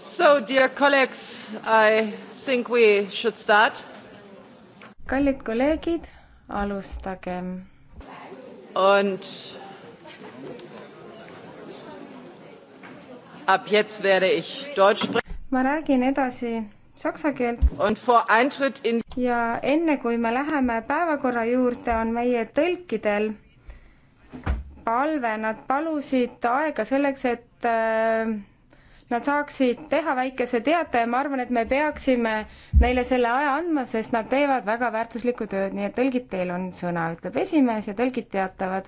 So dear colleagues, I think we should start. kallid kolleegid, alustagem. Und ab jetzt werde ich Deutsch sprechen. ma räägin edasi saksa keelt. In... ja enne kui me läheme päevakorra juurde, on meie tõlkidel palve, nad palusid aega selleks, et äh, nad saaksid teha väikese teate ja ma arvan, et me peaksime neile selle aja andma, sest nad teevad väga väärtuslikku tööd, nii et tõlgid, teil on sõna, ütleb esimees ja tõlgid teatavad,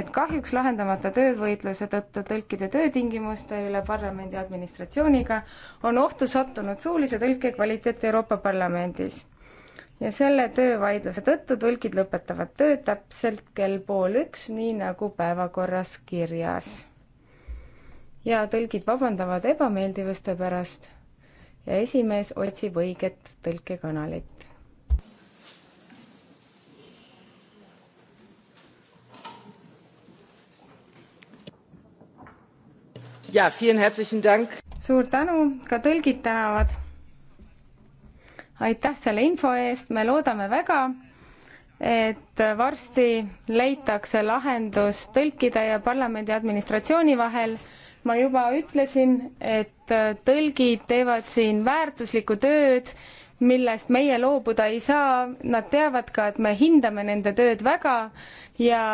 et kahjuks lahendamata töövõitluse tõttu tõlkide töötingimuste üle parlamendi administratsiooniga on ohtu sattunud suulise tõlke kvaliteet Euroopa Parlamendis. ja selle töövaidluse tõttu tõlgid lõpetavad töö täpselt kell pool üks, nii nagu päevakorras kirjas ja tõlgid vabandavad ebameeldivuste pärast ja esimees otsib õiget tõlkekanalit. ja, suur tänu, ka tõlgid tänavad. aitäh selle info eest, me loodame väga et varsti leitakse lahendus tõlkide ja parlamendi administratsiooni vahel ma juba ütlesin, et äh, tõlgid teevad siin väärtuslikku tööd, millest meie loobuda ei saa, nad teavad ka, et me hindame nende tööd väga ja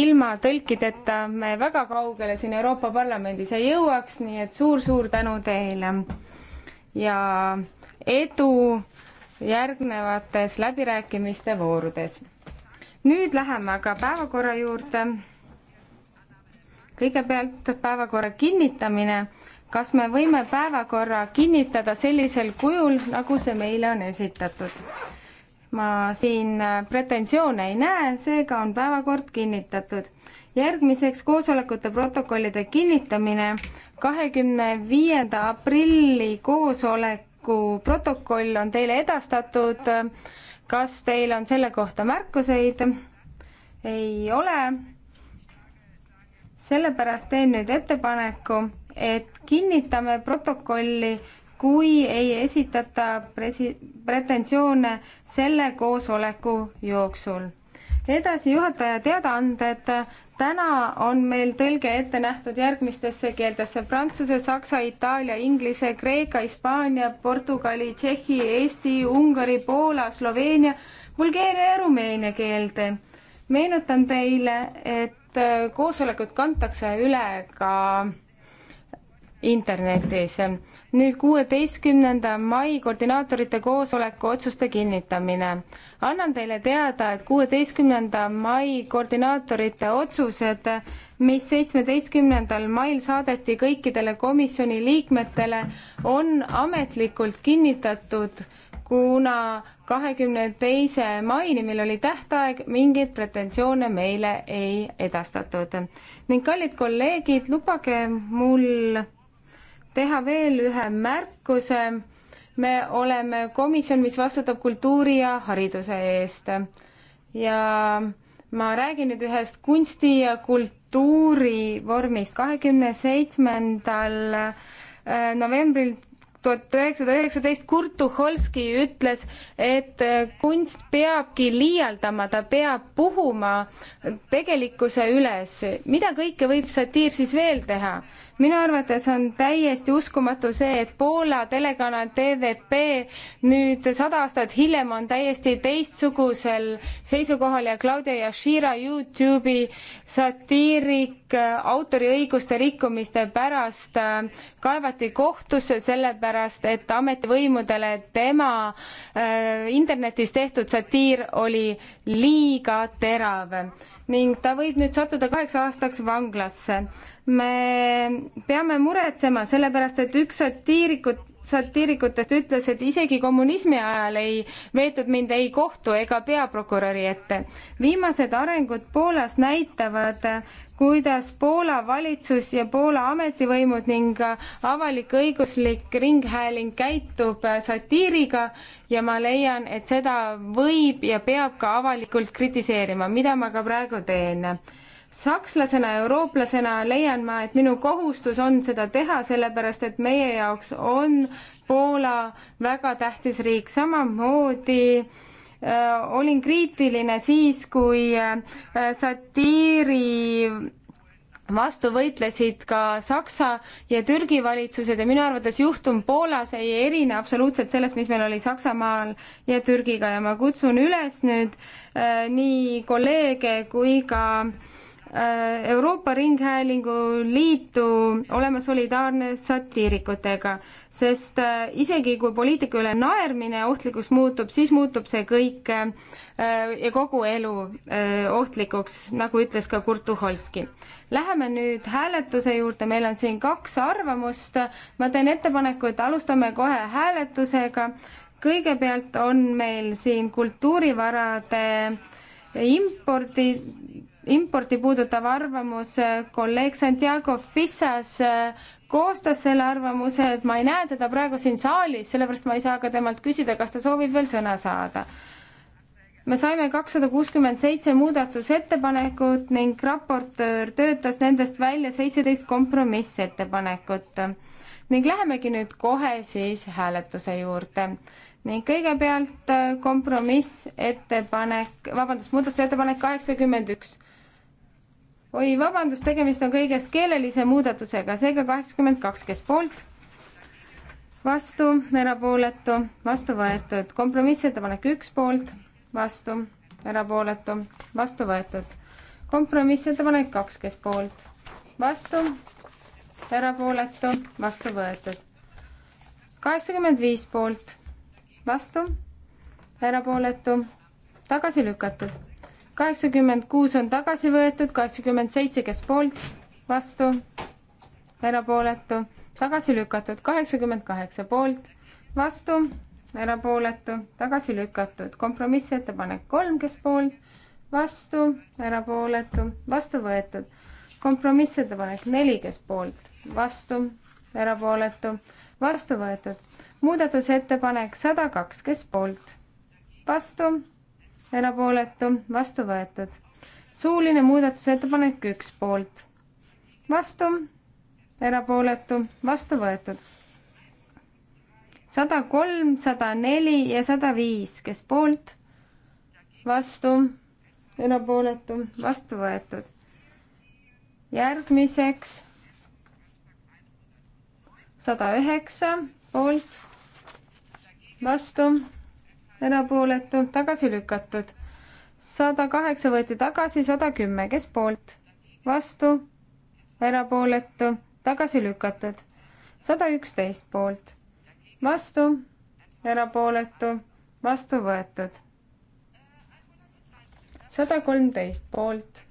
ilma tõlkideta me väga kaugele siin Euroopa Parlamendis ei jõuaks, nii et suur-suur tänu teile. ja edu järgnevates läbirääkimiste voorudes. nüüd läheme aga päevakorra juurde kõigepealt päevakorra kinnitamine. kas me võime päevakorra kinnitada sellisel kujul, nagu see meile on esitatud? ma siin äh, pretensioone ei näe, seega on päevakord kinnitatud. järgmiseks koosolekute protokollide kinnitamine. kahekümne viienda aprilli koosoleku protokoll on teile edastatud. kas teil on selle kohta märkuseid? ei ole sellepärast teen nüüd ettepaneku, et kinnitame protokolli, kui ei esitata presi-, pretensioone selle koosoleku jooksul. edasi juhataja teadaanded. täna on meil tõlge ette nähtud järgmistesse keeltesse prantsuse, saksa, itaalia, inglise, kreeka, hispaania, portugali, tšehhi, eesti, ungari, poola, sloveenia, bulgeeria ja rumeenia keelde. meenutan teile, et Äh, koosolekud kantakse üle ka internetis. nüüd kuueteistkümnenda mai koordinaatorite koosoleku otsuste kinnitamine. annan teile teada, et kuueteistkümnenda mai koordinaatorite otsused, mis seitsmeteistkümnendal mail saadeti kõikidele komisjoni liikmetele, on ametlikult kinnitatud, kuna kahekümne teise maini, mil oli tähtaeg, mingeid pretensioone meile ei edastatud. ning kallid kolleegid, lubage mul teha veel ühe märkuse. me oleme komisjon, mis vastutab kultuuri ja hariduse eest ja ma räägin nüüd ühest kunsti ja kultuuri vormist kahekümne seitsmendal äh, novembril tuhat üheksasada üheksateist Kurtu Holski ütles, et kunst peabki liialdama, ta peab puhuma tegelikkuse üles. mida kõike võib satiir siis veel teha? minu arvates on täiesti uskumatu see, et Poola telekanal TVP nüüd sada aastat hiljem on täiesti teistsugusel seisukohal ja Claudia Yashira Youtube'i satiirik autoriõiguste rikkumiste pärast äh, kaevati kohtusse selle pärast, sellepärast, et ametivõimudele tema äh, internetis tehtud satiir oli liiga terav ning ta võib nüüd sattuda kaheks aastaks vanglasse. me peame muretsema, sellepärast et üks satiirikut satiirikutest ütles, et isegi kommunismi ajal ei veetud mind ei kohtu ega peaprokuröri ette. viimased arengud Poolas näitavad, kuidas Poola valitsus ja Poola ametivõimud ning avalik-õiguslik ringhääling käitub satiiriga ja ma leian, et seda võib ja peab ka avalikult kritiseerima, mida ma ka praegu teen sakslasena, eurooplasena leian ma, et minu kohustus on seda teha, sellepärast et meie jaoks on Poola väga tähtis riik, samamoodi äh, olin kriitiline siis, kui äh, satiiri vastu võitlesid ka Saksa ja Türgi valitsused ja minu arvates juhtum Poolas ei erine absoluutselt sellest, mis meil oli Saksamaal ja Türgiga ja ma kutsun üles nüüd äh, nii kolleege kui ka äh, Äh, Euroopa Ringhäälingu Liitu olema solidaarne satiirikutega, sest äh, isegi kui poliitika üle naermine ohtlikuks muutub, siis muutub see kõik äh, ja kogu elu ohtlikuks, nagu ütles ka Kurt Tuholski. Läheme nüüd hääletuse juurde, meil on siin kaks arvamust. ma teen ettepaneku, et alustame kohe hääletusega. kõigepealt on meil siin kultuurivarade impordi importi puudutav arvamus, kolleeg Santiago Fissas äh, koostas selle arvamuse, et ma ei näe teda praegu siin saalis, sellepärast ma ei saa ka temalt küsida, kas ta soovib veel sõna saada. me saime kakssada kuuskümmend seitse muudatusettepanekut ning raportöör töötas nendest välja seitseteist kompromissettepanekut. ning lähemegi nüüd kohe siis hääletuse juurde ning kõigepealt äh, kompromissettepanek, vabandust, muudatusettepanek kaheksakümmend üks oi, vabandust, tegemist on kõigest keelelise muudatusega, seega kaheksakümmend kaks, kes poolt, vastu, erapooletu, vastu võetud, kompromissettepanek üks poolt, vastu, erapooletu, vastu võetud, kompromissettepanek kaks, kes poolt, vastu, erapooletu, vastu võetud, kaheksakümmend viis poolt, vastu, erapooletu, tagasi lükatud kaheksakümmend kuus on tagasi võetud, kaheksakümmend seitse, kes poolt, vastu, erapooletu, tagasi lükatud, kaheksakümmend kaheksa poolt, vastu, erapooletu, tagasi lükatud, kompromissettepanek kolm, kes poolt, vastu, erapooletu, vastu võetud, kompromissettepanek neli, kes poolt, vastu, erapooletu, vastu võetud, muudatusettepanek sada kaks, kes poolt, vastu erapooletu, vastu võetud. suuline muudatusettepanek üks poolt, vastu, erapooletu, vastu võetud. sada kolm, sada neli ja sada viis, kes poolt, vastu, erapooletu, vastu võetud. järgmiseks sada üheksa poolt, vastu erapooletu, tagasi lükatud. sada kaheksa võeti tagasi, sada kümme, kes poolt? vastu, erapooletu, tagasi lükatud. sada üksteist poolt, vastu, erapooletu, vastu võetud. sada kolmteist poolt,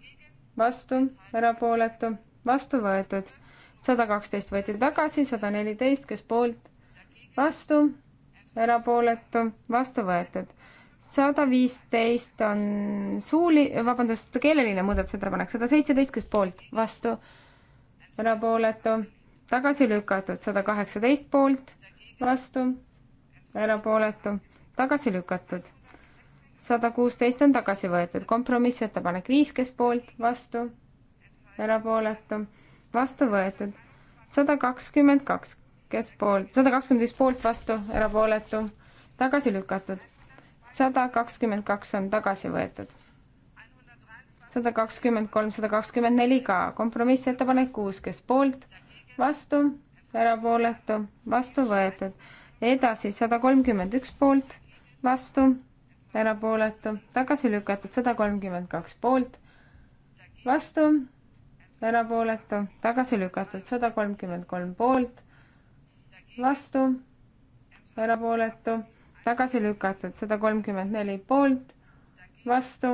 vastu, erapooletu, vastu võetud. sada kaksteist võeti tagasi, sada neliteist, kes poolt? vastu, erapooletu, vastu võetud. sada viisteist on suuli, vabandust, keeleline muudatusettepanek, sada seitseteist, kes poolt, vastu, erapooletu, tagasi lükatud, sada kaheksateist poolt, vastu, erapooletu, tagasi lükatud. sada kuusteist on tagasi võetud, kompromissettepanek viis, kes poolt, vastu, erapooletu, vastu võetud, sada kakskümmend kaks kes poolt, sada kakskümmend viis poolt vastu, erapooletu, tagasi lükatud. sada kakskümmend kaks on tagasi võetud. sada kakskümmend kolm, sada kakskümmend neli ka, kompromissettepanek kuus, kes poolt, vastu, erapooletu, vastu võetud. edasi sada kolmkümmend üks poolt, vastu, erapooletu, tagasi lükatud, sada kolmkümmend kaks poolt, vastu, erapooletu, tagasi lükatud sada kolmkümmend kolm poolt, vastu, erapooletu, tagasi lükatud, sada kolmkümmend neli poolt, vastu,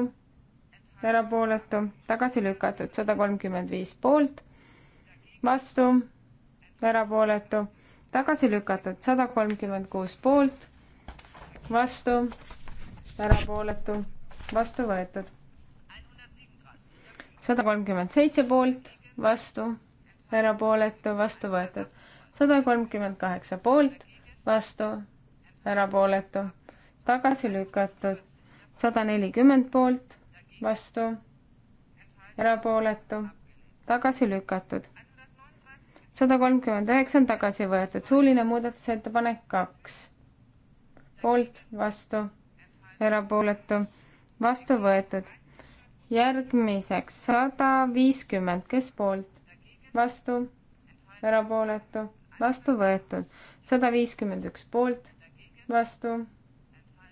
erapooletu, tagasi lükatud, sada kolmkümmend viis poolt, vastu, erapooletu, tagasi lükatud, sada kolmkümmend kuus poolt, vastu, erapooletu, vastu võetud. sada kolmkümmend seitse poolt, vastu, erapooletu, vastu võetud sada kolmkümmend kaheksa poolt, vastu, erapooletu, tagasi lükatud, sada nelikümmend poolt, vastu, erapooletu, tagasi lükatud. sada kolmkümmend üheksa on tagasi võetud, suuline muudatusettepanek kaks, poolt, vastu, erapooletu, vastu võetud järgmiseks sada viiskümmend, kes poolt, vastu, erapooletu, vastu võetud. sada viiskümmend üks poolt, vastu,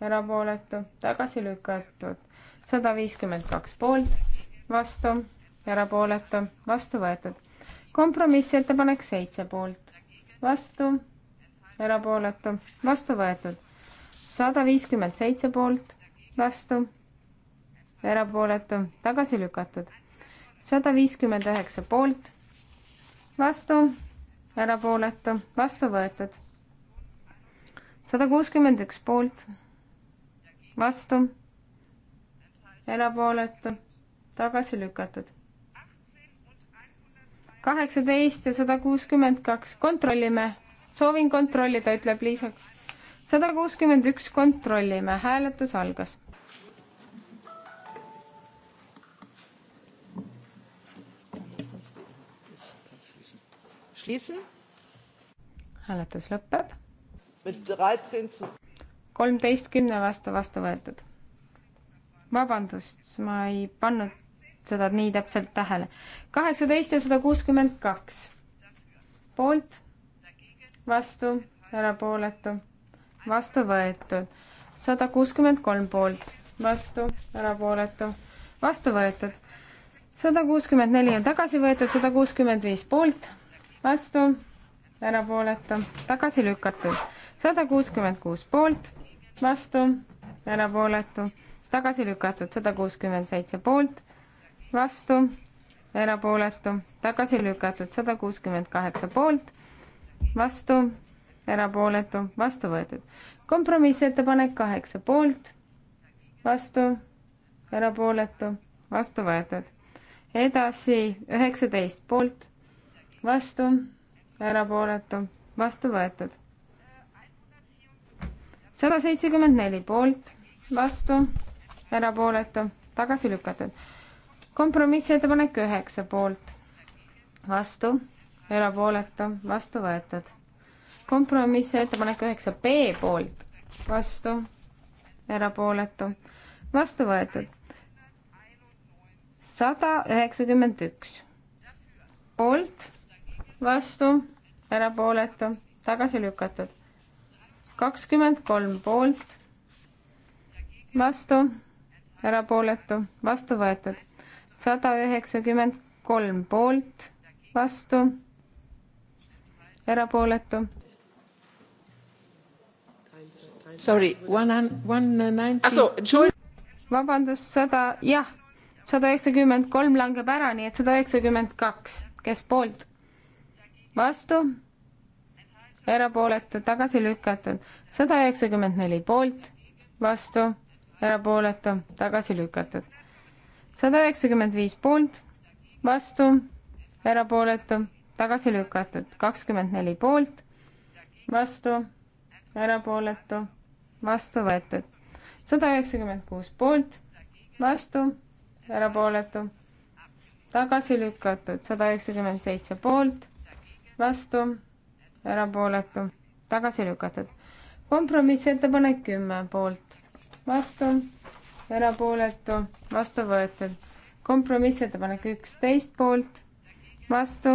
erapooletu, tagasi lükatud. sada viiskümmend kaks poolt, vastu, erapooletu, vastu võetud. kompromissettepanek seitse poolt, vastu, erapooletu, vastu võetud. sada viiskümmend seitse poolt, vastu, erapooletu, tagasi lükatud. sada viiskümmend üheksa poolt, vastu erapooletu, vastu võetud. sada kuuskümmend üks poolt, vastu, erapooletu, tagasi lükatud. kaheksateist ja sada kuuskümmend kaks, kontrollime, soovin kontrollida, ütleb Liisa. sada kuuskümmend üks, kontrollime, hääletus algas hääletus lõpeb. kolmteist kümne vastu vastu võetud. vabandust, ma ei pannud seda nii täpselt tähele. kaheksateist ja sada kuuskümmend kaks. poolt, vastu, erapooletu, vastu võetud. sada kuuskümmend kolm poolt, vastu, erapooletu, vastu võetud sada kuuskümmend neli on tagasi võetud, sada kuuskümmend viis poolt, vastu, erapooletu, tagasi lükatud. sada kuuskümmend kuus poolt, vastu, erapooletu, tagasi lükatud. sada kuuskümmend seitse poolt, vastu, erapooletu, tagasi lükatud. sada kuuskümmend kaheksa poolt, vastu, erapooletu, vastu võetud. kompromissettepanek kaheksa poolt, vastu, erapooletu, vastu võetud. edasi üheksateist poolt vastu, erapooletu, vastu võetud. sada seitsekümmend neli poolt, vastu, erapooletu, tagasi lükatud. kompromissettepanek üheksa poolt, vastu, erapooletu, vastu võetud. kompromissettepanek üheksa B poolt, vastu, erapooletu, vastu võetud sada üheksakümmend üks. poolt, vastu, erapooletu, tagasi lükatud. kakskümmend kolm poolt, vastu, erapooletu, vastu võetud. sada üheksakümmend kolm poolt, vastu, erapooletu. Sorry, one, one ninety. Ah, vabandust, sada, jah, sada üheksakümmend kolm langeb ära, nii et sada üheksakümmend kaks, kes poolt vastu, erapooletud, tagasi lükatud, sada üheksakümmend neli poolt, vastu, erapooletu, tagasi lükatud, sada üheksakümmend viis poolt, vastu, erapooletu, tagasi lükatud, kakskümmend neli poolt, vastu, erapooletu, vastu võetud, sada üheksakümmend kuus poolt, vastu, erapooletu, tagasi lükatud, sada üheksakümmend seitse poolt vastu, erapooletu, tagasi lükatud. kompromissettepanek kümme poolt, vastu, erapooletu, vastu võetud. kompromissettepanek üksteist poolt, vastu,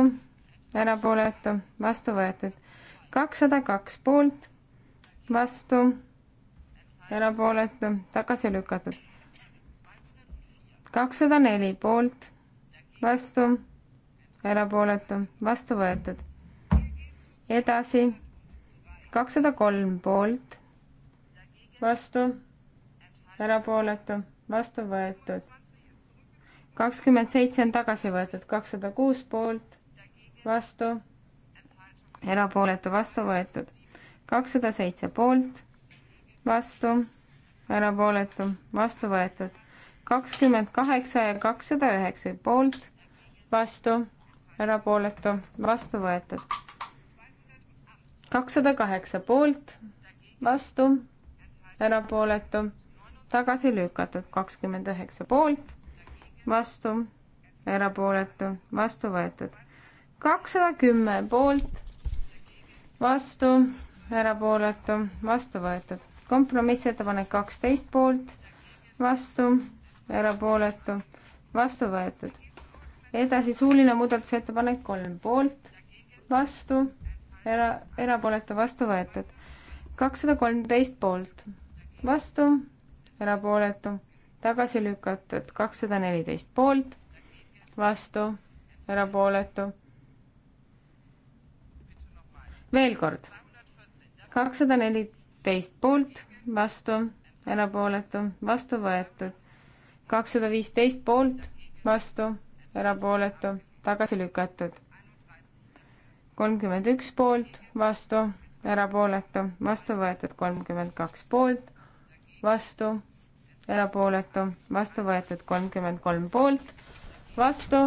erapooletu, vastu võetud. kakssada kaks poolt, vastu, erapooletu, tagasi lükatud. kakssada neli poolt, vastu, erapooletu, vastu võetud edasi, kakssada kolm poolt, vastu, erapooletu, vastu võetud. kakskümmend seitse on tagasi võetud, kakssada kuus poolt, vastu, erapooletu, vastu võetud. kakssada seitse poolt, vastu, erapooletu, vastu võetud kakskümmend kaheksa ja kakssada üheksa poolt, vastu, erapooletu, vastu võetud kakssada kaheksa poolt, vastu, erapooletu, tagasi lükatud, kakskümmend üheksa poolt, vastu, erapooletu, vastu võetud. kakssada kümme poolt, vastu, erapooletu, vastu võetud. kompromissettepanek kaksteist poolt, vastu, erapooletu, vastu võetud. edasi suuline muudatusettepanek kolm poolt, vastu era, erapooletu vastu võetud. kakssada kolmteist poolt, vastu, erapooletu, tagasi lükatud, kakssada neliteist poolt, vastu, erapooletu. veel kord, kakssada neliteist poolt, vastu, erapooletu, vastu võetud, kakssada viisteist poolt, vastu, erapooletu, tagasi lükatud kolmkümmend üks poolt, vastu, erapooletu, vastu võetud kolmkümmend kaks poolt, vastu, erapooletu, vastu võetud kolmkümmend kolm poolt, vastu,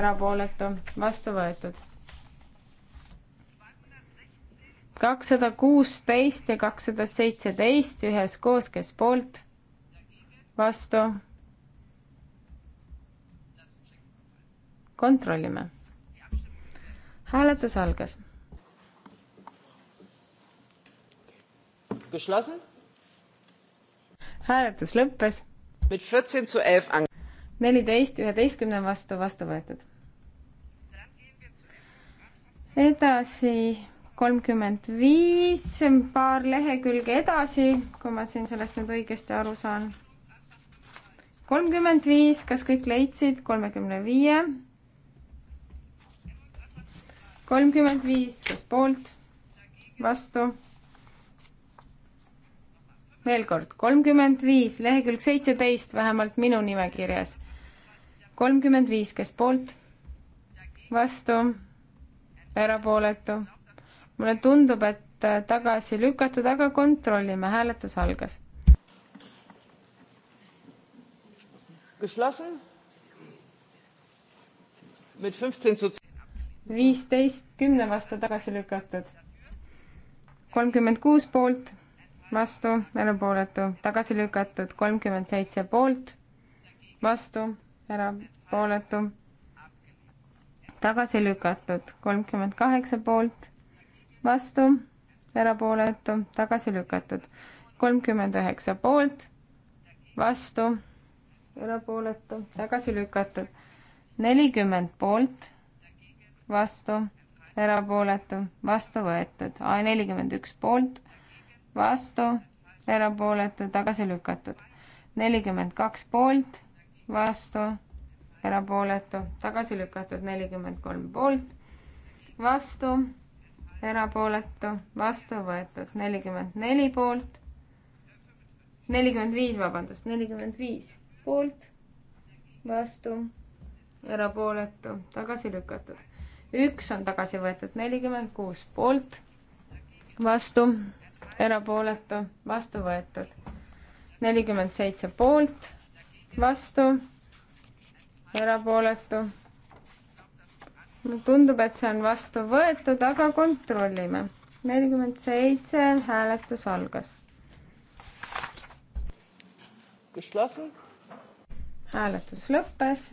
erapooletu, vastu võetud kakssada kuusteist ja kakssada seitseteist üheskoos, kes poolt, vastu. kontrollime hääletus algas. hääletus lõppes. neliteist üheteistkümne vastu vastu võetud. edasi kolmkümmend viis, paar lehekülge edasi, kui ma siin sellest nüüd õigesti aru saan. kolmkümmend viis, kas kõik leidsid, kolmekümne viie kolmkümmend viis, kes poolt, vastu. veel kord, kolmkümmend viis, lehekülg seitseteist, vähemalt minu nimekirjas. kolmkümmend viis, kes poolt, vastu, erapooletu. mulle tundub, et äh, tagasi lükatud, aga kontrollime, hääletus algas. Geschlossen mit 15 zu viisteist kümne vastu tagasi lükatud. kolmkümmend kuus poolt, vastu, erapooletu, tagasi lükatud, kolmkümmend seitse poolt, vastu, erapooletu, tagasi lükatud, kolmkümmend kaheksa poolt, vastu, erapooletu, tagasi lükatud, kolmkümmend üheksa poolt, vastu, erapooletu, tagasi lükatud, nelikümmend poolt vastu, erapooletu, vastu võetud. A nelikümmend üks poolt, vastu, erapooletu, tagasi lükatud. nelikümmend kaks poolt, vastu, erapooletu, tagasi lükatud. nelikümmend kolm poolt, vastu, erapooletu, vastu võetud. nelikümmend neli poolt, nelikümmend viis, vabandust, nelikümmend viis poolt, vastu, erapooletu, tagasi lükatud üks on tagasi võetud, nelikümmend kuus poolt, vastu, erapooletu, vastu võetud. nelikümmend seitse poolt, vastu, erapooletu. tundub, et see on vastu võetud, aga kontrollime. nelikümmend seitse, hääletus algas. hääletus lõppes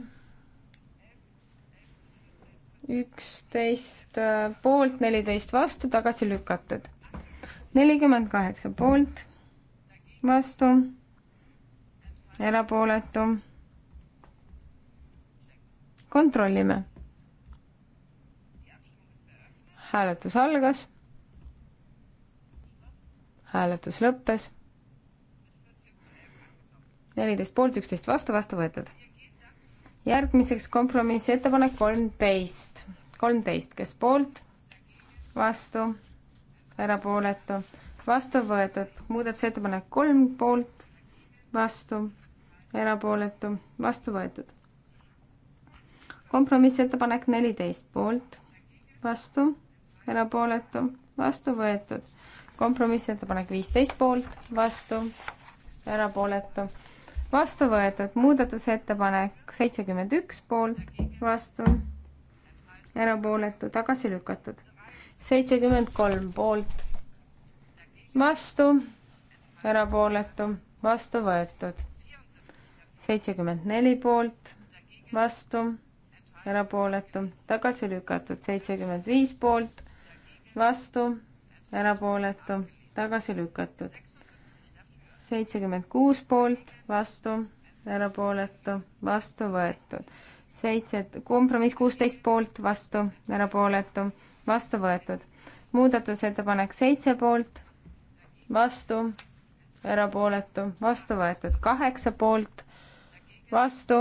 üksteist äh, poolt, neliteist vastu, tagasi lükatud. nelikümmend kaheksa poolt, vastu, erapooletu. kontrollime. hääletus algas. hääletus lõppes. neliteist poolt, üksteist vastu, vastu võetud järgmiseks kompromissettepanek kolmteist, kolmteist, kes poolt, vastu, erapooletu, vastu võetud, muudatusettepanek kolm poolt, vastu, erapooletu, vastu võetud. kompromissettepanek neliteist poolt, vastu, erapooletu, vastu võetud. kompromissettepanek viisteist poolt, vastu, erapooletu vastu võetud muudatusettepanek seitsekümmend üks poolt, vastu, erapooletu, tagasi lükatud. seitsekümmend kolm poolt, vastu, erapooletu, vastu võetud. seitsekümmend neli poolt, vastu, erapooletu, tagasi lükatud. seitsekümmend viis poolt, vastu, erapooletu, tagasi lükatud seitsekümmend kuus poolt, vastu, erapooletu, vastu võetud. seitse, kompromiss kuusteist poolt, vastu, erapooletu, vastu võetud. muudatusettepanek seitse poolt, vastu, erapooletu, vastu võetud. kaheksa poolt, vastu,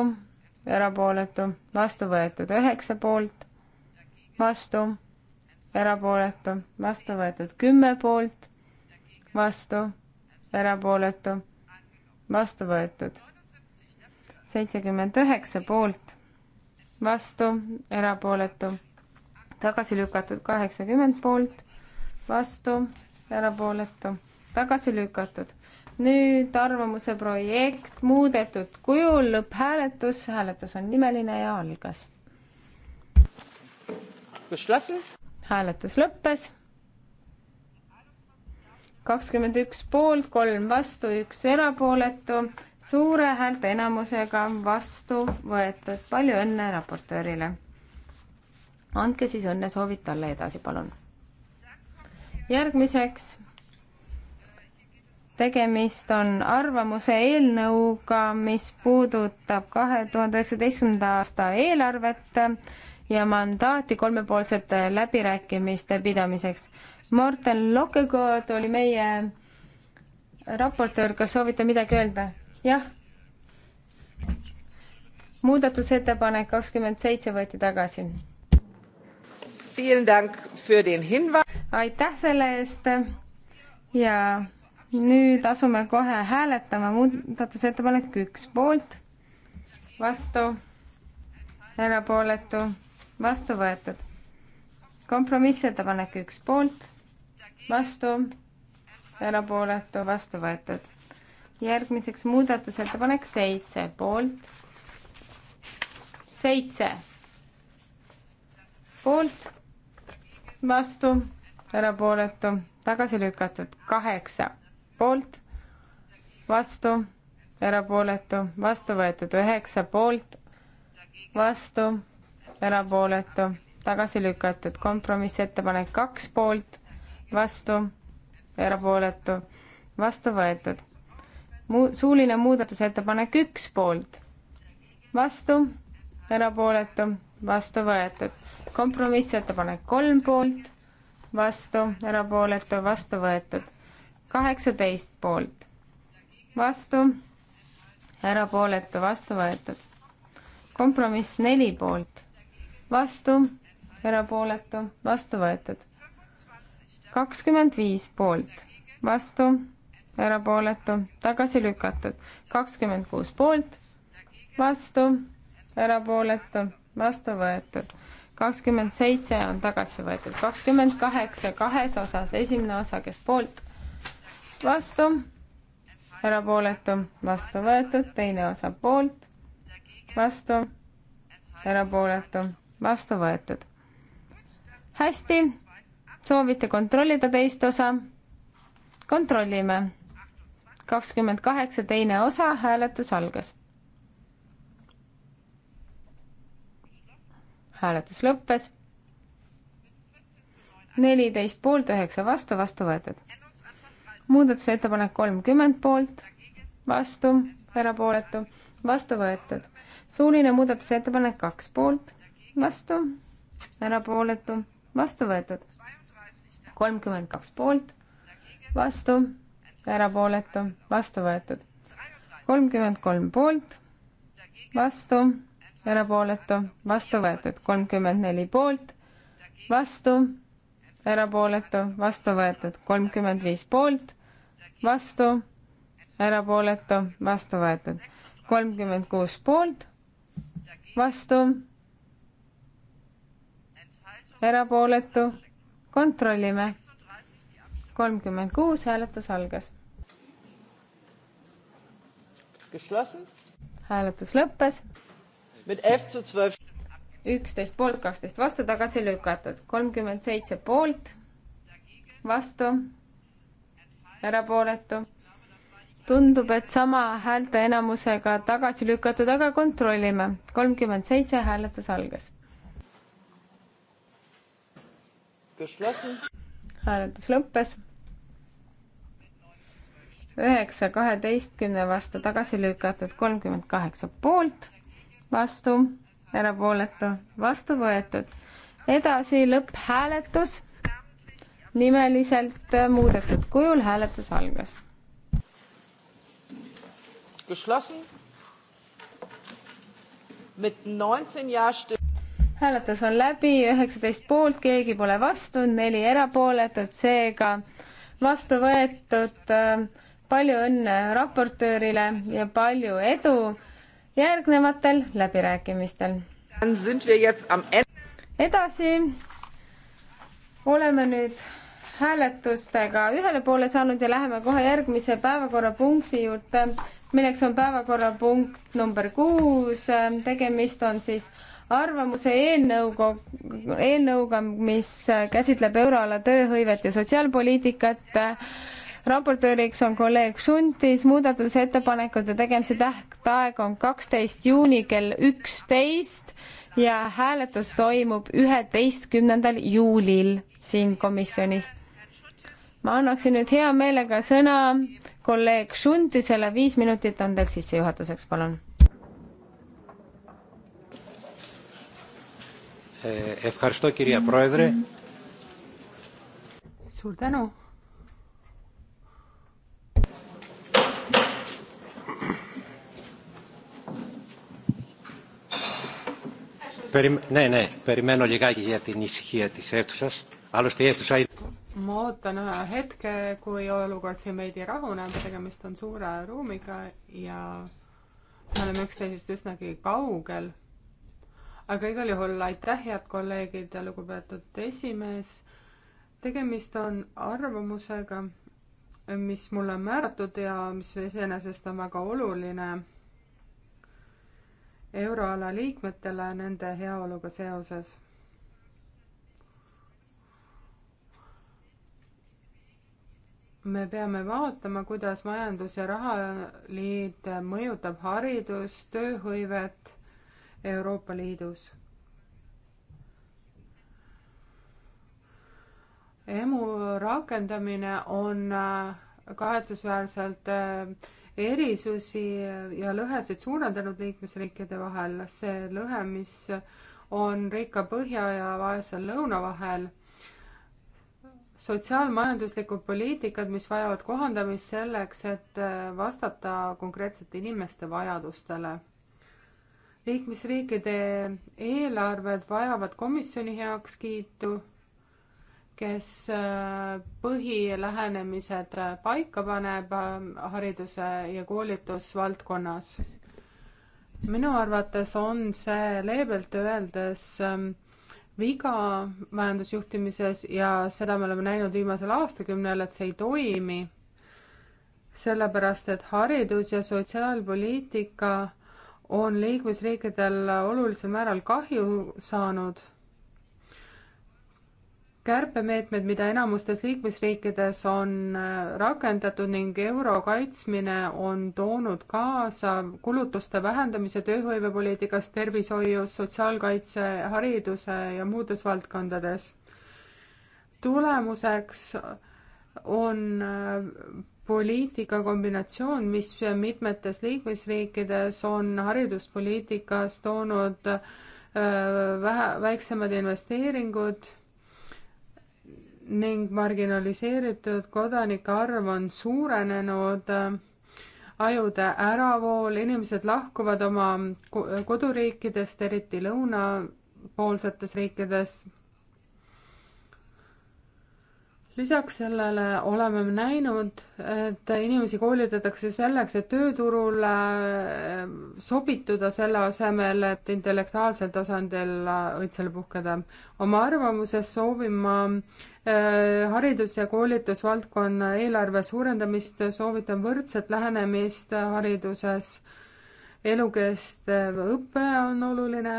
erapooletu, vastu võetud. üheksa poolt, vastu, erapooletu, vastu võetud. kümme poolt, vastu erapooletu, vastu võetud. seitsekümmend üheksa poolt, vastu, erapooletu, tagasi lükatud kaheksakümmend poolt, vastu, erapooletu, tagasi lükatud. nüüd arvamuse projekt muudetud kujul, lõpphääletus, hääletus on nimeline ja algas. hääletus lõppes kakskümmend üks poolt, kolm vastu, üks erapooletu, suure häälteenamusega vastu võetud. palju õnne raportöörile. andke siis õnnesoovid talle edasi, palun. järgmiseks. tegemist on arvamuse eelnõuga, mis puudutab kahe tuhande üheksateistkümnenda aasta eelarvet ja mandaati kolmepoolsete läbirääkimiste pidamiseks Morten Lokkegaard oli meie raportöör, kas soovite midagi öelda? jah? muudatusettepanek kakskümmend seitse võeti tagasi. aitäh selle eest ja nüüd asume kohe hääletama muudatusettepanek üks poolt, vastu, erapooletu, vastu võetud. kompromissettepanek üks poolt vastu, erapooletu, vastu võetud. järgmiseks muudatusettepanek seitse, poolt, seitse, poolt, vastu, erapooletu, tagasi lükatud, kaheksa, poolt, vastu, erapooletu, vastu võetud, üheksa, poolt, vastu, erapooletu, tagasi lükatud, kompromissettepanek kaks poolt vastu, erapooletu, vastu võetud. Muu-, suuline muudatusettepanek üks poolt, vastu, erapooletu, vastu võetud. kompromissettepanek kolm poolt, vastu, erapooletu, vastu võetud. kaheksateist poolt, vastu, erapooletu, vastu võetud. kompromiss neli poolt, vastu, erapooletu, vastu võetud kakskümmend viis poolt, vastu, erapooletu, tagasi lükatud. kakskümmend kuus poolt, vastu, erapooletu, vastu võetud. kakskümmend seitse on tagasi võetud. kakskümmend kaheksa kahes osas, esimene osa, kes poolt, vastu, erapooletu, vastu võetud, teine osa poolt, vastu, erapooletu, vastu võetud. hästi soovite kontrollida teist osa? kontrollime. kakskümmend kaheksa, teine osa, hääletus algas. hääletus lõppes. neliteist poolt, üheksa vastu, vastu võetud. muudatusettepanek kolmkümmend poolt, vastu, erapooletu, vastu võetud. suuline muudatusettepanek kaks poolt, vastu, erapooletu, vastu võetud kolmkümmend kaks poolt, vastu, erapooletu, vastu võetud. kolmkümmend kolm poolt, vastu, erapooletu, vastu võetud. kolmkümmend neli poolt, vastu, erapooletu, vastu võetud. kolmkümmend viis poolt, vastu, erapooletu, vastu võetud. kolmkümmend kuus poolt, vastu, erapooletu kontrollime. kolmkümmend kuus hääletus algas. hääletus lõppes. üksteist poolt, kaksteist vastu, tagasi lükatud. kolmkümmend seitse poolt, vastu, erapooletu tundub, et sama häälte enamusega tagasi lükatud, aga kontrollime. kolmkümmend seitse hääletus algas. hääletus lõppes. üheksa kaheteistkümne vastu tagasi lükatud, kolmkümmend kaheksa poolt, vastu, erapooletu, vastu võetud. edasi lõpphääletus. nimeliselt muudetud kujul hääletus algas. Geschlossen mit 19 Ja-Stimmen hääletus on läbi, üheksateist poolt, keegi pole vastu, neli erapooletut, seega vastu võetud. Äh, palju õnne raportöörile ja palju edu järgnevatel läbirääkimistel. edasi oleme nüüd hääletustega ühele poole saanud ja läheme kohe järgmise päevakorrapunkti juurde, milleks on päevakorrapunkt number kuus, tegemist on siis arvamuse eelnõuga, eelnõuga, mis käsitleb euroala tööhõivet ja sotsiaalpoliitikat. raportööriks on kolleeg Šuntis, muudatusettepanekute tegemise tähtaeg on kaksteist juuni kell üksteist ja hääletus toimub üheteistkümnendal juulil siin komisjonis. ma annaksin nüüd hea meelega sõna kolleeg Šuntisele, viis minutit on teil sissejuhatuseks, palun Ευχαριστώ κυρία Πρόεδρε. Suur tänu. Περι... Ναι, ναι, περιμένω λιγάκι για την ησυχία της αίθουσας. Άλλωστε η αίθουσα είναι... ma ootan ühe hetke, kui olukord siin veidi rahuneb, tegemist on suure ruumiga ja me oleme üksteisest üsnagi kaugel aga igal juhul aitäh, head kolleegid ja lugupeetud esimees. tegemist on arvamusega, mis mulle on määratud ja mis iseenesest on väga oluline euroala liikmetele nende heaoluga seoses me peame vaatama, kuidas Majandus- ja Rahaliit mõjutab haridust, tööhõivet Euroopa Liidus. emu rakendamine on äh, kahetsusväärselt äh, erisusi ja lõhesid suurendanud liikmesriikide vahel, see lõhe, mis on rikka põhja ja vaese lõuna vahel. sotsiaalmajanduslikud poliitikad, mis vajavad kohandamist selleks, et äh, vastata konkreetsete inimeste vajadustele liikmesriikide eelarved vajavad komisjoni heakskiitu, kes äh, põhilähenemised äh, paika paneb äh, hariduse ja koolitusvaldkonnas. minu arvates on see leebelt öeldes ähm, viga majandusjuhtimises ja seda me oleme näinud viimasel aastakümnel, et see ei toimi. sellepärast, et haridus ja sotsiaalpoliitika on liikmesriikidel olulisel määral kahju saanud. kärpemeetmed, mida enamustes liikmesriikides on äh, rakendatud ning euro kaitsmine on toonud kaasa kulutuste vähendamise tööhõivepoliitikas, tervishoius, sotsiaalkaitse, hariduse ja muudes valdkondades. tulemuseks on äh, poliitika kombinatsioon, mis mitmetes liikmesriikides on hariduspoliitikas toonud äh, vähe, väiksemad investeeringud ning marginaliseeritud kodanike arv on suurenenud, äh, ajude äravool, inimesed lahkuvad oma koduriikidest, eriti lõunapoolsetes riikides lisaks sellele oleme näinud, et inimesi koolitatakse selleks, et tööturule äh, sobituda, selle asemel, et intellektuaalsel tasandil õitsele puhkeda. oma arvamuses soovin ma äh, haridus- ja koolitusvaldkonna eelarve suurendamist, soovitan võrdset lähenemist hariduses. elukestev õpe on oluline.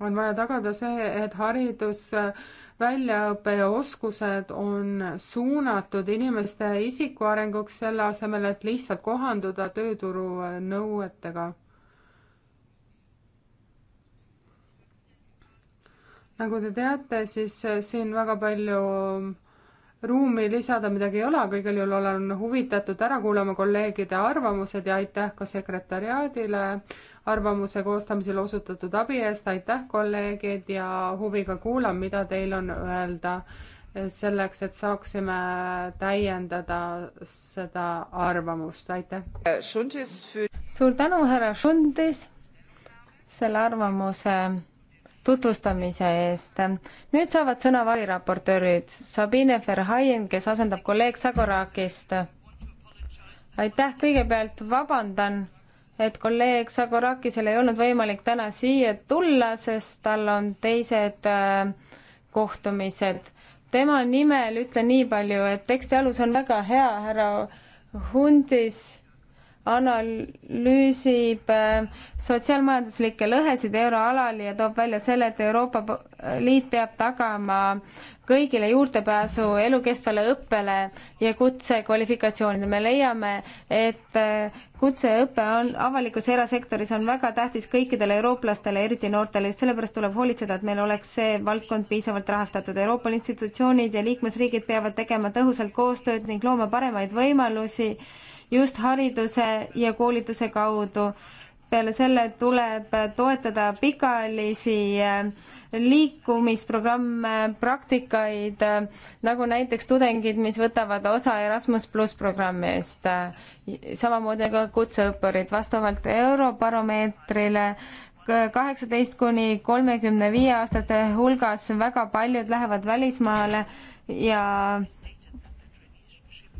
on vaja tagada see, et haridus äh, väljaõppeoskused on suunatud inimeste isikuarenguks, selle asemel, et lihtsalt kohanduda tööturu nõuetega. nagu te teate, siis siin väga palju ruumi lisada midagi ei ole, aga igal juhul olen huvitatud ära kuulama kolleegide arvamused ja aitäh ka sekretäriaadile arvamuse koostamisel osutatud abi eest, aitäh, kolleegid, ja huviga kuulan, mida teil on öelda selleks, et saaksime täiendada seda arvamust, aitäh. suur tänu, härra Šundis, selle arvamuse tutvustamise eest. nüüd saavad sõna variraportöörid Sabine Verhaien, kes asendab kolleeg Sagorakist. aitäh, kõigepealt vabandan et kolleeg Sagorakisel ei olnud võimalik täna siia tulla, sest tal on teised äh, kohtumised. tema nimel ütlen nii palju, et teksti alus on väga hea, härra Hundis analüüsib äh, sotsiaalmajanduslikke lõhesid euroalal ja toob välja selle, et Euroopa Liit peab tagama kõigile juurdepääsu elukestvale õppele ja kutsekvalifikatsioonile. me leiame, et äh, kutseõpe on avalikus ja erasektoris on väga tähtis kõikidele eurooplastele, eriti noortele, just sellepärast tuleb hoolitseda, et meil oleks see valdkond piisavalt rahastatud. Euroopa institutsioonid ja liikmesriigid peavad tegema tõhusalt koostööd ning looma paremaid võimalusi just hariduse ja koolituse kaudu. peale selle tuleb toetada pikaajalisi eh, liikumisprogramme, praktikaid, eh, nagu näiteks tudengid, mis võtavad osa Erasmus pluss programmist. Eh, samamoodi ka nagu kutseõppurid vastavalt Eurobaromeetrile kaheksateist kuni kolmekümne viie aastaste hulgas väga paljud lähevad välismaale ja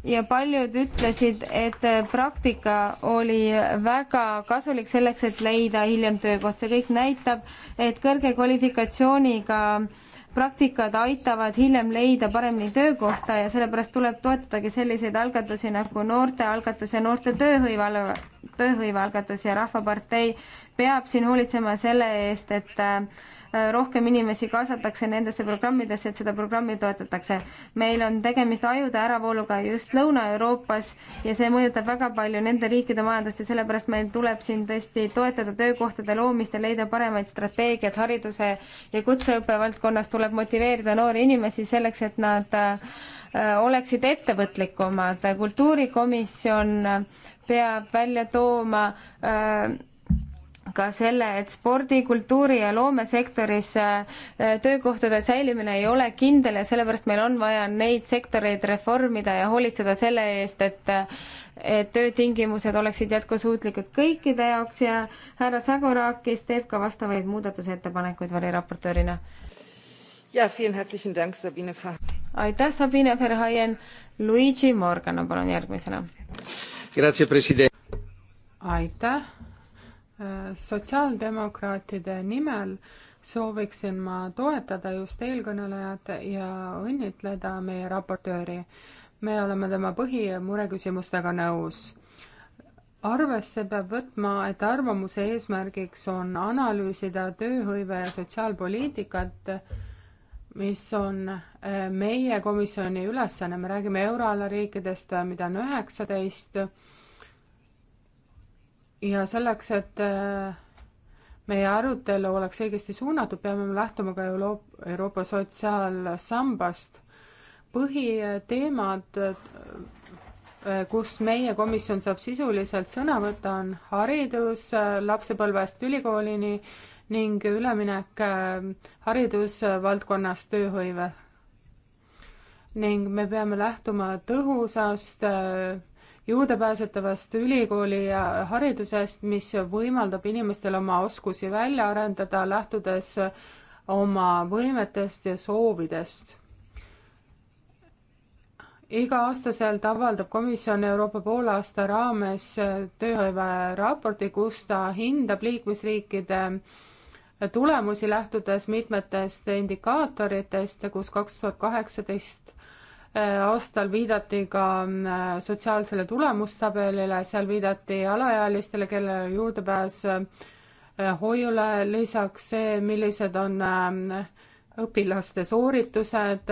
ja paljud ütlesid, et praktika oli väga kasulik selleks, et leida hiljem töökoht. see kõik näitab, et kõrge kvalifikatsiooniga praktikad aitavad hiljem leida paremini töökohta ja sellepärast tuleb toetadagi selliseid algatusi nagu noortealgatus ja noorte tööhõival, tööhõivealgatus ja Rahvapartei peab siin hoolitsema selle eest, et Äh, rohkem inimesi kaasatakse nendesse programmidesse, et seda programmi toetatakse. meil on tegemist ajude äravooluga just Lõuna-Euroopas ja see mõjutab väga palju nende riikide majandust ja sellepärast meil tuleb siin tõesti toetada töökohtade loomist ja leida paremaid strateegiaid hariduse ja kutseõppe valdkonnas, tuleb motiveerida noori inimesi selleks, et nad äh, oleksid ettevõtlikumad. kultuurikomisjon peab välja tooma öö, äh, ka selle, et spordi, kultuuri ja loomesektoris äh, töökohtade säilimine ei ole kindel ja sellepärast meil on vaja neid sektoreid reformida ja hoolitseda selle eest, et et töötingimused oleksid jätkusuutlikud kõikide jaoks ja härra Sagorakis teeb ka vastavaid muudatusettepanekuid variraportöörina. aitäh, Sabine Verhaien. Luigi Morgana, palun järgmisena. aitäh, sotsiaaldemokraatide nimel sooviksin ma toetada just eelkõnelejat ja õnnitleda meie raportööri. me oleme tema põhimureküsimustega nõus. arvesse peab võtma, et arvamuse eesmärgiks on analüüsida tööhõive ja sotsiaalpoliitikat, mis on eh, meie komisjoni ülesanne, me räägime euroala riikidest, mida on üheksateist ja selleks, et äh, meie arutelu oleks õigesti suunatud, peame me lähtuma ka Euroopa, Euroopa Sotsiaalsambast. põhiteemad, äh, kus meie komisjon saab sisuliselt sõna võtta, on haridus äh, lapsepõlvest ülikoolini ning üleminek haridusvaldkonnas tööhõive. ning me peame lähtuma tõhusast äh, juurdepääsetavast ülikooli haridusest, mis võimaldab inimestel oma oskusi välja arendada, lähtudes oma võimetest ja soovidest iga-aastaselt avaldab komisjon Euroopa poolaasta raames tööhõive raporti, kus ta hindab liikmesriikide tulemusi, lähtudes mitmetest indikaatoritest, kus kaks tuhat kaheksateist Äh, aastal viidati ka äh, sotsiaalsele tulemustabelile, seal viidati alaealistele, kellel on juurdepääs äh, hoiule, lisaks see, millised on õpilaste sooritused,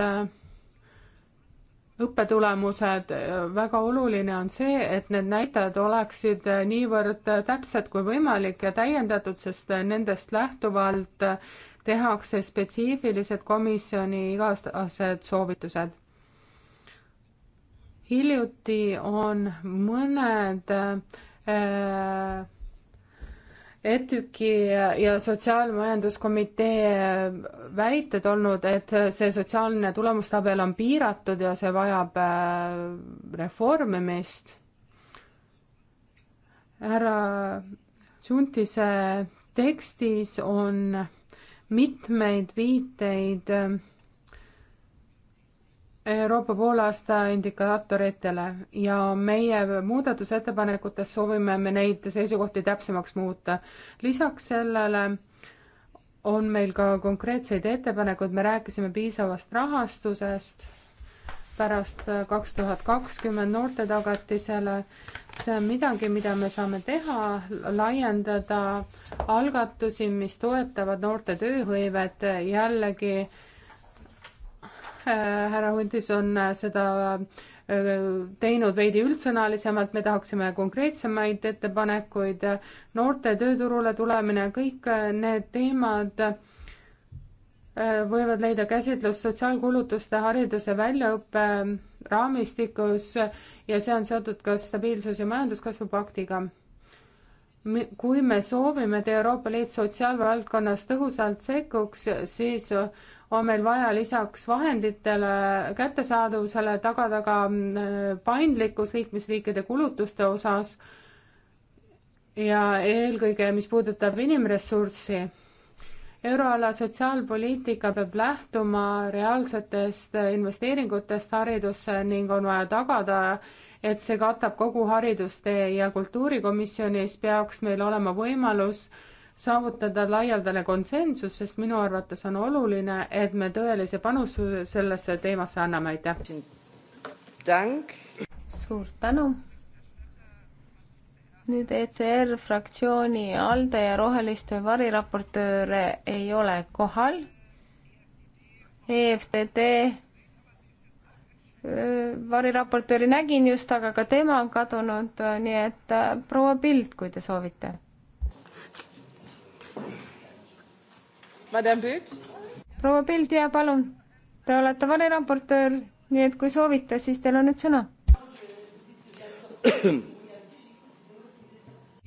õppetulemused, väga oluline on see, et need näitajad oleksid niivõrd täpsed kui võimalik ja täiendatud, sest nendest lähtuvalt tehakse spetsiifilised komisjoni iga-aastased soovitused hiljuti on mõned äh, ETÜK-i ja Sotsiaalmajanduskomitee äh, väited olnud, et see sotsiaalne tulemustabel on piiratud ja see vajab äh, reformimist. härra Tšuntise tekstis on mitmeid viiteid äh, Euroopa poolaasta indikaatoritele ja meie muudatusettepanekutes soovime me neid seisukohti täpsemaks muuta. lisaks sellele on meil ka konkreetseid ettepanekuid, me rääkisime piisavast rahastusest pärast kaks tuhat kakskümmend noorte tagatisele. see on midagi, mida me saame teha, laiendada algatusi, mis toetavad noorte tööhõivet jällegi äh, Äh, härra Huntis on äh, seda äh, teinud veidi üldsõnalisemalt, me tahaksime konkreetsemaid ettepanekuid, noorte tööturule tulemine, kõik need teemad võivad leida käsitlust sotsiaalkulutuste hariduse väljaõppe raamistikus ja see on seotud ka stabiilsus- ja majanduskasvu paktiga kui me soovime, et Euroopa Liit sotsiaalvaldkonnas tõhusalt sekkuks, siis on meil vaja lisaks vahenditele kättesaadavusele tagada ka äh, paindlikkus liikmesriikide kulutuste osas ja eelkõige, mis puudutab inimressurssi. euroala sotsiaalpoliitika peab lähtuma reaalsetest investeeringutest haridusse ning on vaja tagada, et see katab kogu haridustee ja kultuurikomisjonis peaks meil olema võimalus äh, saavutada laialdane konsensus, sest minu arvates on oluline, et me tõelise panuse sellesse teemasse anname, aitäh! suur tänu! nüüd ECR fraktsiooni ALDE ja Roheliste variraportööre ei ole kohal. EFTD variraportööri nägin just, aga ka tema on kadunud, nii et äh, proua Pild, kui te soovite proua Pildia, palun, te olete variraportöör, nii et kui soovite, siis teil on nüüd sõna.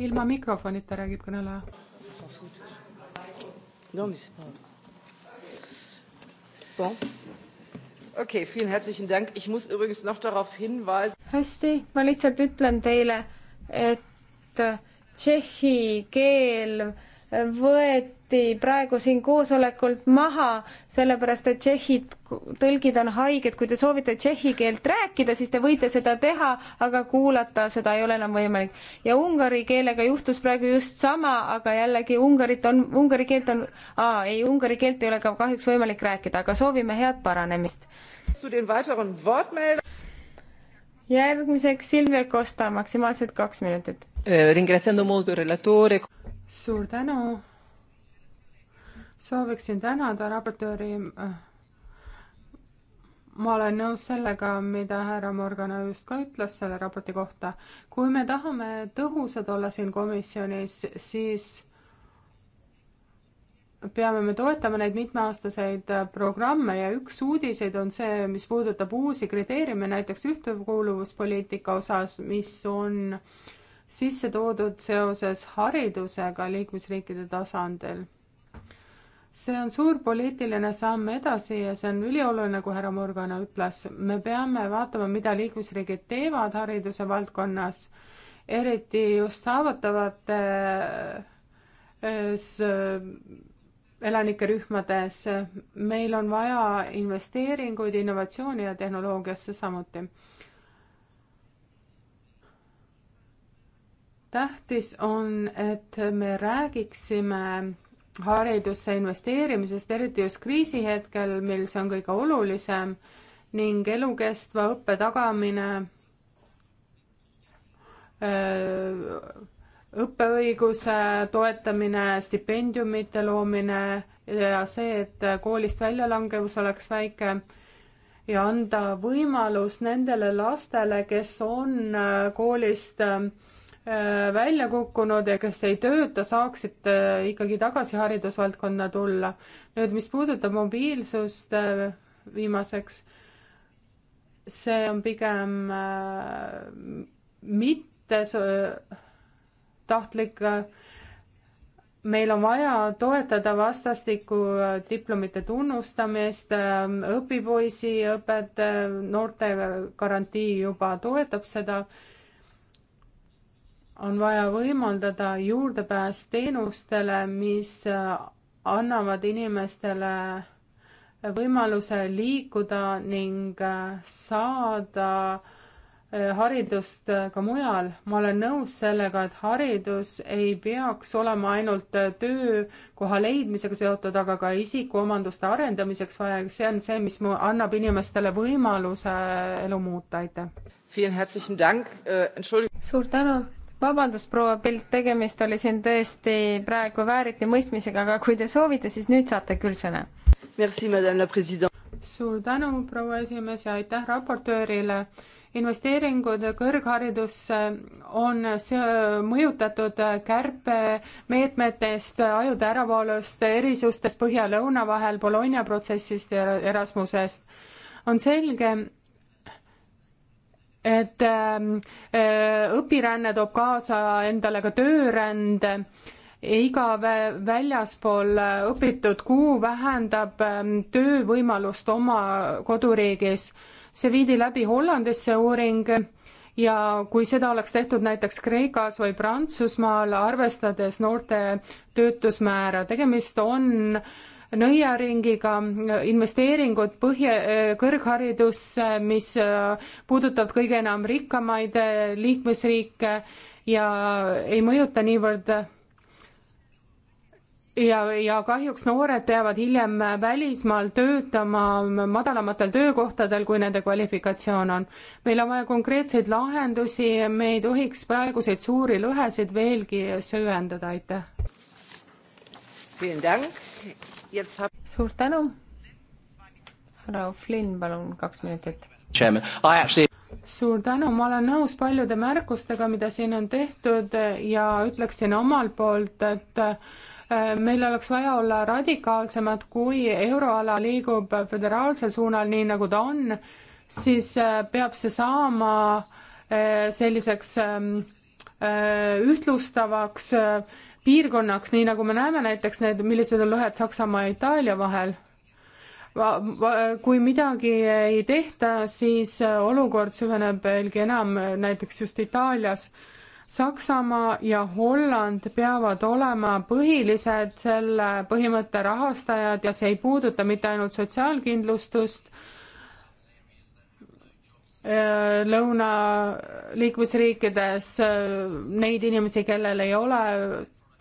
ilma mikrofonita räägib kõneleja. no mis bon.. Okay, vielen herzlichen Dank. Ich muss übrigens noch darauf hinweisen. hästi, ma lihtsalt ütlen teile, et tšehhi keel võeti võeti praegu siin koosolekult maha, sellepärast et tšehhid, tõlgid on haiged, kui te soovite tšehhi keelt rääkida, siis te võite seda teha, aga kuulata seda ei ole enam võimalik. ja ungari keelega juhtus praegu just sama, aga jällegi Ungarit on, ungari keelt on, aa, ei, ungari keelt ei ole ka kahjuks võimalik rääkida, aga soovime head paranemist. järgmiseks Silvia Kosta, maksimaalselt kaks minutit. Ringraziando molto il relatore. suur tänu sooviksin tänada raportööri. ma olen nõus sellega, mida härra Morgana just ka ütles selle raporti kohta. kui me tahame tõhusad olla siin komisjonis, siis peame me toetama neid mitmeaastaseid programme ja üks uudiseid on see, mis puudutab uusi kriteeriume näiteks ühtekuuluvuspoliitika osas, mis on sisse toodud seoses haridusega liikmesriikide tasandil see on suur poliitiline samm edasi ja see on ülioluline, kui härra Murgana ütles, me peame vaatama, mida liikmesriigid teevad hariduse valdkonnas, eriti just haavatavates äh, elanike rühmades. meil on vaja investeeringuid innovatsiooni ja tehnoloogiasse samuti tähtis on, et me räägiksime haridusse investeerimisest, eriti just kriisihetkel, mil see on kõige olulisem ning elukestva õppe tagamine õppeõiguse toetamine, stipendiumite loomine ja see, et koolist väljalangevus oleks väike ja anda võimalus nendele lastele, kes on koolist Äh, välja kukkunud ja kes ei tööta, saaksid äh, ikkagi tagasi haridusvaldkonna tulla. nüüd, mis puudutab mobiilsust äh, viimaseks, see on pigem mitte tahtlik meil on vaja toetada vastastikku diplomite tunnustamist, õpipoisi õpet, noorte garantii juba toetab seda on vaja võimaldada juurdepääs teenustele, mis äh, annavad inimestele võimaluse liikuda ning äh, saada äh, haridust ka mujal. ma olen nõus sellega, et haridus ei peaks olema ainult töökoha leidmisega seotud, aga ka isikuomanduste arendamiseks vajalik, see on see, mis annab inimestele võimaluse elu muuta, aitäh. suur tänu vabandust, proua Pilt, tegemist oli siin tõesti praegu vääriti mõistmisega, aga kui te soovite, siis nüüd saate küll sõna. suur tänu, proua esimees ja aitäh raportöörile investeeringud kõrgharidusse on mõjutatud kärpemeetmetest, ajude äravoolust, erisustest põhja-lõuna vahel, Bologna protsessist ja Erasmusest. on selge, et ähm, äh, õpiränne toob kaasa endale ka töörände, iga väljaspool äh, õpitud kuu vähendab ähm, töövõimalust oma koduriigis. see viidi läbi Hollandis, see uuring, ja kui seda oleks tehtud näiteks Kreekas või Prantsusmaal, arvestades noorte töötusmäära, tegemist on äh, nõiaringiga investeeringud põhja, kõrgharidusse, mis äh, puudutavad kõige enam rikkamaid äh, liikmesriike ja ei mõjuta niivõrd ja, ja kahjuks noored peavad hiljem välismaal töötama madalamatel töökohtadel, kui nende kvalifikatsioon on. meil on vaja konkreetseid lahendusi, me ei tohiks praeguseid suuri lõhesid veelgi süvendada, aitäh suur tänu. härra Flynn, palun kaks minutit. Actually... suur tänu, ma olen nõus paljude märkustega, mida siin on tehtud ja ütleksin omalt poolt, et äh, meil oleks vaja olla radikaalsemad, kui euroala liigub föderaalsel suunal, nii nagu ta on, siis äh, peab see saama äh, selliseks ähm, ühtlustavaks piirkonnaks, nii nagu me näeme näiteks need, millised on lõhed Saksamaa ja Itaalia vahel. kui midagi ei tehta, siis olukord süveneb veelgi enam, näiteks just Itaalias. Saksamaa ja Holland peavad olema põhilised selle põhimõtte rahastajad ja see ei puuduta mitte ainult sotsiaalkindlustust, äh, lõuna liikmesriikides äh, neid inimesi, kellel ei ole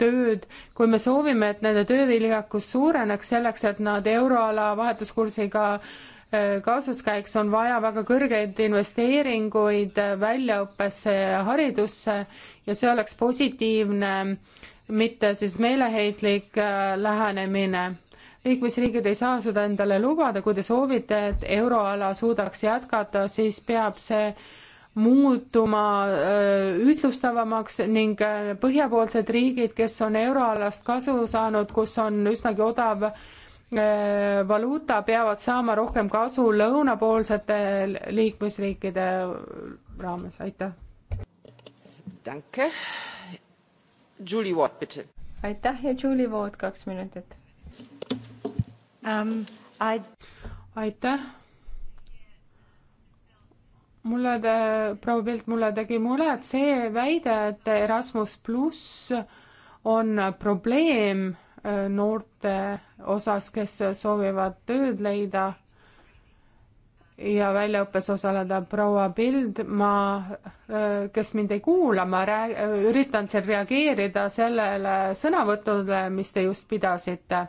tööd, kui me soovime, et nende tööviljakus suureneks selleks, et nad euroala vahetuskursiga äh, kaasas käiks, on vaja väga kõrgeid investeeringuid äh, väljaõppesse ja haridusse ja see oleks positiivne, mitte siis meeleheitlik äh, lähenemine. liikmesriigid ei saa seda endale lubada, kui te soovite, et euroala suudaks jätkata, siis peab see muutuma äh, ühtlustavamaks ning äh, põhjapoolsed riigid, kes on euroalast kasu saanud, kus on üsnagi odav äh, valuuta, peavad saama rohkem kasu lõunapoolsete liikmesriikide raames, aitäh. Julie Watt, bitte. aitäh ja Julie Watt, kaks minutit um,. I... aitäh mulle te, proua Pilt, mulle tegi muret see väide, et Erasmus pluss on probleem äh, noorte osas, kes soovivad tööd leida ja väljaõppes osaleda. proua Pild, ma, äh, kes mind ei kuula, ma rääg-, üritan siin reageerida sellele sõnavõtule, mis te just pidasite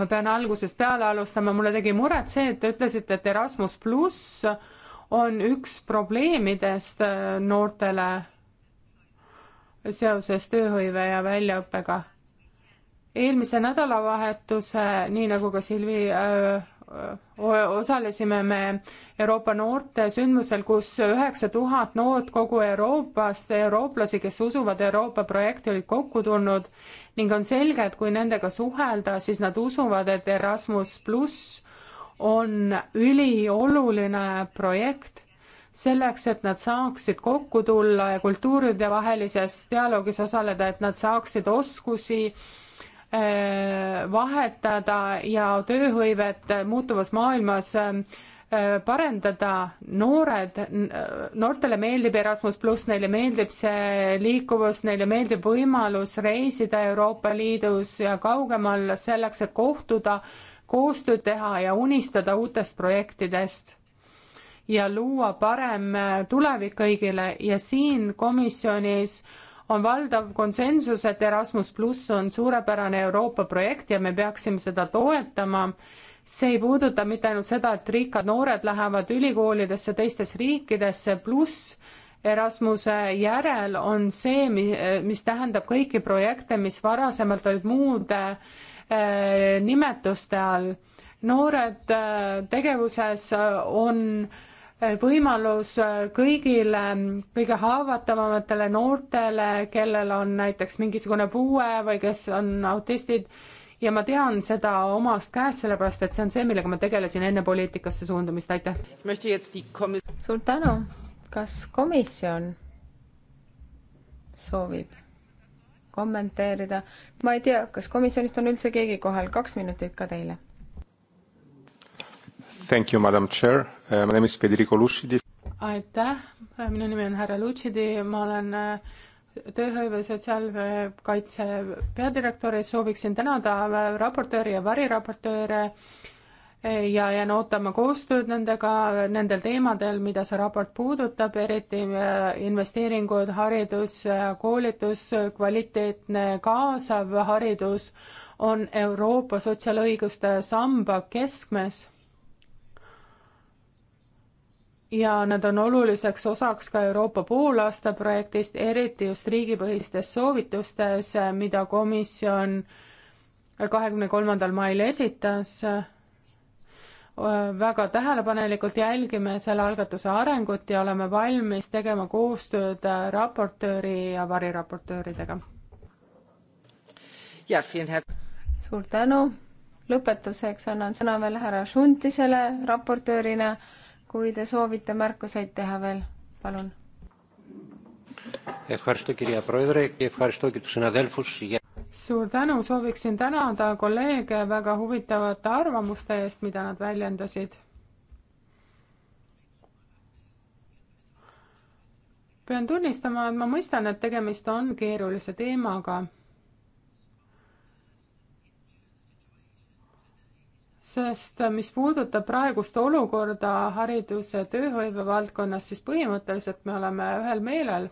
ma pean algusest peale alustama, mulle tegi muret see, et te ütlesite, et Erasmus pluss on üks probleemidest äh, noortele seoses tööhõive ja väljaõppega. eelmise nädalavahetuse, nii nagu ka Silvi äh, osalesime me Euroopa noortesündmusel, kus üheksa tuhat noort kogu Euroopast, eurooplasi, kes usuvad Euroopa projekti, olid kokku tulnud ning on selge, et kui nendega suhelda, siis nad usuvad, et Erasmus pluss on ülioluline projekt selleks, et nad saaksid kokku tulla ja kultuuridevahelises dialoogis osaleda, et nad saaksid oskusi eh, vahetada ja tööhõivet muutuvas maailmas eh, Äh, parendada, noored, äh, noortele meeldib Erasmus pluss, neile meeldib see liikuvus, neile meeldib võimalus reisida Euroopa Liidus ja kaugemal selleks, et kohtuda, koostööd teha ja unistada uutest projektidest ja luua parem äh, tulevik kõigile ja siin komisjonis on valdav konsensus, et Erasmus pluss on suurepärane Euroopa projekt ja me peaksime seda toetama see ei puuduta mitte ainult seda, et rikkad noored lähevad ülikoolidesse teistesse riikidesse, pluss Erasmuse järel on see, mis tähendab kõiki projekte, mis varasemalt olid muude äh, nimetuste all. noored äh, tegevuses eh, on võimalus kõigile kõige haavatavamatele noortele, kellel on näiteks mingisugune puue või kes on autistid äh,, ja ma tean seda omast käest, sellepärast et see on see, millega ma tegelesin enne poliitikasse suundumist, aitäh. suur tänu, kas komisjon soovib kommenteerida? ma ei tea, kas komisjonist on üldse keegi kohal, kaks minutit ka teile. Thank you, madam chair uh,, my name is Federico Lucidi. aitäh, minu nimi on härra Lucidi, ma olen uh, tööhõive sotsiaalkaitse peadirektoris sooviksin tänada raportööri ja variraportööre ja jään ootama koostööd nendega nendel teemadel, mida see raport puudutab, eriti äh, investeeringud, haridus, äh, koolitus, kvaliteetne kaasav haridus on Euroopa sotsiaalõiguste samba keskmes ja nad on oluliseks osaks ka Euroopa poolaasta projektist, eriti just riigipõhistes soovitustes, mida komisjon kahekümne kolmandal mail esitas. väga tähelepanelikult jälgime selle algatuse arengut ja oleme valmis tegema koostööd raportööri ja variraportööridega. suur tänu, lõpetuseks annan sõna veel härra Šuntisele raportöörina kui te soovite märkuseid teha veel, palun. suur tänu, sooviksin tänada kolleege väga huvitavate arvamuste eest, mida nad väljendasid. pean tunnistama, et ma mõistan, et tegemist on keerulise teemaga sest mis puudutab praegust olukorda haridus- ja tööhõive valdkonnas, siis põhimõtteliselt me oleme ühel meelel.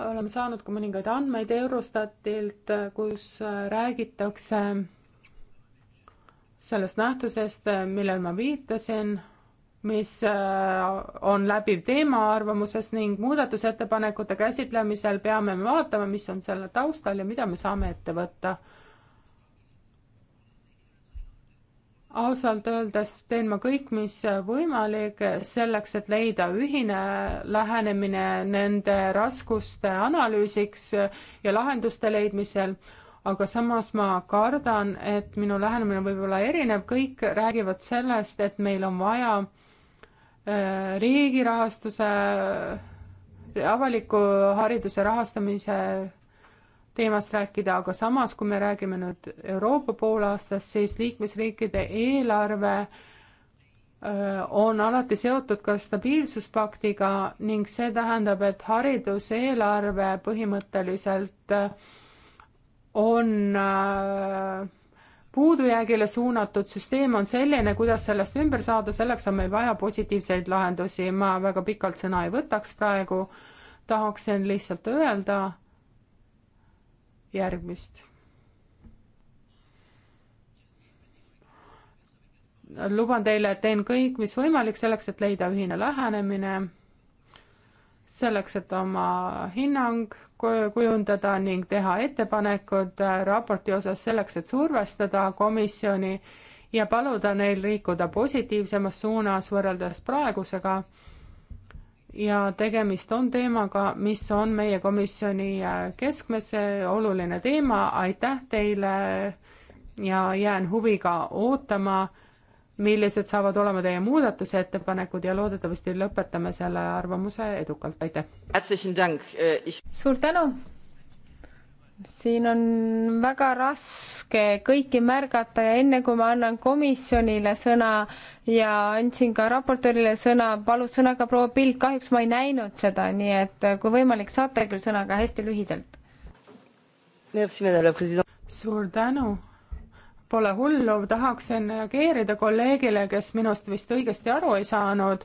oleme saanud ka mõningaid andmeid Eurostatilt, kus räägitakse sellest nähtusest, millele ma viitasin, mis äh, on läbiv teema arvamuses ning muudatusettepanekute käsitlemisel peame me vaatama, mis on selle taustal ja mida me saame ette võtta ausalt öeldes teen ma kõik, mis võimalik selleks, et leida ühine lähenemine nende raskuste analüüsiks ja lahenduste leidmisel, aga samas ma kardan, et minu lähenemine võib olla erinev, kõik räägivad sellest, et meil on vaja äh, riigi rahastuse, avaliku hariduse rahastamise teemast rääkida, aga samas, kui me räägime nüüd Euroopa poolaastast, siis liikmesriikide eelarve on alati seotud ka stabiilsuspaktiga ning see tähendab, et hariduseelarve põhimõtteliselt on puudujäägile suunatud süsteem on selline, kuidas sellest ümber saada, selleks on meil vaja positiivseid lahendusi, ma väga pikalt sõna ei võtaks praegu, tahaksin lihtsalt öelda, järgmist. luban teile, et teen kõik, mis võimalik selleks, et leida ühine lähenemine, selleks, et oma hinnang kujundada ning teha ettepanekud äh, raporti osas selleks, et survestada komisjoni ja paluda neil liikuda positiivsemas suunas võrreldes praegusega ja tegemist on teemaga, mis on meie komisjoni äh, keskmes, oluline teema, aitäh teile ja jään huviga ootama, millised saavad olema teie muudatusettepanekud ja loodetavasti lõpetame selle arvamuse edukalt, aitäh! Äh, suur tänu, siin on väga raske kõiki märgata ja enne kui ma annan komisjonile sõna ja andsin ka raportöörile sõna, palus sõna ka proua Pild, kahjuks ma ei näinud seda, nii et eh, kui võimalik, saate küll sõna, aga hästi lühidalt. suur tänu. Pole hullu, tahaksin reageerida kolleegile, kes minust vist õigesti aru ei saanud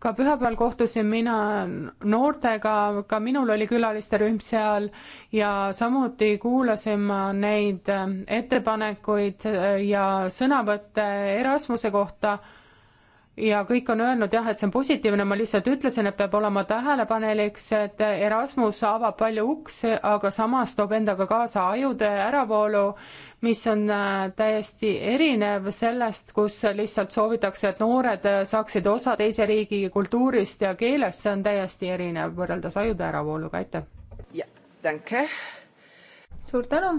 ka pühapäeval kohtusin mina noortega, ka minul oli külalisterühm seal ja samuti kuulasin ma neid äh, ettepanekuid äh, ja sõnavõtte Erasmuse kohta ja kõik on öelnud jah, et see on positiivne, ma lihtsalt ütlesin, et peab olema tähelepanelik, et Erasmus avab palju ukse, aga samas toob endaga kaasa ajude äravoolu, mis on äh, täiesti erinev sellest, kus lihtsalt soovitakse, et noored äh, saaksid osa teise riigi kultuurist ja keelest, see on täiesti erinev võrreldes ajude äravooluga, aitäh! jah, tänke! suur tänu!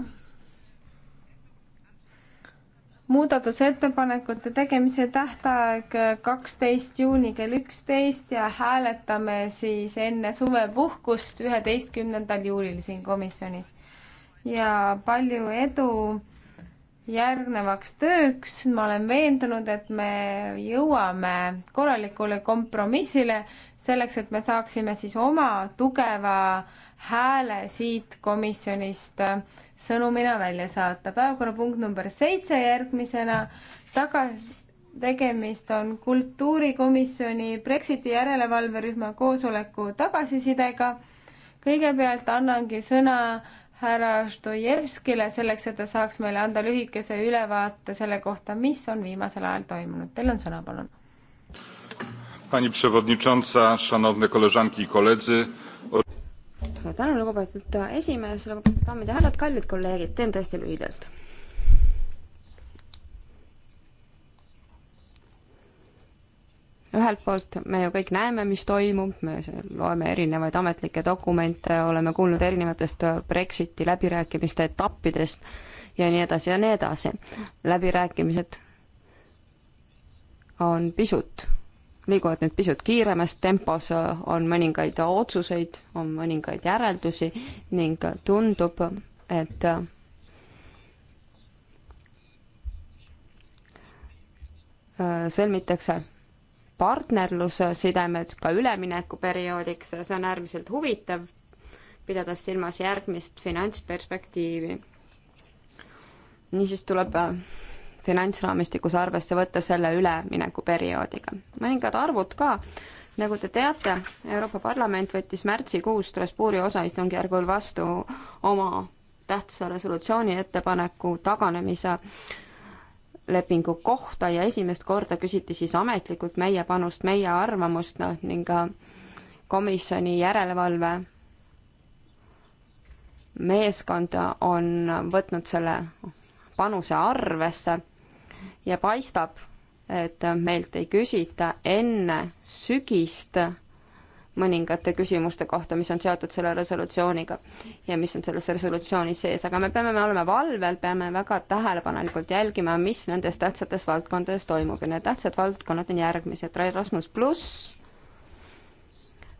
muudatusettepanekute tegemise tähtaeg kaksteist juuni kell üksteist ja hääletame siis enne suvepuhkust, üheteistkümnendal juulil siin komisjonis. ja palju edu järgnevaks tööks. ma olen veendunud, et me jõuame korralikule kompromissile selleks, et me saaksime siis oma tugeva hääle siit komisjonist sõnumina välja saata. päevakorrapunkt number seitse järgmisena tagasi tegemist on kultuurikomisjoni Brexiti järelevalverühma koosoleku tagasisidega. kõigepealt annangi sõna härra Štojevskile selleks, et ta saaks meile anda lühikese ülevaate selle kohta, mis on viimasel ajal toimunud. Teil on sõna, palun. Pani przewodnicząca, szanowne koleżanki i koledzy. suur tänu, lugupeetud esimees, lugupeetud daamid ja härrad, kallid kolleegid, teen tõesti lühidalt ühelt poolt me ju kõik näeme, mis toimub, me loeme erinevaid ametlikke dokumente, oleme kuulnud erinevatest Brexiti läbirääkimiste etappidest ja nii edasi ja nii edasi. läbirääkimised on pisut, liiguvad nüüd pisut kiiremas tempos, on mõningaid otsuseid, on mõningaid järeldusi ning tundub, et sõlmitakse partnerlussidemed ka üleminekuperioodiks, see on äärmiselt huvitav, pidades silmas järgmist finantsperspektiivi. niisiis tuleb äh, finantsraamistikus arvesse võtta selle üleminekuperioodiga. mõningad arvud ka, nagu te teate, Euroopa Parlament võttis märtsikuus Strasbourgi osaistungjärgul vastu oma tähtsa resolutsiooni ettepaneku taganemise äh, lepingu kohta ja esimest korda küsiti siis ametlikult meie panust, meie arvamust, noh, ning komisjoni järelevalve meeskond on võtnud selle panuse arvesse ja paistab, et meilt ei küsita enne sügist mõningate küsimuste kohta, mis on seotud selle resolutsiooniga ja mis on selles resolutsioonis sees, aga me peame, me oleme valvel, peame väga tähelepanelikult jälgima, mis nendes tähtsates valdkondades toimub ja need tähtsad valdkonnad on järgmised, Erasmus pluss,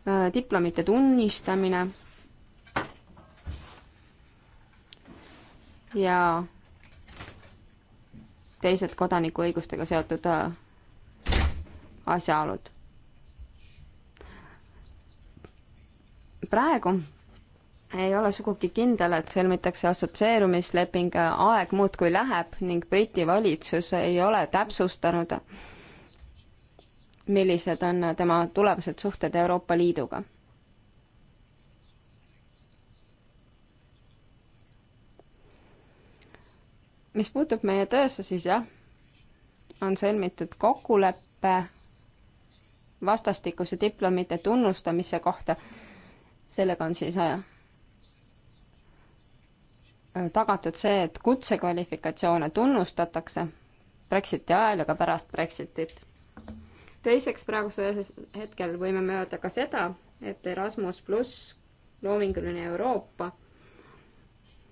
äh, diplomite tunnistamine ja teised kodanikuõigustega seotud äh, asjaolud praegu ei ole sugugi kindel, et sõlmitakse assotsieerumisleping, aeg muudkui läheb ning Briti valitsus ei ole täpsustanud, millised on tema tulevased suhted Euroopa Liiduga. mis puutub meie töösse, siis jah, on sõlmitud kokkulepe vastastikuse diplomite tunnustamise kohta sellega on siis äh, tagatud see, et kutsekvalifikatsioone tunnustatakse Brexiti ajal ja ka pärast Brexitit. teiseks, praegusel hetkel võime me öelda ka seda, et Erasmus pluss, loominguline Euroopa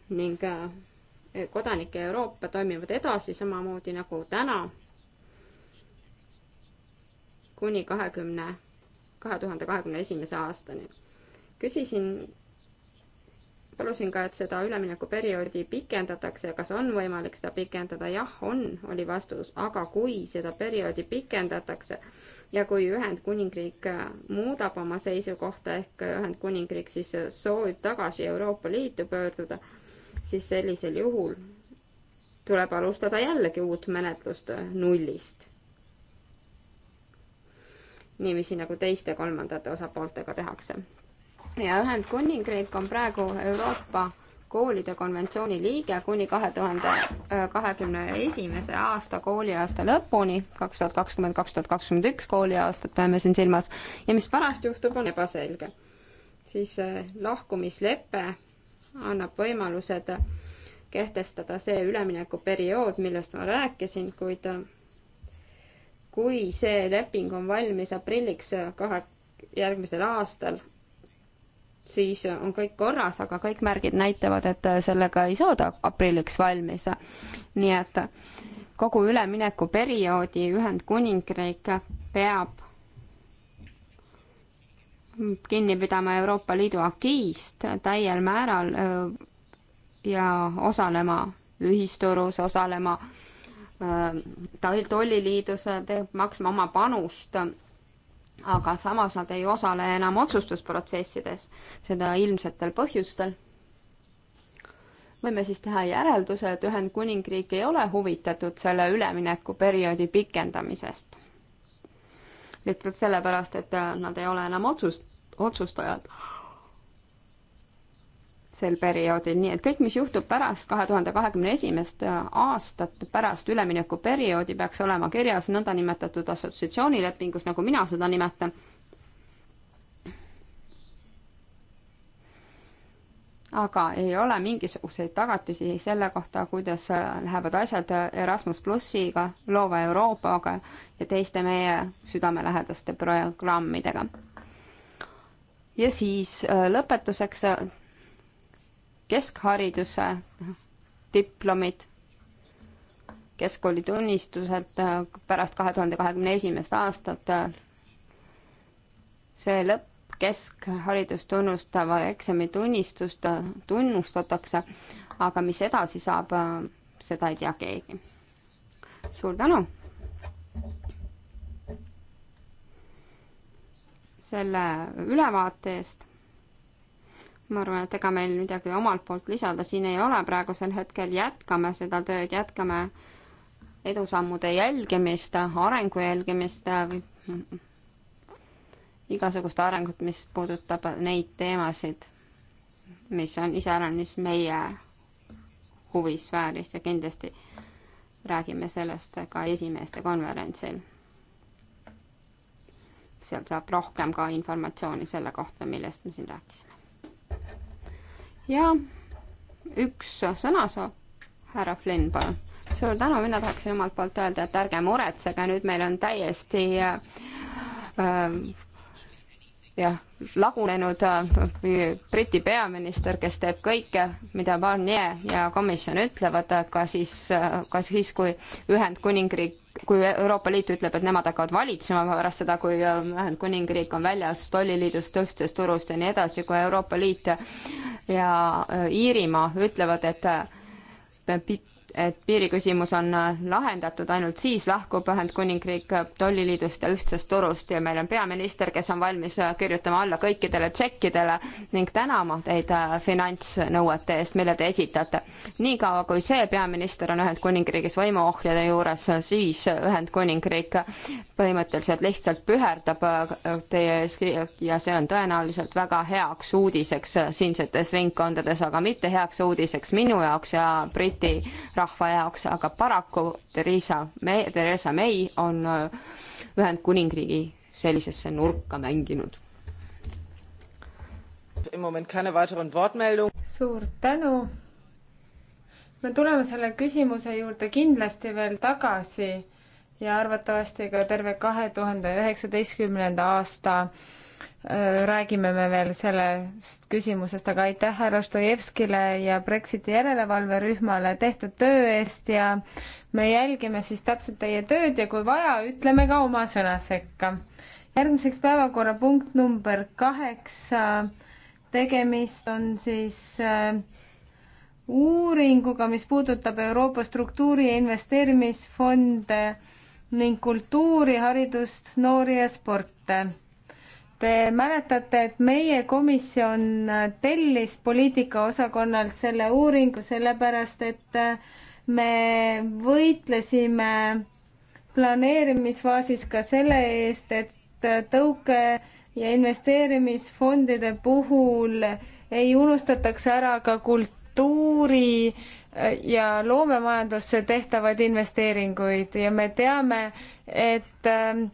ning äh, kodanike Euroopa toimivad edasi samamoodi nagu täna kuni kahekümne, kahe tuhande kahekümne esimese aastani küsisin, palusin ka, et seda üleminekuperioodi pikendatakse ja kas on võimalik seda pikendada. jah, on, oli vastus, aga kui seda perioodi pikendatakse ja kui Ühendkuningriik muudab oma seisukohta ehk Ühendkuningriik siis soovib tagasi Euroopa Liitu pöörduda, siis sellisel juhul tuleb alustada jällegi uut menetlust nullist. niiviisi nagu teiste kolmandate osapooltega tehakse ja Ühendkuningriik on praegu Euroopa koolide konventsiooni liige kuni kahe tuhande äh, kahekümne esimese aasta kooliaasta lõpuni, kaks tuhat kakskümmend, kaks tuhat kakskümmend üks kooliaastat peame siin silmas, ja mis pärast juhtub, on ebaselge. siis äh, lahkumislepe annab võimalused kehtestada see üleminekuperiood, millest ma rääkisin, kuid äh, kui see leping on valmis aprilliks kahe, järgmisel aastal, siis on kõik korras, aga kõik märgid näitavad, et sellega ei saada aprilliks valmis. nii et kogu üleminekuperioodi Ühendkuningriik peab kinni pidama Euroopa Liidu agiist täiel määral äh, ja osalema ühisturus, osalema äh, tolliliidus, maksma oma panust aga samas nad ei osale enam otsustusprotsessides, seda ilmsetel põhjustel. võime siis teha järelduse, et Ühendkuningriik ei ole huvitatud selle üleminekuperioodi pikendamisest. lihtsalt sellepärast, et nad ei ole enam otsust, otsustajad sel perioodil, nii et kõik, mis juhtub pärast kahe tuhande kahekümne esimest aastat, pärast üleminekuperioodi, peaks olema kirjas nõndanimetatud assotsiatsioonilepingus, nagu mina seda nimetan. aga ei ole mingisuguseid tagatisi selle kohta, kuidas lähevad asjad Erasmus plussiga, loova Euroopaga ja teiste meie südamelähedaste programmidega. ja siis lõpetuseks keskhariduse diplomid keskkoolitunnistused äh, pärast kahe tuhande kahekümne esimest aastat. Äh, see lõpp keskharidust tunnustava eksami tunnistust äh, tunnustatakse, aga mis edasi saab, seda ei tea keegi. suur tänu. selle ülevaate eest ma arvan, et ega meil midagi omalt poolt lisada siin ei ole, praegusel hetkel jätkame seda tööd, jätkame edusammude jälgimist, arengu jälgimist, igasugust arengut, mis puudutab neid teemasid, mis on iseäranis meie huvisfääris ja kindlasti räägime sellest ka esimeeste konverentsil. sealt saab rohkem ka informatsiooni selle kohta, millest me siin rääkisime ja üks sõnasoov härra Flynn, palun. suur tänu, mina tahaksin omalt poolt öelda, et ärge muretsege, nüüd meil on täiesti äh, jah, lagunenud äh, Briti peaminister, kes teeb kõike, mida Barnier ja komisjon ütlevad, ka siis äh,, ka siis, kui Ühendkuningriik kui Euroopa Liit ütleb, et nemad hakkavad valitsema pärast seda, kui äh, Ühendkuningriik on väljas tolliliidust, ühtsest turust ja nii edasi, kui Euroopa Liit ja äh, Iirimaa ütlevad, et äh, et piiriküsimus on äh, lahendatud, ainult siis lahkub Ühendkuningriik äh, tolliliidust ja ühtsest turust ja meil on peaminister, kes on valmis äh, kirjutama alla kõikidele tšekkidele ning tänama teid finantsnõuete eest, mille te esitate. niikaua, kui see peaminister on Ühendkuningriigis võimuohjade juures, siis Ühendkuningriik põhimõtteliselt lihtsalt püherdab teie ees ja see on tõenäoliselt väga heaks uudiseks siinsetes ringkondades, aga mitte heaks uudiseks minu jaoks ja Briti rahvale rahva jaoks, aga paraku Theresa May, Theresa May on äh, Ühendkuningriigi sellisesse nurka mänginud. suur tänu. me tuleme selle küsimuse juurde kindlasti veel tagasi ja arvatavasti ka terve kahe tuhande üheksateistkümnenda aasta Äh, räägime me veel sellest küsimusest, aga aitäh härra Stojevskile ja Brexiti järelevalverühmale tehtud töö eest ja me jälgime siis täpselt teie tööd ja kui vaja, ütleme ka oma sõna sekka. järgmiseks päevakorrapunkt number kaheksa. tegemist on siis äh, uuringuga, mis puudutab Euroopa struktuuri ja investeerimisfonde ning kultuuri, haridust, noori ja sporte Te mäletate, et meie komisjon tellis poliitikaosakonnalt selle uuringu sellepärast, et me võitlesime planeerimisfaasis ka selle eest, et tõuke ja investeerimisfondide puhul ei unustataks ära ka kultuuri ja loomemajandusse tehtavaid investeeringuid ja me teame, et äh,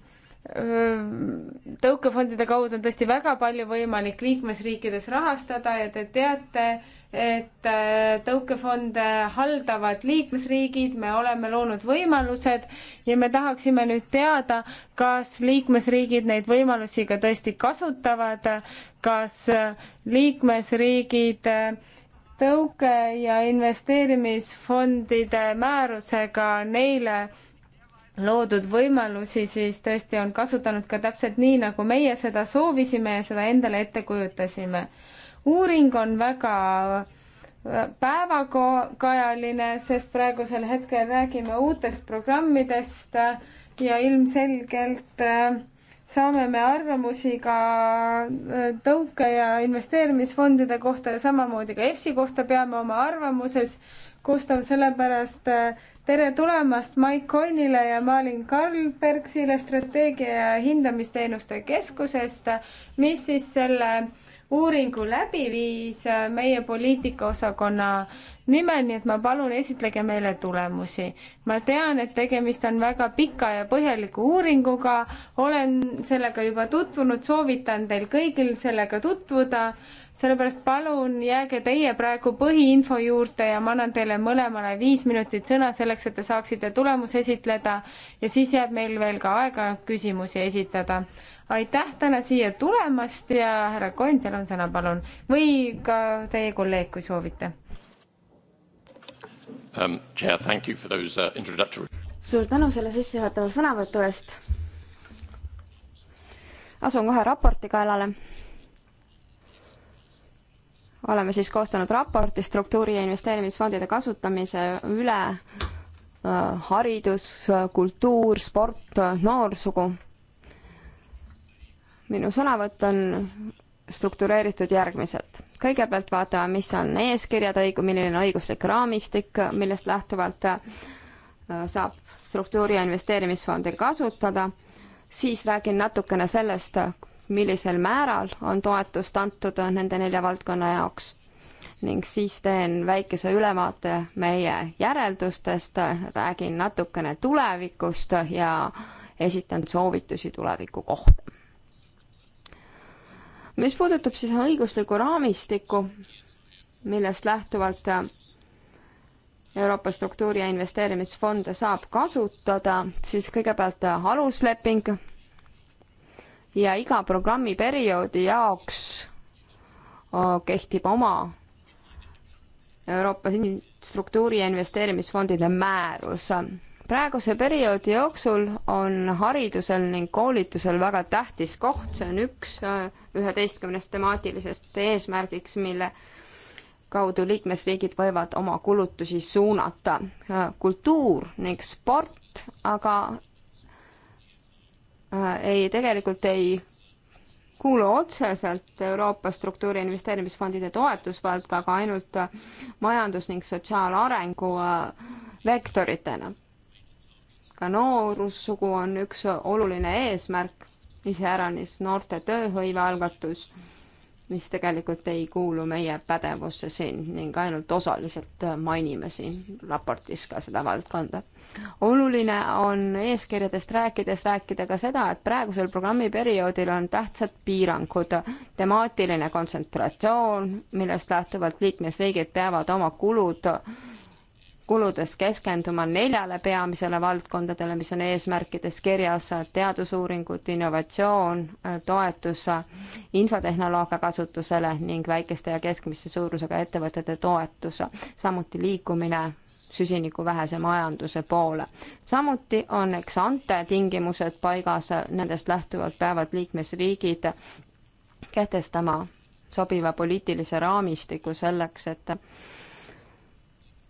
tõukefondide kaudu on tõesti väga palju võimalik liikmesriikides rahastada ja te teate, et äh, tõukefonde haldavad liikmesriigid, me oleme loonud võimalused ja me tahaksime nüüd teada, kas liikmesriigid neid võimalusi ka tõesti kasutavad, kas äh, liikmesriigid äh, tõuke- ja investeerimisfondide määrusega neile loodud võimalusi, siis tõesti on kasutanud ka täpselt nii, nagu meie seda soovisime ja seda endale ette kujutasime. uuring on väga äh, päevakajaline, sest praegusel hetkel räägime uutest programmidest äh, ja ilmselgelt äh, saame me arvamusi ka tõuke- ja investeerimisfondide kohta ja samamoodi ka EFSI kohta peame oma arvamuses koostama, sellepärast tere tulemast Mike Coinile ja Malin Karlbergsile strateegia ja hindamisteenuste keskusest, mis siis selle uuringu läbi viis meie poliitikaosakonna nimel, nii et ma palun, esitlege meile tulemusi. ma tean, et tegemist on väga pika ja põhjaliku uuringuga, olen sellega juba tutvunud, soovitan teil kõigil sellega tutvuda sellepärast palun jääge teie praegu põhiinfo juurde ja ma annan teile mõlemale viis minutit sõna selleks, et te saaksite tulemuse esitleda ja siis jääb meil veel ka aega küsimusi esitada. aitäh täna siia tulemast ja härra Koen, teil on sõna, palun, või ka teie kolleeg, kui soovite. Um, Chair, thank you for those uh, introductory. suur tänu selle sissejuhatava sõnavõtu eest. asun kohe raporti kallale oleme siis koostanud raporti struktuuri ja investeerimisfondide kasutamise üle äh, haridus, kultuur, sport, noorsugu. minu sõnavõtt on struktureeritud järgmiselt. kõigepealt vaatame, mis on eeskirjad, õigu-, milline on õiguslik raamistik, millest lähtuvalt äh, saab struktuuri ja investeerimisfondi kasutada, siis räägin natukene sellest, millisel määral on toetust antud nende nelja valdkonna jaoks ning siis teen väikese ülevaate meie järeldustest, räägin natukene tulevikust ja esitan soovitusi tuleviku kohta. mis puudutab siis õiguslikku raamistikku, millest lähtuvalt Euroopa struktuuri ja investeerimisfonde saab kasutada, siis kõigepealt alusleping ja iga programmiperioodi jaoks äh, kehtib oma Euroopa struktuuri ja investeerimisfondide määrus. praeguse perioodi jooksul on haridusel ning koolitusel väga tähtis koht, see on üks äh, üheteistkümnest temaatilisest eesmärgiks, mille kaudu liikmesriigid võivad oma kulutusi suunata. Äh, kultuur ning sport aga Äh, ei, tegelikult ei kuulu otseselt Euroopa struktuuri investeerimisfondide toetusvaldka, aga ainult äh, majandus- ning sotsiaalarengu äh, vektoritena. ka noorussugu on üks oluline eesmärk, iseäranis noorte tööhõivealgatus mis tegelikult ei kuulu meie pädevusse siin ning ainult osaliselt mainime siin raportis ka seda valdkonda. oluline on eeskirjadest rääkides rääkida ka seda, et praegusel programmiperioodil on tähtsad piirangud, temaatiline kontsentratsioon, millest lähtuvalt liikmesriigid peavad oma kulud kuludes keskenduma neljale peamisele valdkondadele, mis on eesmärkides kirjas, teadusuuringud, innovatsioon, toetus infotehnoloogia kasutusele ning väikeste ja keskmise suurusega ettevõtete toetus, samuti liikumine süsinikuvähese majanduse poole. samuti on eks ante tingimused paigas, nendest lähtuvalt peavad liikmesriigid kehtestama sobiva poliitilise raamistiku selleks, et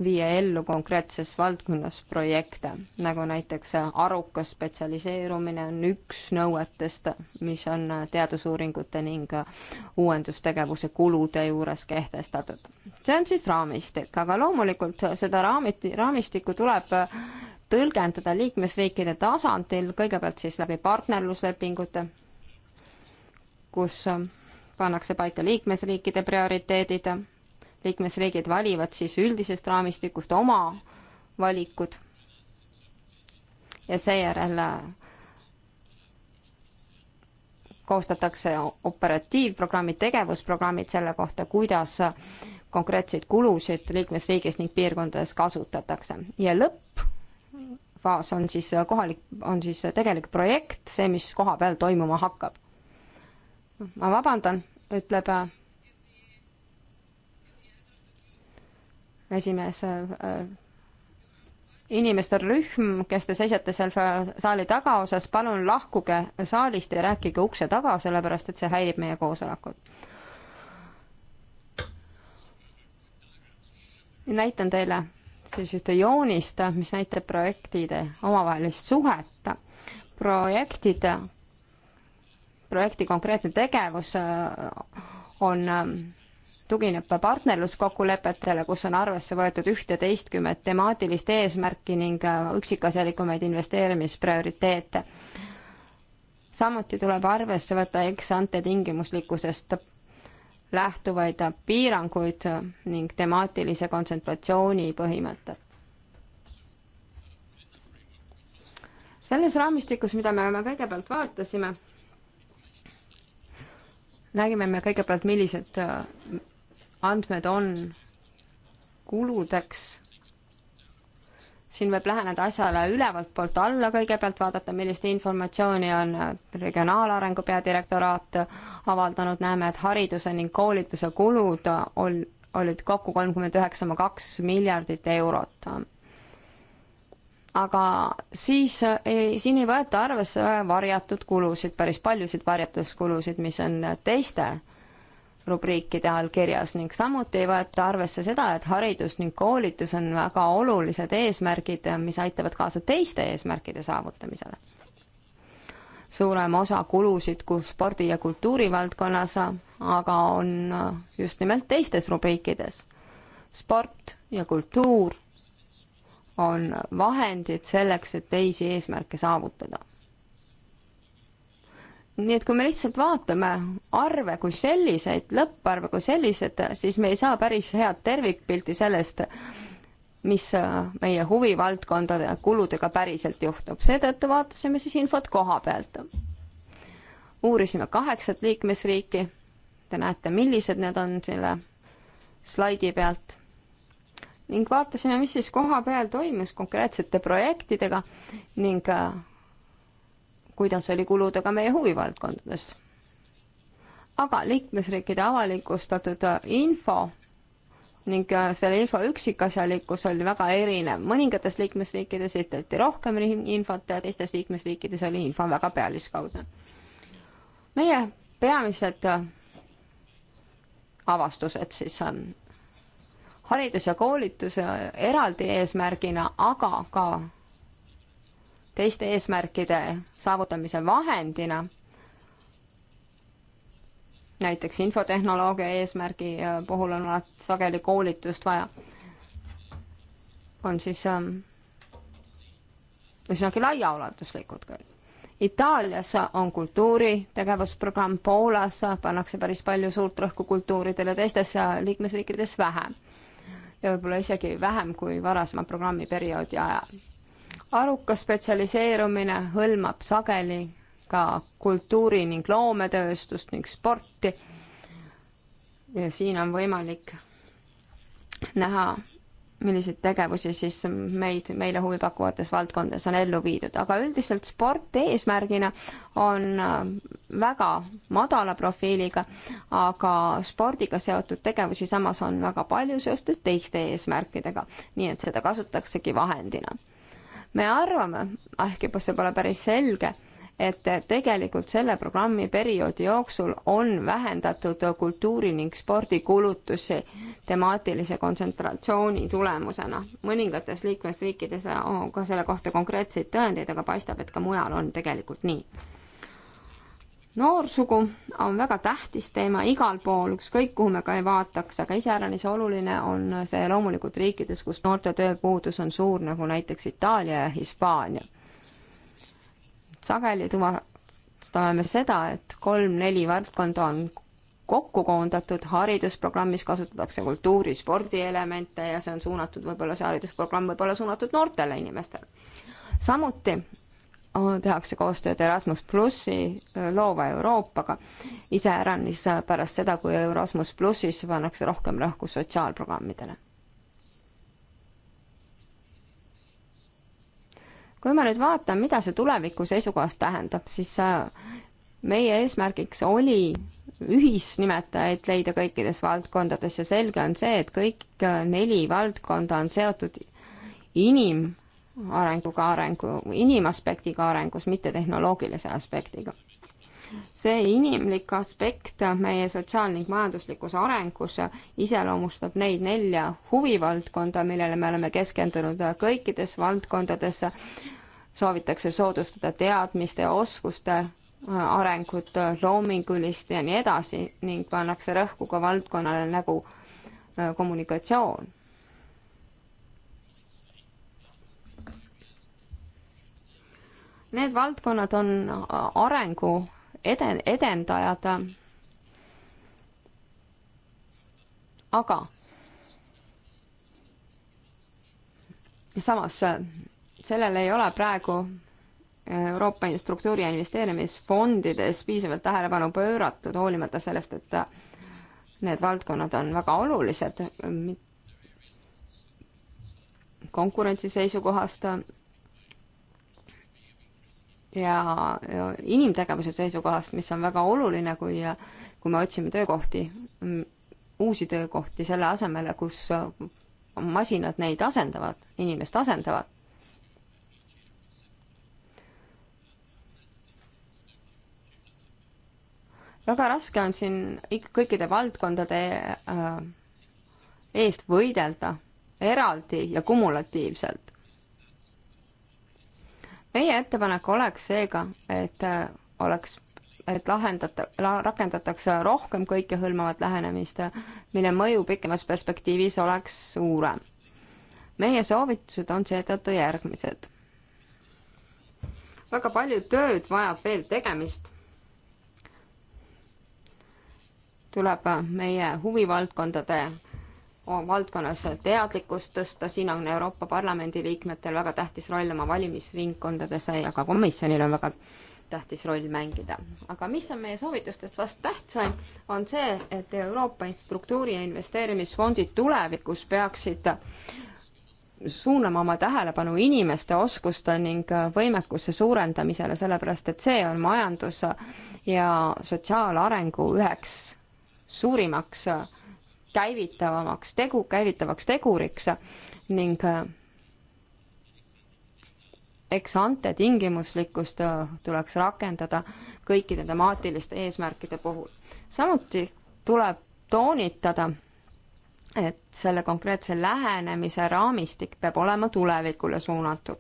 viia ellu konkreetses valdkonnas projekte, nagu näiteks arukas spetsialiseerumine on üks nõuetest, mis on teadusuuringute ning uuendustegevuse kulude juures kehtestatud. see on siis raamistik, aga loomulikult seda raamit-, raamistikku tuleb tõlgendada liikmesriikide tasandil, kõigepealt siis läbi partnerluslepingute, kus pannakse paika liikmesriikide prioriteedid liikmesriigid valivad siis üldisest raamistikust oma valikud ja seejärel äh, koostatakse operatiivprogrammid, tegevusprogrammid selle kohta, kuidas konkreetseid kulusid liikmesriigis ning piirkondades kasutatakse ja lõppfaas on siis kohalik, on siis tegelik projekt, see, mis koha peal toimuma hakkab. ma vabandan, ütleb äh, esimees äh, inimeste rühm, kes te seisate seal saali tagaosas, palun lahkuge saalist ja rääkige ukse taga, sellepärast et see häirib meie koosolekut. näitan teile siis ühte joonist, mis näitab projektide omavahelist suhet. projektid, projekti konkreetne tegevus äh, on ähm, tugineb partnerluskokkulepetele, kus on arvesse võetud ühteteistkümmet temaatilist eesmärki ning äh, üksikasjalikumaid investeerimisprioriteete. samuti tuleb arvesse võtta eksante tingimuslikkusest lähtuvaid piiranguid ning temaatilise kontsentratsiooni põhimõtet. selles raamistikus, mida me kõigepealt vaatasime, nägime me kõigepealt, millised andmed on kuludeks. siin võib läheneda asjale ülevalt poolt alla, kõigepealt vaadata, millist informatsiooni on Regionaalarengu peadirektoraat avaldanud, näeme, et hariduse ning koolituse kulud on, olid kokku kolmkümmend üheksa koma kaks miljardit eurot aga siis ei, siin ei võeta arvesse varjatud kulusid, päris paljusid varjatud kulusid, mis on teiste rubriikide all kirjas ning samuti ei võeta arvesse seda, et haridus ning koolitus on väga olulised eesmärgid, mis aitavad kaasa teiste eesmärkide saavutamisele. suurem osa kulusid kui spordi- ja kultuurivaldkonnas aga on just nimelt teistes rubriikides. sport ja kultuur on vahendid selleks, et teisi eesmärke saavutada nii et kui me lihtsalt vaatame arve kui selliseid, lõpparve kui sellised, siis me ei saa päris head tervikpilti sellest, mis äh, meie huvivaldkondade kuludega päriselt juhtub, seetõttu vaatasime siis infot koha pealt. uurisime kaheksat liikmesriiki, te näete, millised need on selle slaidi pealt, ning vaatasime, mis siis koha peal toimus konkreetsete projektidega ning äh, kuidas oli kuludega meie huvivaldkondadest. aga liikmesriikide avalikustatud äh, info ning äh, selle info üksikasjalikkus oli väga erinev. mõningates liikmesriikides esitati rohkem infot ja teistes liikmesriikides oli info väga pealiskaudne. meie peamised äh, avastused siis haridus ja koolituse eraldi eesmärgina, aga ka teiste eesmärkide saavutamise vahendina, näiteks infotehnoloogia eesmärgi äh, puhul on alati sageli koolitust vaja, on siis ähm, üsnagi laiaulatuslikud küll. Itaalias on kultuuritegevusprogramm, Poolas pannakse päris palju suurt rõhku kultuuridele, teistes äh, liikmesriikides vähem. ja võib-olla isegi vähem kui varasema programmi perioodi ajal arukas spetsialiseerumine hõlmab sageli ka kultuuri- ning loometööstust ning sporti. ja siin on võimalik näha, milliseid tegevusi siis meid, meile huvi pakkuvates valdkondades on ellu viidud, aga üldiselt sport eesmärgina on äh, väga madala profiiliga, aga spordiga seotud tegevusi samas on väga palju seoses teiste eesmärkidega, nii et seda kasutaksegi vahendina me arvame, ah, ehkki see pole päris selge, et tegelikult selle programmi perioodi jooksul on vähendatud kultuuri ning spordikulutusi temaatilise kontsentratsiooni tulemusena. mõningates liikmesriikides on ka selle kohta konkreetseid tõendeid, aga paistab, et ka mujal on tegelikult nii noorsugu on väga tähtis teema igal pool, ükskõik kuhu me ka ei vaataks, aga iseäranis oluline on see loomulikult riikides, kus noorte tööpuudus on suur, nagu näiteks Itaalia ja Hispaania. sageli tuvastame me seda, et kolm-neli valdkonda on kokku koondatud, haridusprogrammis kasutatakse kultuuri, spordielemente ja see on suunatud, võib-olla see haridusprogramm võib olla suunatud noortele inimestele. samuti tehakse koostööd Erasmus plussi äh, loova Euroopaga, iseäranis äh, pärast seda, kui Erasmus plussis pannakse rohkem rõhku sotsiaalprogrammidele. kui ma nüüd vaatan, mida see tuleviku seisukohast tähendab, siis äh, meie eesmärgiks oli ühisnimetajaid leida kõikides valdkondades ja selge on see, et kõik neli valdkonda on seotud inim- arenguga arengu, inimaspektiga arengus, mitte tehnoloogilise aspektiga. see inimlik aspekt meie sotsiaal- ning majanduslikus arengus iseloomustab neid nelja huvivaldkonda, millele me oleme keskendunud kõikides valdkondades. soovitakse soodustada teadmiste, oskuste arengut, loomingulist ja nii edasi ning pannakse rõhku ka valdkonnale nagu kommunikatsioon Need valdkonnad on arengu eden-, edendajad. aga samas sellel ei ole praegu Euroopa struktuuri ja investeerimisfondides piisavalt tähelepanu pööratud, hoolimata sellest, et need valdkonnad on väga olulised konkurentsi seisukohast ja, ja inimtegevuse seisukohast, mis on väga oluline, kui, kui me otsime töökohti, uusi töökohti selle asemele, kus äh, masinad neid asendavad, inimest asendavad. väga raske on siin kõikide valdkondade äh, eest võidelda eraldi ja kumulatiivselt meie ettepanek oleks seega, et äh, oleks, et lahendata, rakendatakse rohkem kõikehõlmavat lähenemist, mille mõju pikemas perspektiivis oleks suurem. meie soovitused on seetõttu järgmised. väga palju tööd vajab veel tegemist. tuleb meie huvivaldkondade valdkonnas teadlikkust tõsta, siin on Euroopa Parlamendi liikmetel väga tähtis roll oma valimisringkondades ja ka komisjonil on väga tähtis roll mängida. aga mis on meie soovitustest vast tähtsam, on see, et Euroopa struktuuri- ja investeerimisfondid tulevikus peaksid suunama oma tähelepanu inimeste oskuste ning võimekuse suurendamisele, sellepärast et see on majandus ja sotsiaalarengu üheks suurimaks käivitavamaks tegu, käivitavaks teguriks ning äh, eks ante tingimuslikkust äh, tuleks rakendada kõikide temaatiliste eesmärkide puhul. samuti tuleb toonitada, et selle konkreetse lähenemise raamistik peab olema tulevikule suunatud.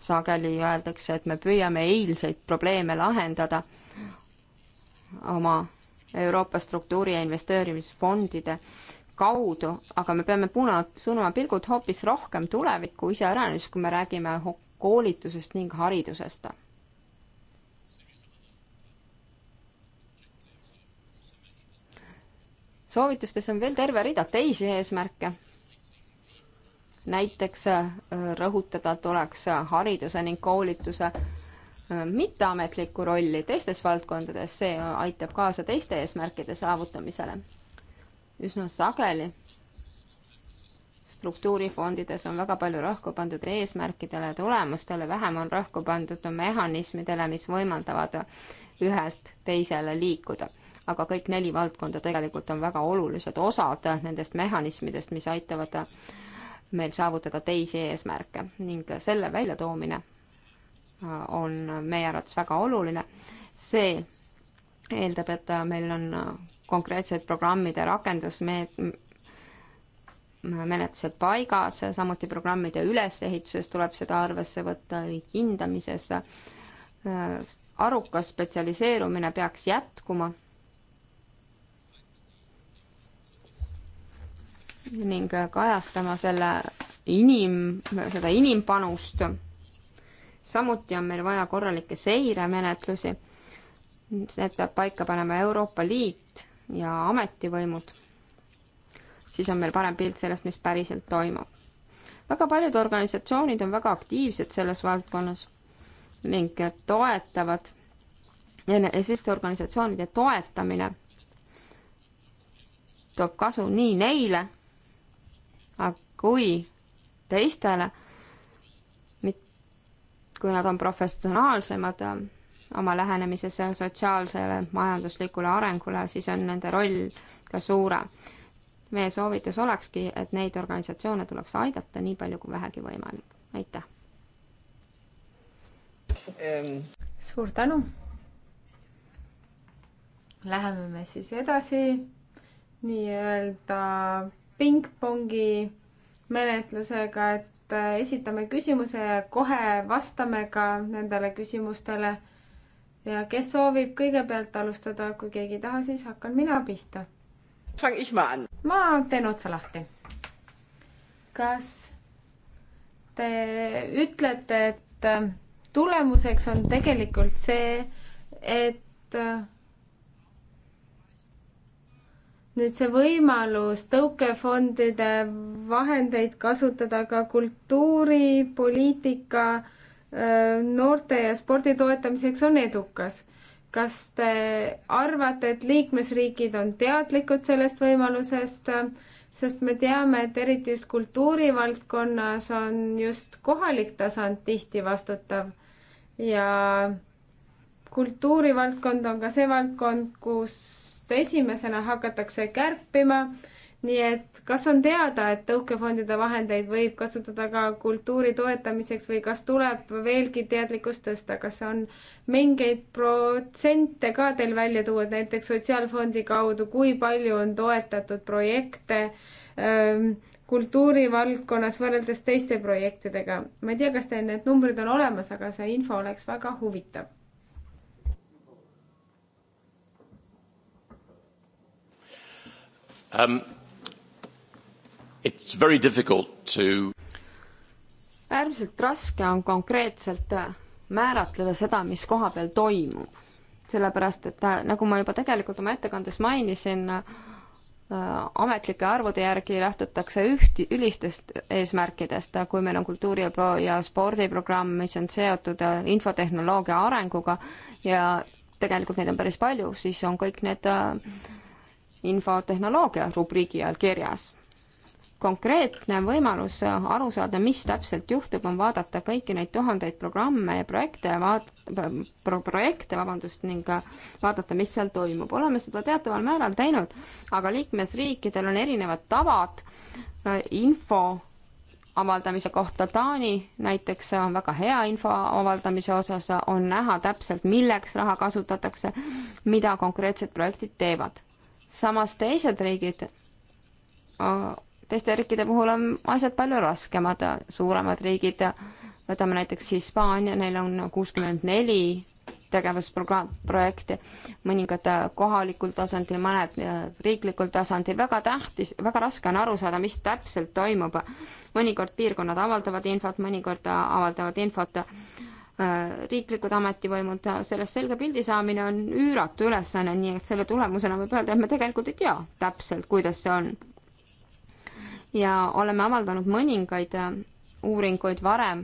sageli öeldakse, et me püüame eilseid probleeme lahendada oma Euroopa struktuuri- ja investeerimisfondide kaudu, aga me peame puna, suunama pilgud hoopis rohkem tulevikku iseäranis, kui me räägime koolitusest ning haridusest. soovitustes on veel terve rida teisi eesmärke. näiteks äh, rõhutada tuleks hariduse ning koolituse Äh, mitteametlikku rolli teistes valdkondades, see aitab kaasa teiste eesmärkide saavutamisele. üsna sageli struktuurifondides on väga palju rõhku pandud eesmärkidele ja tulemustele, vähem on rõhku pandud mehhanismidele, mis võimaldavad ühelt teisele liikuda. aga kõik neli valdkonda tegelikult on väga olulised osad nendest mehhanismidest, mis aitavad meil saavutada teisi eesmärke ning selle väljatoomine on meie arvates väga oluline. see eeldab, et meil on konkreetsed programmide rakendusmeet-, menetlused paigas, samuti programmide ülesehituses tuleb seda arvesse võtta, hindamises. arukas spetsialiseerumine peaks jätkuma. ning kajastama selle inim, seda inimpanust samuti on meil vaja korralikke seiremenetlusi, need peab paika panema Euroopa Liit ja ametivõimud, siis on meil parem pilt sellest, mis päriselt toimub. väga paljud organisatsioonid on väga aktiivsed selles valdkonnas ning toetavad, selliste organisatsioonide toetamine toob kasu nii neile kui teistele kui nad on professionaalsemad äh, oma lähenemises sotsiaalsele majanduslikule arengule, siis on nende roll ka suurem. meie soovitus olekski, et neid organisatsioone tuleks aidata nii palju kui vähegi võimalik. aitäh ähm.! suur tänu! Läheme me siis edasi nii-öelda pingpongi menetlusega, et Äh, esitame küsimuse ja kohe vastame ka nendele küsimustele. ja kes soovib kõigepealt alustada, kui keegi ei taha, siis hakkan mina pihta. ma teen otsa lahti. kas te ütlete, et äh, tulemuseks on tegelikult see, et äh, nüüd see võimalus tõukefondide vahendeid kasutada ka kultuuri, poliitika, noorte ja spordi toetamiseks on edukas. kas te arvate, et liikmesriigid on teadlikud sellest võimalusest? sest me teame, et eriti just kultuurivaldkonnas on just kohalik tasand tihti vastutav ja kultuurivaldkond on ka see valdkond, kus esimesena hakatakse kärpima, nii et kas on teada, et tõukefondide vahendeid võib kasutada ka kultuuri toetamiseks või kas tuleb veelgi teadlikkust tõsta, kas on mingeid protsente ka teil välja tuua, et näiteks Sotsiaalfondi kaudu, kui palju on toetatud projekte ähm, kultuurivaldkonnas võrreldes teiste projektidega. ma ei tea, kas teil need numbrid on olemas, aga see info oleks väga huvitav um,. It's very difficult to. äärmiselt raske on konkreetselt äh, määratleda seda, mis koha peal toimub, sellepärast et äh, nagu ma juba tegelikult oma ettekandes mainisin, äh, ametlike arvude järgi lähtutakse üht, ülistest eesmärkidest, kui meil on kultuuri- ja, ja spordiprogramm, mis on seotud infotehnoloogia arenguga ja tegelikult neid on päris palju, siis on kõik need äh, infotehnoloogia rubriigi all kirjas. konkreetne võimalus aru saada, mis täpselt juhtub, on vaadata kõiki neid tuhandeid programme ja projekte, vaat-, pro-, projekte, vabandust, ning vaadata, mis seal toimub. oleme seda teataval määral teinud, aga liikmesriikidel on erinevad tavad äh, info avaldamise kohta Taani näiteks on väga hea info avaldamise osas, on näha täpselt, milleks raha kasutatakse, mida konkreetsed projektid teevad samas teised riigid, teiste riikide puhul on asjad palju raskemad, suuremad riigid, võtame näiteks Hispaania, neil on kuuskümmend neli tegevusprogramm, projekti, mõningad äh, kohalikul tasandil, mõned äh, riiklikul tasandil, väga tähtis, väga raske on aru saada, mis täpselt toimub. mõnikord piirkonnad avaldavad infot, mõnikord äh, avaldavad infot Äh, riiklikud ametivõimud, äh, sellest selge pildi saamine on üüratu ülesanne, nii et selle tulemusena võib öelda, et me tegelikult ei tea täpselt, kuidas see on. ja oleme avaldanud mõningaid äh, uuringuid varem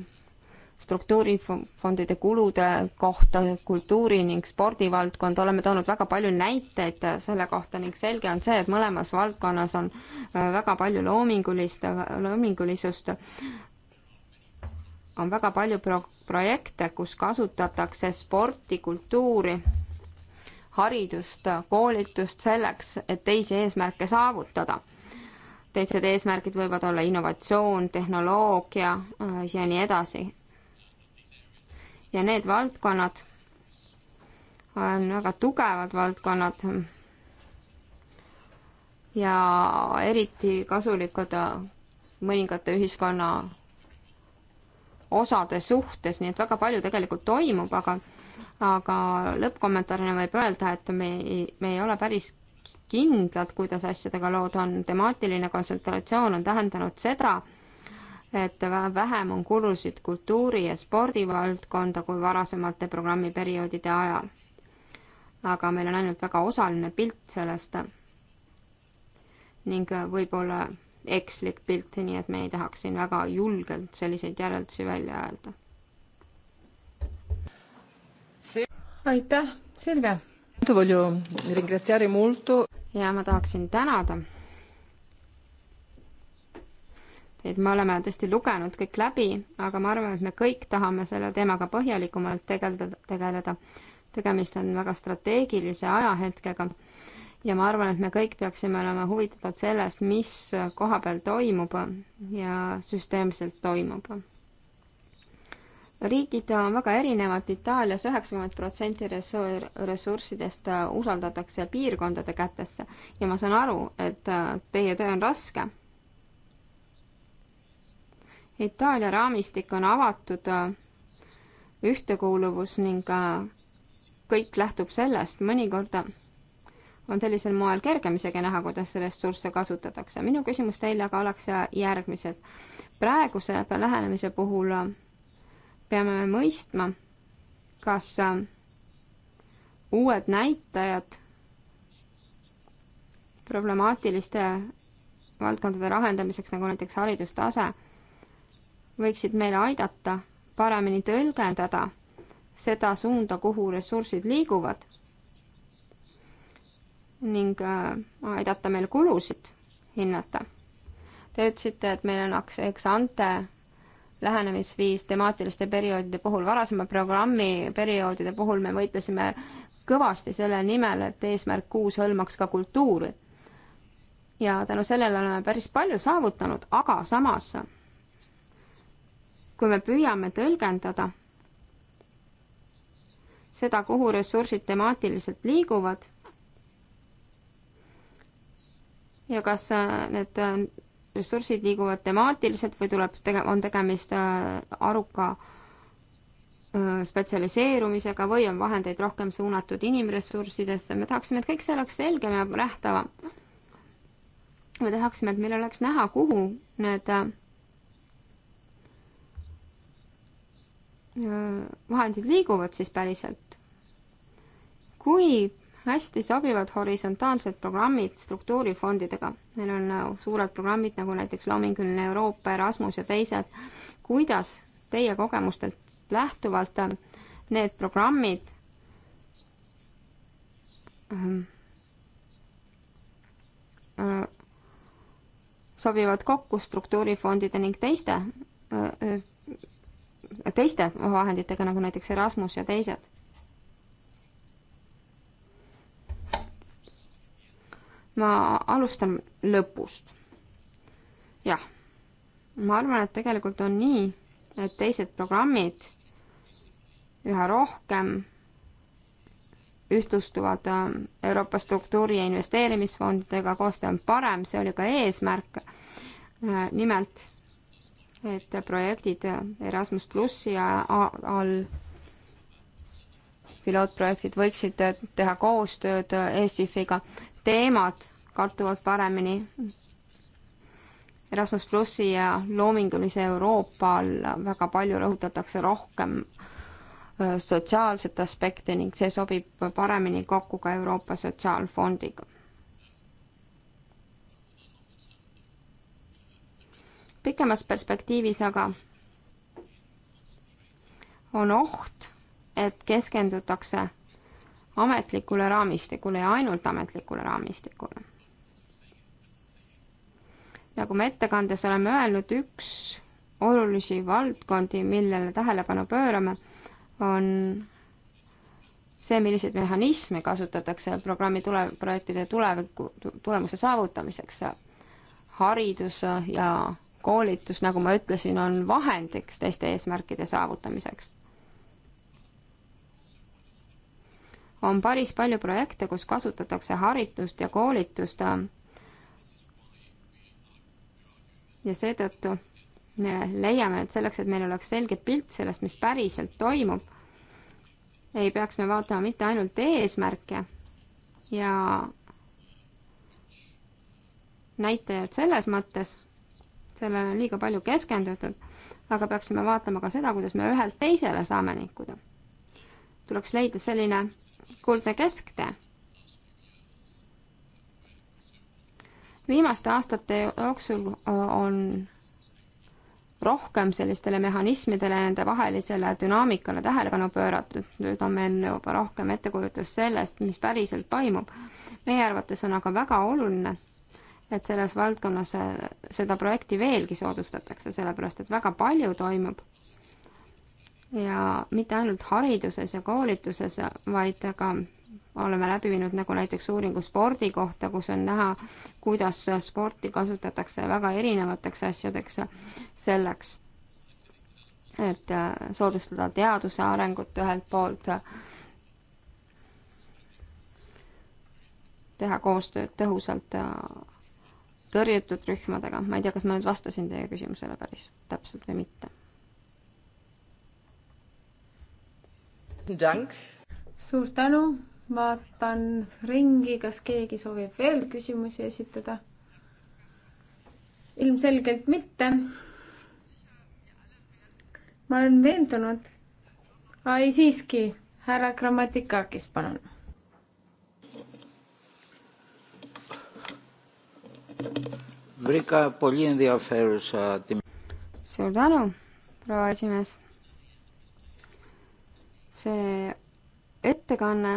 struktuurifondide kulude kohta kultuuri ning spordivaldkond, oleme toonud väga palju näiteid selle kohta ning selge on see, et mõlemas valdkonnas on väga palju loomingulist, loomingulisust on väga palju pro-, projekte, kus kasutatakse sporti, kultuuri, haridust, koolitust selleks, et teisi eesmärke saavutada. teised eesmärgid võivad olla innovatsioon, tehnoloogia äh, ja nii edasi. ja need valdkonnad on väga tugevad valdkonnad ja eriti kasulikud mõningate ühiskonna osade suhtes, nii et väga palju tegelikult toimub, aga aga lõppkommentaarina võib öelda, et me ei, me ei ole päris kindlad, kuidas asjadega lood on. temaatiline kontsentratsioon on tähendanud seda, et vähem on kulusid kultuuri- ja spordivaldkonda kui varasemate programmiperioodide ajal. aga meil on ainult väga osaline pilt sellest ning võib-olla ekslik pilt, nii et me ei tahaks siin väga julgelt selliseid järeldusi välja öelda. aitäh, Silvia! ja ma tahaksin tänada et me oleme tõesti lugenud kõik läbi, aga ma arvan, et me kõik tahame selle teemaga põhjalikumalt tegeleda, tegeleda. tegemist on väga strateegilise ajahetkega ja ma arvan, et me kõik peaksime olema huvitatud sellest, mis koha peal toimub ja süsteemselt toimub. riigid on väga erinevad Itaalias, üheksakümmend protsenti ressurssidest usaldatakse piirkondade kätesse ja ma saan aru, et teie töö on raske. Itaalia raamistik on avatud ühtekuuluvus ning kõik lähtub sellest, mõnikord on sellisel moel kergem isegi näha, kuidas ressursse kasutatakse. minu küsimus teile aga oleks järgmised. praeguse lähenemise puhul peame me mõistma, kas uued näitajad problemaatiliste valdkondade lahendamiseks, nagu näiteks haridustase, võiksid meile aidata paremini tõlgendada seda suunda, kuhu ressursid liiguvad ning äh, aidata meil kulusid hinnata. Te ütlesite, et meil on eksante lähenemisviis temaatiliste perioodide puhul, varasema programmi perioodide puhul me võitlesime kõvasti selle nimel, et eesmärk kuus hõlmaks ka kultuuri. ja tänu sellele oleme päris palju saavutanud, aga samas kui me püüame tõlgendada seda, kuhu ressursid temaatiliselt liiguvad ja kas äh, need äh, ressursid liiguvad temaatiliselt või tuleb tege-, on tegemist äh, aruka spetsialiseerumisega või on vahendeid rohkem suunatud inimressurssidesse, me tahaksime, et kõik see oleks selgem ja nähtavam. me tahaksime, et meil oleks näha, kuhu need vahendid liiguvad siis päriselt. kui hästi sobivad horisontaalsed programmid struktuurifondidega. meil on äh, suured programmid nagu näiteks Loominguline Euroopa, Erasmus ja teised. kuidas teie kogemustelt lähtuvalt äh, need programmid ähm, äh, sobivad kokku struktuurifondide ning teiste, teiste vahenditega, nagu näiteks Erasmus ja teised ma alustan lõpust. jah, ma arvan, et tegelikult on nii, et teised programmid üha rohkem ühtlustuvad ähm, Euroopa struktuuri- ja investeerimisfondidega, koostöö on parem, see oli ka eesmärk. Äh, nimelt, et projektid äh, Erasmus plussi all pilootprojektid võiksid äh, teha koostööd ESIF-iga teemad kattuvad paremini Erasmus plussi ja loomingulise Euroopa all väga palju rõhutatakse rohkem sotsiaalset aspekti ning see sobib paremini kokku ka Euroopa Sotsiaalfondiga. pikemas perspektiivis aga on oht, et keskendutakse ametlikule raamistikule ja ainult ametlikule raamistikule. nagu me ettekandes oleme öelnud, üks olulisi valdkondi, millele tähelepanu pöörame, on see, milliseid mehhanisme kasutatakse programmi tule-, projektide tuleviku, tulemuse saavutamiseks. haridus ja koolitus, nagu ma ütlesin, on vahendiks teiste eesmärkide saavutamiseks on päris palju projekte, kus kasutatakse haritust ja koolitust. ja seetõttu me leiame, et selleks, et meil oleks selge pilt sellest, mis päriselt toimub, ei peaks me vaatama mitte ainult eesmärke ja näitajad selles mõttes, sellele on liiga palju keskendutud, aga peaksime vaatama ka seda, kuidas me ühelt teisele saame liikuda. tuleks leida selline kuldne kesktee. viimaste aastate jooksul on rohkem sellistele mehhanismidele, nende vahelisele dünaamikale tähelepanu pööratud, nüüd on meil juba rohkem ettekujutus sellest, mis päriselt toimub. meie arvates on aga väga oluline, et selles valdkonnas seda projekti veelgi soodustatakse, sellepärast et väga palju toimub ja mitte ainult hariduses ja koolituses, vaid ka oleme läbi viinud nagu näiteks uuringu spordi kohta, kus on näha, kuidas sporti kasutatakse väga erinevateks asjadeks selleks, et soodustada teaduse arengut ühelt poolt, teha koostööd tõhusalt tõrjutud rühmadega, ma ei tea, kas ma nüüd vastasin teie küsimusele päris täpselt või mitte suur tänu, vaatan ringi, kas keegi soovib veel küsimusi esitada? ilmselgelt mitte. ma olen veendunud. ei siiski, härra Grammatikakis, palun Βρήκα πολύ ενδιαφέρουσα τη... Suur tänu, proua esimees see ettekanne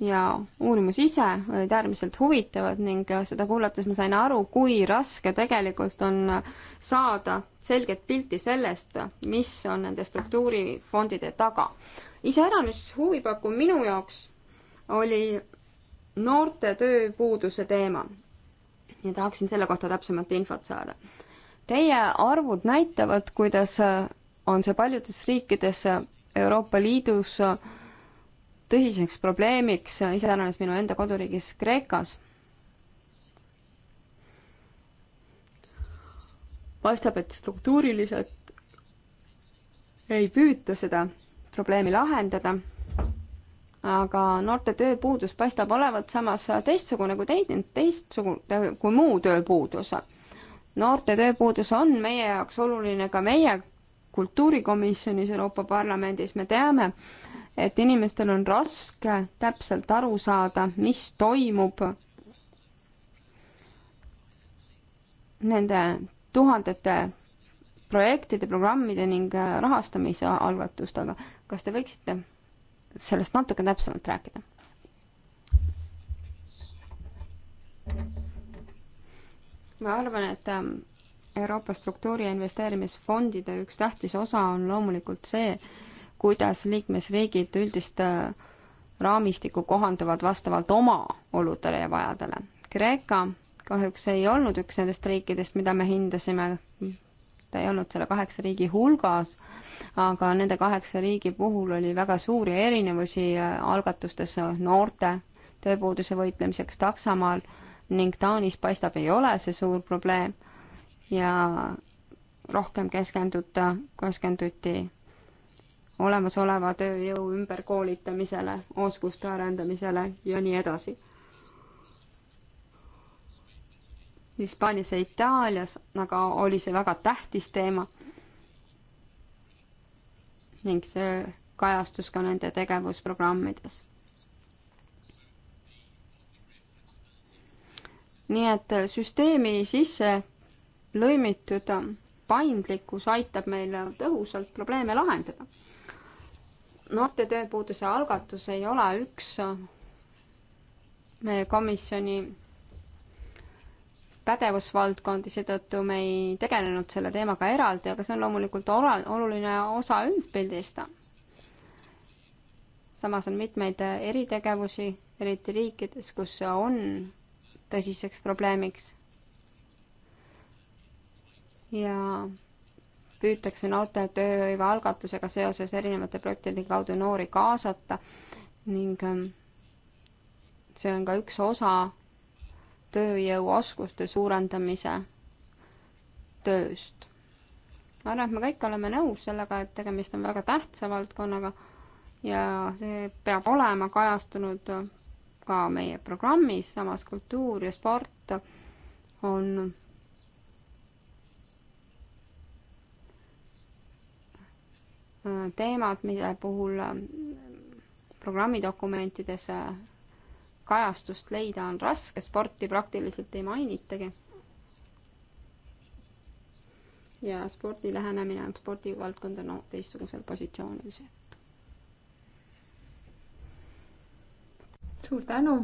ja uurimus ise olid äärmiselt huvitavad ning seda kuulates ma sain aru, kui raske tegelikult on saada selget pilti sellest, mis on nende struktuurifondide taga. iseäranis huvipakkuv minu jaoks oli noorte tööpuuduse teema ja tahaksin selle kohta täpsemat infot saada. Teie arvud näitavad, kuidas on see paljudes riikides Euroopa Liidus tõsiseks probleemiks, iseäranis minu enda koduriigis Kreekas. paistab, et struktuuriliselt ei püüta seda probleemi lahendada, aga noorte tööpuudus paistab olevat samas teistsugune kui teis-, teistsugune kui muu tööpuudus noorte tööpuudus on meie jaoks oluline ka meie kultuurikomisjonis Euroopa Parlamendis, me teame, et inimestel on raske täpselt aru saada, mis toimub nende tuhandete projektide, programmide ning äh, rahastamise algatustega. kas te võiksite sellest natuke täpsemalt rääkida? ma arvan, et ähm, Euroopa struktuuri ja investeerimisfondide üks tähtis osa on loomulikult see, kuidas liikmesriigid üldist äh, raamistikku kohanduvad vastavalt oma oludele ja vajadele. Kreeka kahjuks ei olnud üks nendest riikidest, mida me hindasime, ta ei olnud selle kaheksa riigi hulgas, aga nende kaheksa riigi puhul oli väga suuri erinevusi äh, algatustes noorte tööpuuduse võitlemiseks Saksamaal ning Taanis paistab, ei ole see suur probleem ja rohkem keskenduta, keskenduti olemasoleva tööjõu ümberkoolitamisele, oskuste arendamisele ja nii edasi. Hispaanias ja Itaalias aga oli see väga tähtis teema ning see kajastus ka nende tegevusprogrammides. nii et süsteemi sisse lõimitud paindlikkus aitab meil tõhusalt probleeme lahendada. noorte tööpuuduse algatus ei ole üks meie komisjoni pädevusvaldkondi, seetõttu me ei tegelenud selle teemaga eraldi, aga see on loomulikult oluline osa üldpildist. samas on mitmeid eritegevusi, eriti riikides, kus see on tõsiseks probleemiks ja püütakse noorte tööhõive algatusega seoses erinevate projektide kaudu noori kaasata ning ähm, see on ka üks osa tööjõuoskuste suurendamise tööst. ma arvan, et me kõik oleme nõus sellega, et tegemist on väga tähtsa valdkonnaga ja see peab olema kajastunud ka meie programmis, samas kultuur ja sport on Äh, teemad, mille puhul äh, programmidokumentides äh, kajastust leida on raske, sporti praktiliselt ei mainitagi. ja spordi lähenemine, spordivaldkond on no, teistsugusel positsioonil seetõttu. suur tänu.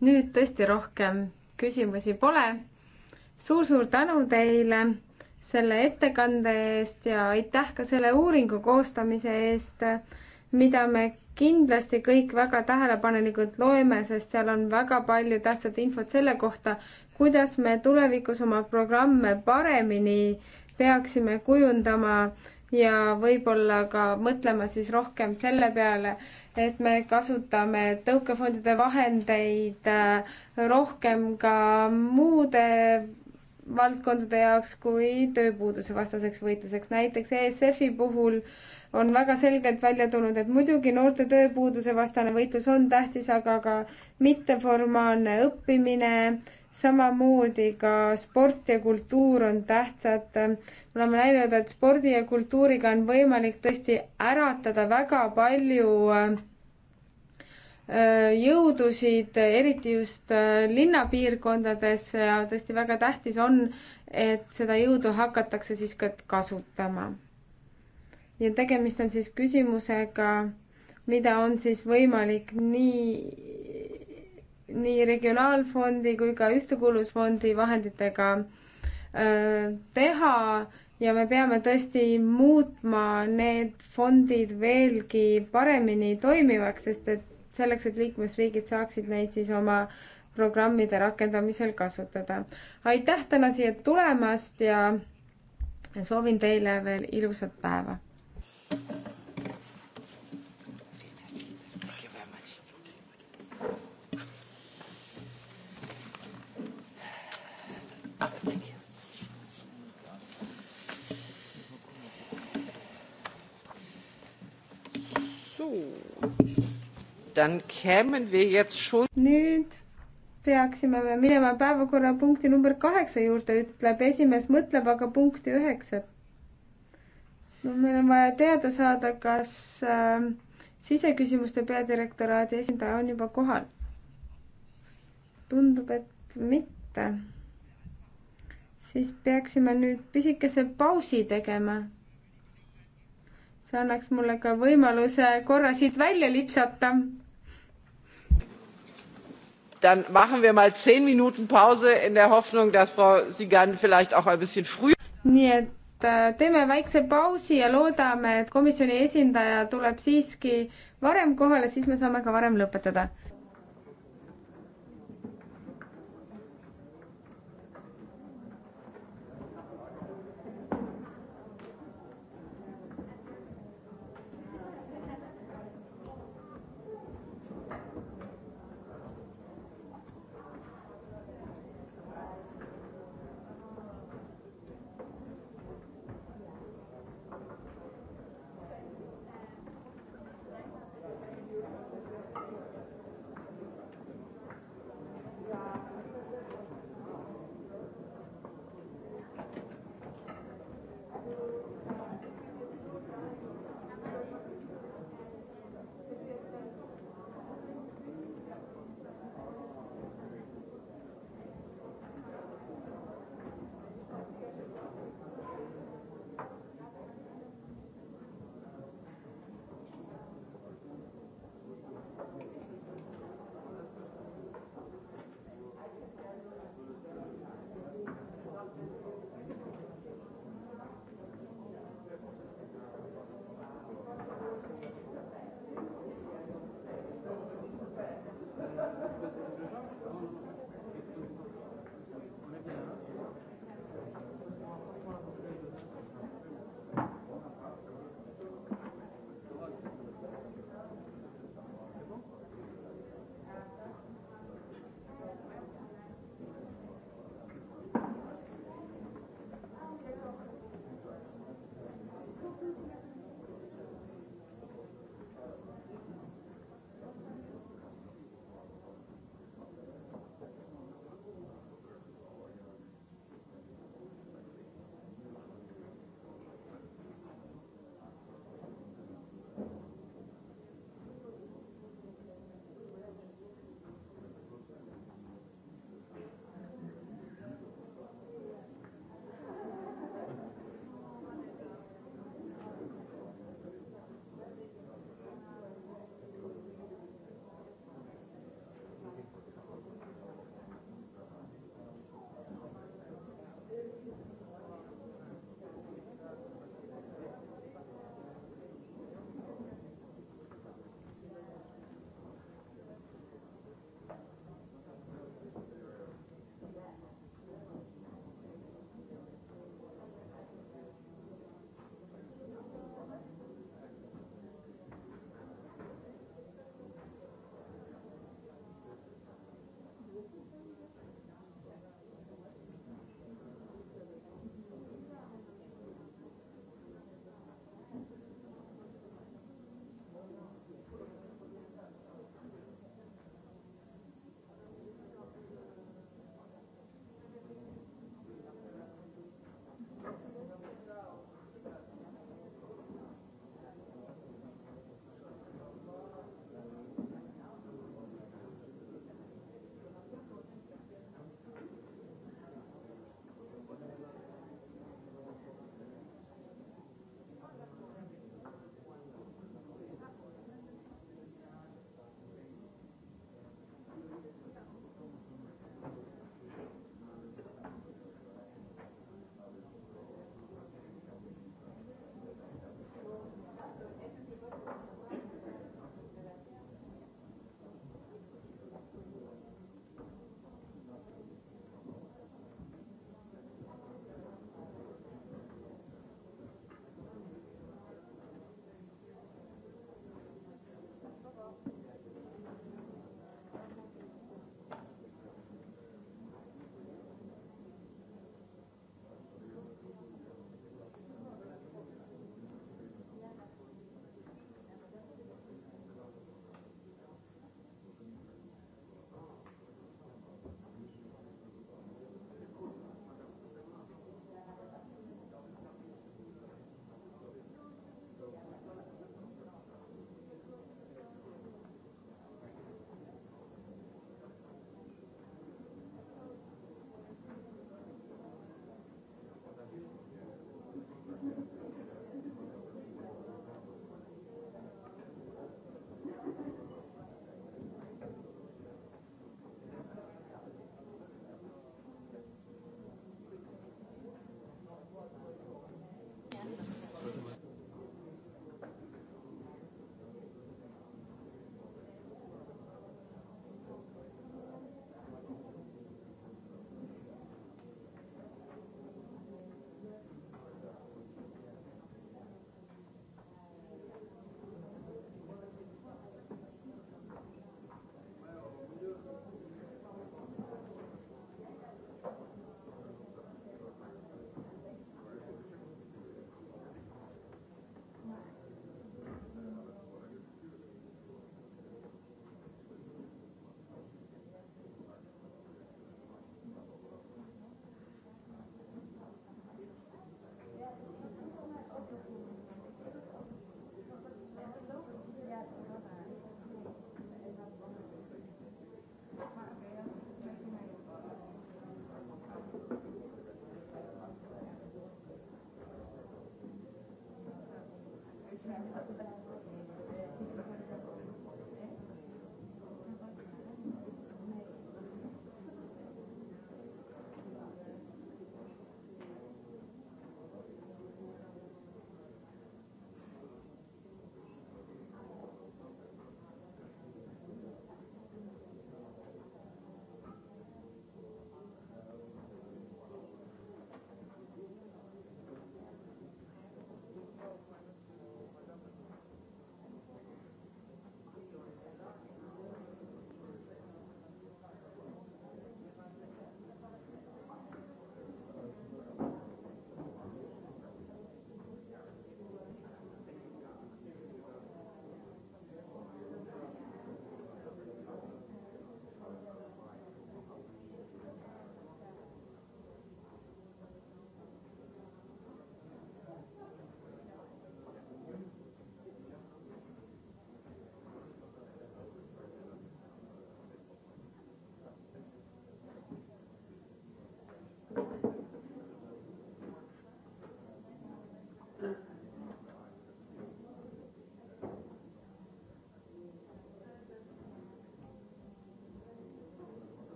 nüüd tõesti rohkem küsimusi pole suur,. suur-suur tänu teile selle ettekande eest ja aitäh ka selle uuringu koostamise eest, mida me kindlasti kõik väga tähelepanelikult loeme, sest seal on väga palju tähtsat infot selle kohta, kuidas me tulevikus oma programme paremini peaksime kujundama ja võib-olla ka mõtlema siis rohkem selle peale, et me kasutame tõukefondide vahendeid äh, rohkem ka muude valdkondade jaoks kui tööpuuduse vastaseks võitluseks. näiteks ESF-i puhul on väga selgelt välja tulnud, et muidugi noorte tööpuuduse vastane võitlus on tähtis, aga ka mitteformaalne õppimine, samamoodi ka sport ja kultuur on tähtsad. me oleme näinud, et spordi ja kultuuriga on võimalik tõesti äratada väga palju äh, Äh, jõudusid, äh, eriti just äh, linnapiirkondades ja tõesti väga tähtis on, et seda jõudu hakatakse siis ka kasutama. ja tegemist on siis küsimusega, mida on siis võimalik nii, nii Regionaalfondi kui ka Ühtekuuluvusfondi vahenditega öö, teha ja me peame tõesti muutma need fondid veelgi paremini toimivaks, sest et selleks, et liikmesriigid saaksid neid siis oma programmide rakendamisel kasutada. aitäh täna siia tulemast ja soovin teile veel ilusat päeva. Ooh. Dann kämen wir jetzt schon. nüüd peaksime me minema päevakorrapunkti number kaheksa juurde, ütleb esimees, mõtleb aga punkti üheksat. no meil on vaja teada saada, kas äh, siseküsimuste peadirektoraadi esindaja on juba kohal. tundub, et mitte. siis peaksime nüüd pisikese pausi tegema see annaks mulle ka võimaluse korra siit välja lipsata dann machen wir mal zehn Minuten Pause in der Hoffnung, dass Frau Sigan vielleicht auch ein bisschen früh. nii et äh, teeme väikse pausi ja loodame, et komisjoni esindaja tuleb siiski varem kohale, siis me saame ka varem lõpetada.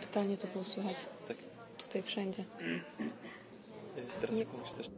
Totalnie to było słychać. Tak. Tutaj wszędzie. Teraz Nie... też.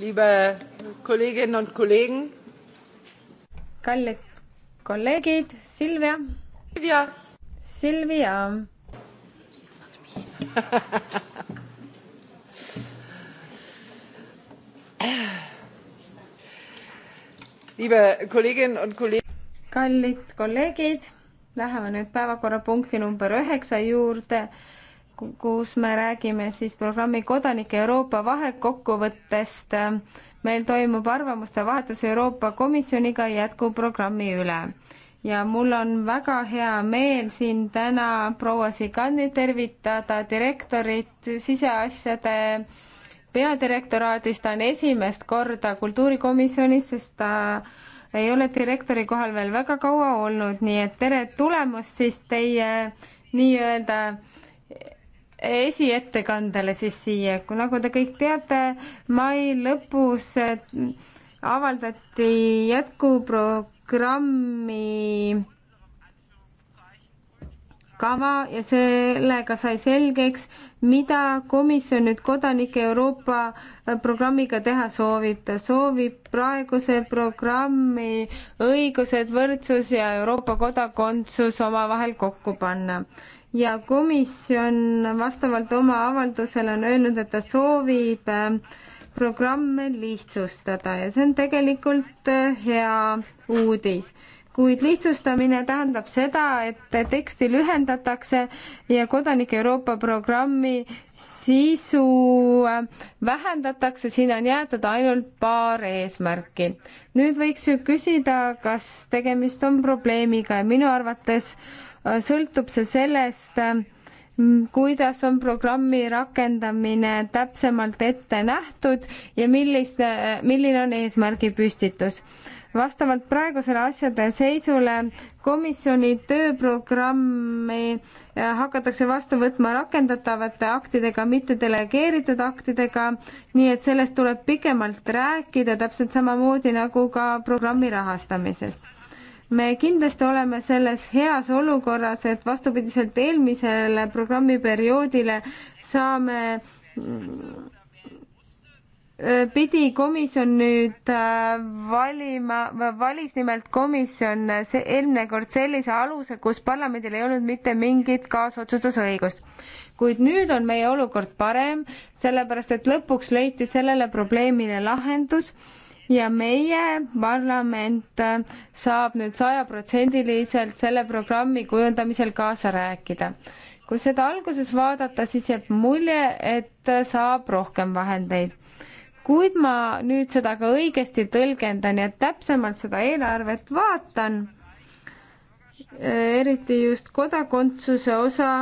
Liebe Kolleginnen und Kollegen. kallid kolleegid, Silvia. Silvia. Silvia Liebe Kolleginnen und Kollegen. kallid kolleegid, läheme nüüd päevakorrapunkti number üheksa juurde kus me räägime siis programmi Kodanike Euroopa vahekokkuvõttest. meil toimub arvamuste vahetus Euroopa Komisjoniga jätkuprogrammi üle ja mul on väga hea meel siin täna proua Sigani tervitada, direktorit siseasjade peadirektoraadis, ta on esimest korda kultuurikomisjonis, sest ta ei ole direktori kohal veel väga kaua olnud, nii et tere tulemast siis teie nii-öelda äh, esiettekandele siis siia, nagu te kõik teate, mai lõpus eh, avaldati jätkuprogrammi kava ja sellega sai selgeks, mida komisjon nüüd kodanike Euroopa eh, programmiga teha soovib. ta soovib praeguse programmi õigused, võrdsus ja Euroopa kodakondsus omavahel kokku panna ja komisjon vastavalt oma avaldusele on öelnud, et ta soovib äh, programme lihtsustada ja see on tegelikult äh, hea uudis. kuid lihtsustamine tähendab seda, et teksti lühendatakse ja Kodanike Euroopa programmi sisu äh, vähendatakse, sinna on jäetud ainult paar eesmärki. nüüd võiks ju küsida, kas tegemist on probleemiga ja minu arvates äh, sõltub see sellest, kuidas on programmi rakendamine täpsemalt ette nähtud ja millist, milline on eesmärgi püstitus. vastavalt praegusele asjade seisule komisjoni tööprogrammi eh, hakatakse vastu võtma rakendatavate aktidega, mitte delegeeritud aktidega, nii et sellest tuleb pikemalt rääkida, täpselt samamoodi nagu ka programmi rahastamisest me kindlasti oleme selles heas olukorras, et vastupidiselt eelmisele programmiperioodile saame mm, pidi komisjon nüüd äh, valima, valis nimelt komisjon see eelmine kord sellise aluse, kus parlamendil ei olnud mitte mingit kaasotsustusõigust. kuid nüüd on meie olukord parem, sellepärast et lõpuks leiti sellele probleemile lahendus ja meie parlament saab nüüd sajaprotsendiliselt selle programmi kujundamisel kaasa rääkida. kui seda alguses vaadata, siis jääb mulje, et saab rohkem vahendeid. kuid ma nüüd seda ka õigesti tõlgendan ja täpsemalt seda eelarvet vaatan, eriti just kodakondsuse osa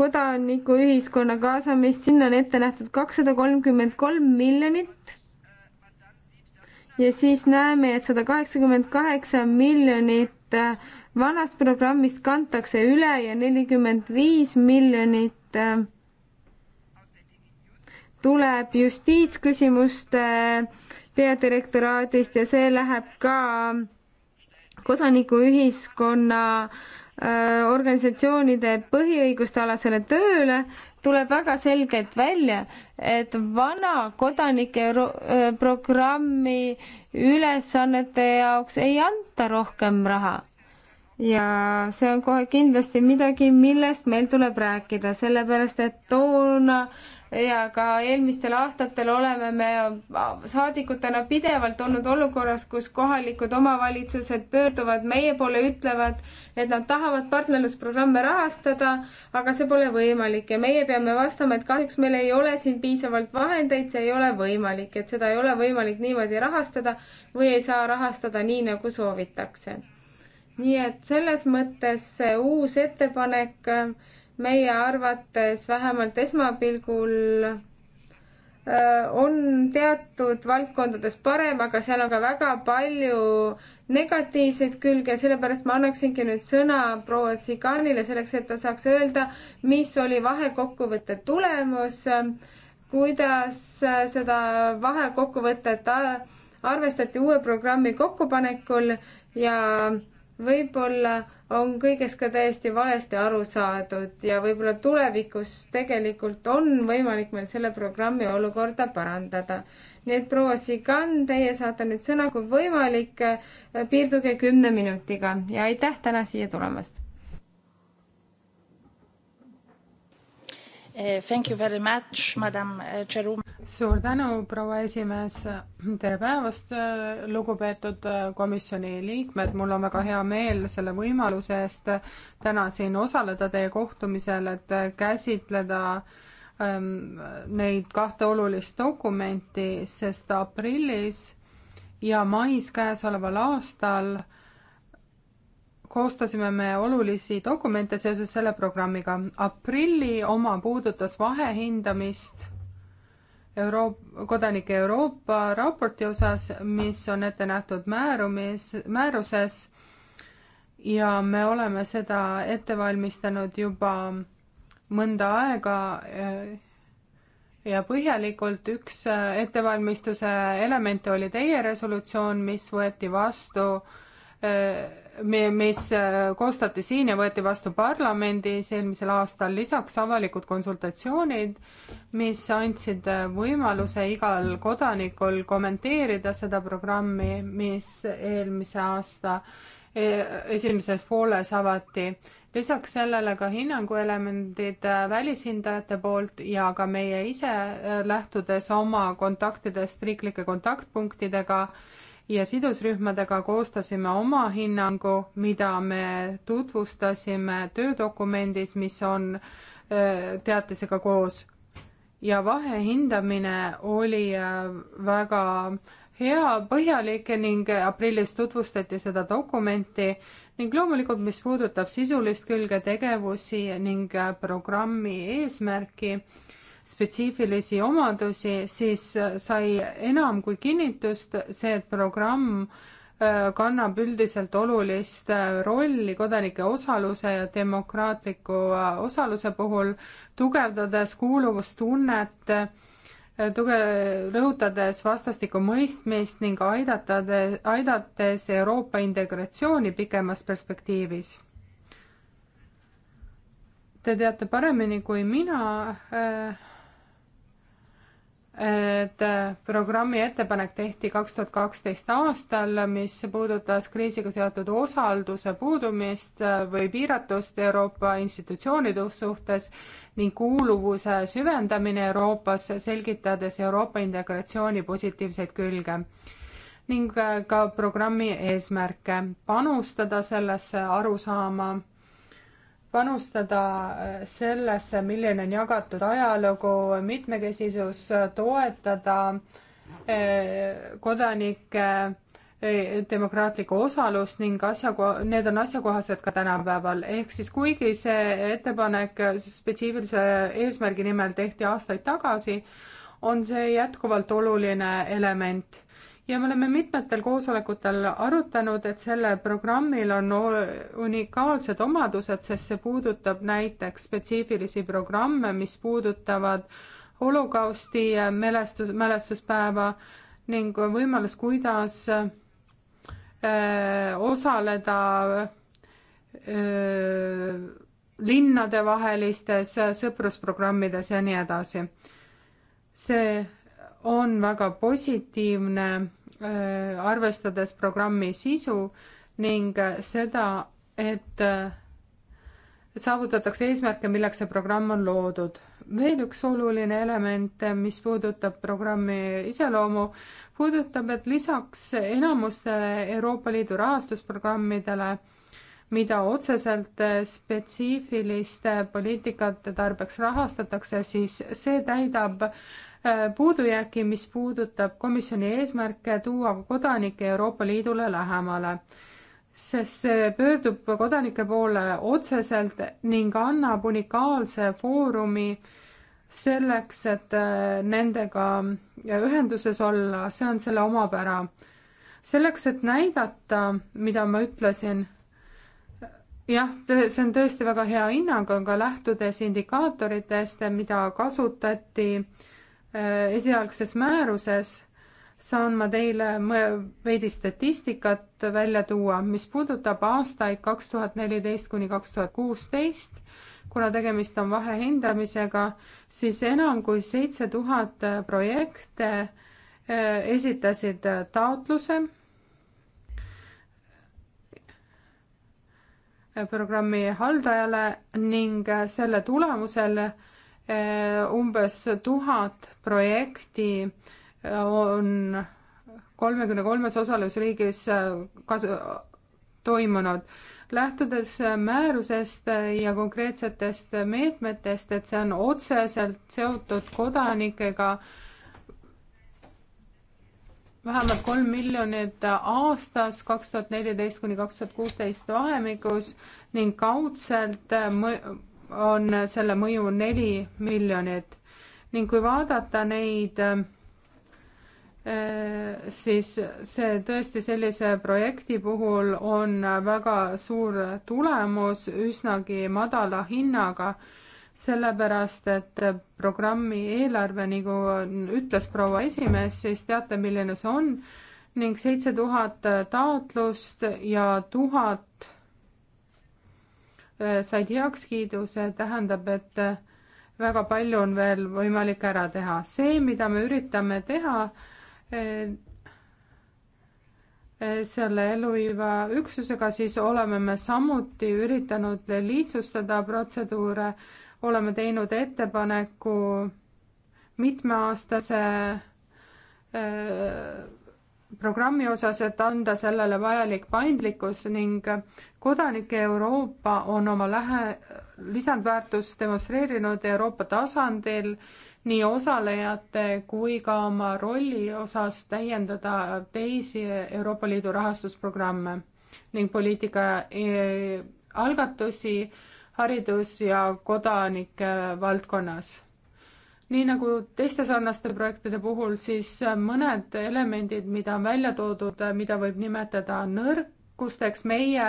kodanikuühiskonna kaasamist, sinna on ette nähtud kakssada kolmkümmend kolm miljonit ja siis näeme, et sada kaheksakümmend kaheksa miljonit äh, vanast programmist kantakse üle ja nelikümmend viis miljonit äh, tuleb justiitsküsimuste peadirektoraadist ja see läheb ka kodanikuühiskonna Äh, organisatsioonide põhiõiguste alasele tööle, tuleb väga selgelt välja, et vana kodanike äh, programmi ülesannete jaoks ei anta rohkem raha. ja see on kohe kindlasti midagi, millest meil tuleb rääkida, sellepärast et toona äh, ja ka eelmistel aastatel oleme me saadikutena pidevalt olnud olukorras, kus kohalikud omavalitsused pöörduvad meie poole, ütlevad, et nad tahavad partnerlusprogramme rahastada, aga see pole võimalik ja meie peame vastama, et kahjuks meil ei ole siin piisavalt vahendeid, see ei ole võimalik, et seda ei ole võimalik niimoodi rahastada või ei saa rahastada nii, nagu soovitakse. nii et selles mõttes see uus ettepanek äh, meie arvates vähemalt esmapilgul äh, on teatud valdkondades parem, aga seal on ka väga palju negatiivseid külge, sellepärast ma annaksingi nüüd sõna proua Siganile selleks, et ta saaks öelda, mis oli vahekokkuvõtte tulemus, kuidas seda vahekokkuvõtet arvestati uue programmi kokkupanekul ja võib-olla on kõigest ka täiesti valesti aru saadud ja võib-olla tulevikus tegelikult on võimalik meil selle programmi olukorda parandada. nii et proua Sigan, teie saate nüüd sõna, kui võimalik, piirduge kümne minutiga ja aitäh täna siia tulemast! Eh, thank you very much, madam eh, Cherum. suur tänu, proua esimees. tere päevast, eh, lugupeetud komisjoni liikmed. mul on väga hea meel selle võimaluse eest täna siin osaleda teie kohtumisel, et käsitleda ähm, neid kahte olulist dokumenti, sest aprillis ja mais käesoleval aastal äh, koostasime me olulisi dokumente seoses selle programmiga. aprilli oma puudutas vahehindamist Euroop-, kodanike Euroopa raporti osas, mis on ette nähtud määrumis, määruses ja me oleme seda ette valmistanud juba mõnda aega eh, ja põhjalikult üks eh, ettevalmistuse elemente oli teie resolutsioon, mis võeti vastu eh, mis äh, koostati siin ja võeti vastu parlamendis eelmisel aastal, lisaks avalikud konsultatsioonid, mis andsid äh, võimaluse igal kodanikul kommenteerida seda programmi, mis eelmise aasta e, esimeses pooles avati. lisaks sellele ka hinnanguelemendid äh, välishindajate poolt ja ka meie ise, lähtudes oma kontaktidest riiklike kontaktpunktidega, ja sidusrühmadega koostasime oma hinnangu, mida me tutvustasime töödokumendis, mis on äh, teatisega koos. ja vahehindamine oli äh, väga hea, põhjalik ning aprillis tutvustati seda dokumenti ning loomulikult, mis puudutab sisulist külge tegevusi ning äh, programmi eesmärki spetsiifilisi omadusi, siis sai enam kui kinnitust see, et programm äh, kannab üldiselt olulist äh, rolli kodanike osaluse ja demokraatliku äh, osaluse puhul, tugevdades kuuluvustunnet, tuge-, rõhutades vastastikku mõistmist ning aidatades, aidates Euroopa integratsiooni pikemas perspektiivis. Te teate paremini kui mina äh, et programmi ettepanek tehti kaks tuhat kaksteist aastal, mis puudutas kriisiga seotud osalduse puudumist või piiratust Euroopa institutsioonide suhtes ning kuuluvuse süvendamine Euroopasse, selgitades Euroopa integratsiooni positiivseid külge ning ka programmi eesmärke, panustada sellesse arusaama panustada äh, sellesse, milline on jagatud ajalugu, mitmekesisus, toetada äh, kodanike äh, demokraatlikku osalust ning asjakoha, need on asjakohased ka tänapäeval, ehk siis kuigi see ettepanek spetsiifilise eesmärgi nimel tehti aastaid tagasi, on see jätkuvalt oluline element ja me oleme mitmetel koosolekutel arutanud, et sellel programmil on unikaalsed omadused, sest see puudutab näiteks spetsiifilisi programme, mis puudutavad holokausti mälestus, mälestuspäeva ning võimalus, kuidas äh, osaleda äh, linnadevahelistes sõprusprogrammides ja nii edasi. see on väga positiivne Äh, arvestades programmi sisu ning seda, et äh, saavutatakse eesmärke, milleks see programm on loodud. veel üks oluline element, mis puudutab programmi iseloomu, puudutab, et lisaks enamustele Euroopa Liidu rahastusprogrammidele, mida otseselt spetsiifiliste poliitikate tarbeks rahastatakse, siis see täidab Äh, puudujääki, mis puudutab komisjoni eesmärke tuua kodanikke Euroopa Liidule lähemale, sest see pöördub kodanike poole otseselt ning annab unikaalse foorumi selleks, et äh, nendega ühenduses olla, see on selle omapära. selleks, et näidata, mida ma ütlesin, jah, see on tõesti väga hea hinnang, aga lähtudes indikaatoritest, mida kasutati äh, Äh, esialgses määruses saan ma teile veidi statistikat välja tuua, mis puudutab aastaid kaks tuhat neliteist kuni kaks tuhat kuusteist. kuna tegemist on vahehindamisega, siis enam kui seitse tuhat projekte äh, esitasid äh, taotluse programmi haldajale ning selle tulemusel Äh, umbes tuhat projekti äh, on kolmekümne kolmes osalusriigis äh, kasu, toimunud. lähtudes määrusest ja konkreetsetest meetmetest, et see on otseselt seotud kodanikega, vähemalt kolm miljonit aastas kaks tuhat neliteist kuni kaks tuhat kuusteist vahemikus ning kaudselt mõ-, on selle mõju neli miljonit ning kui vaadata neid, eh, siis see tõesti sellise projekti puhul on väga suur tulemus üsnagi madala hinnaga, sellepärast et programmi eelarve, nagu ütles proua esimees, siis teate, milline see on ning seitse tuhat taotlust ja tuhat Äh, said heakskiidu, see tähendab, et äh, väga palju on veel võimalik ära teha. see, mida me üritame teha äh, selle elluviiva üksusega, siis oleme me samuti üritanud lihtsustada protseduure, oleme teinud ettepaneku mitmeaastase programmi osas, et anda sellele vajalik paindlikkus ning kodanike Euroopa on oma lähe, lisandväärtust demonstreerinud Euroopa tasandil nii osalejate kui ka oma rolli osas täiendada teisi Euroopa Liidu rahastusprogramme ning poliitika e, algatusi haridus- ja kodanike valdkonnas. nii nagu teiste sarnaste projektide puhul, siis mõned elemendid, mida on välja toodud, mida võib nimetada nõrkusteks meie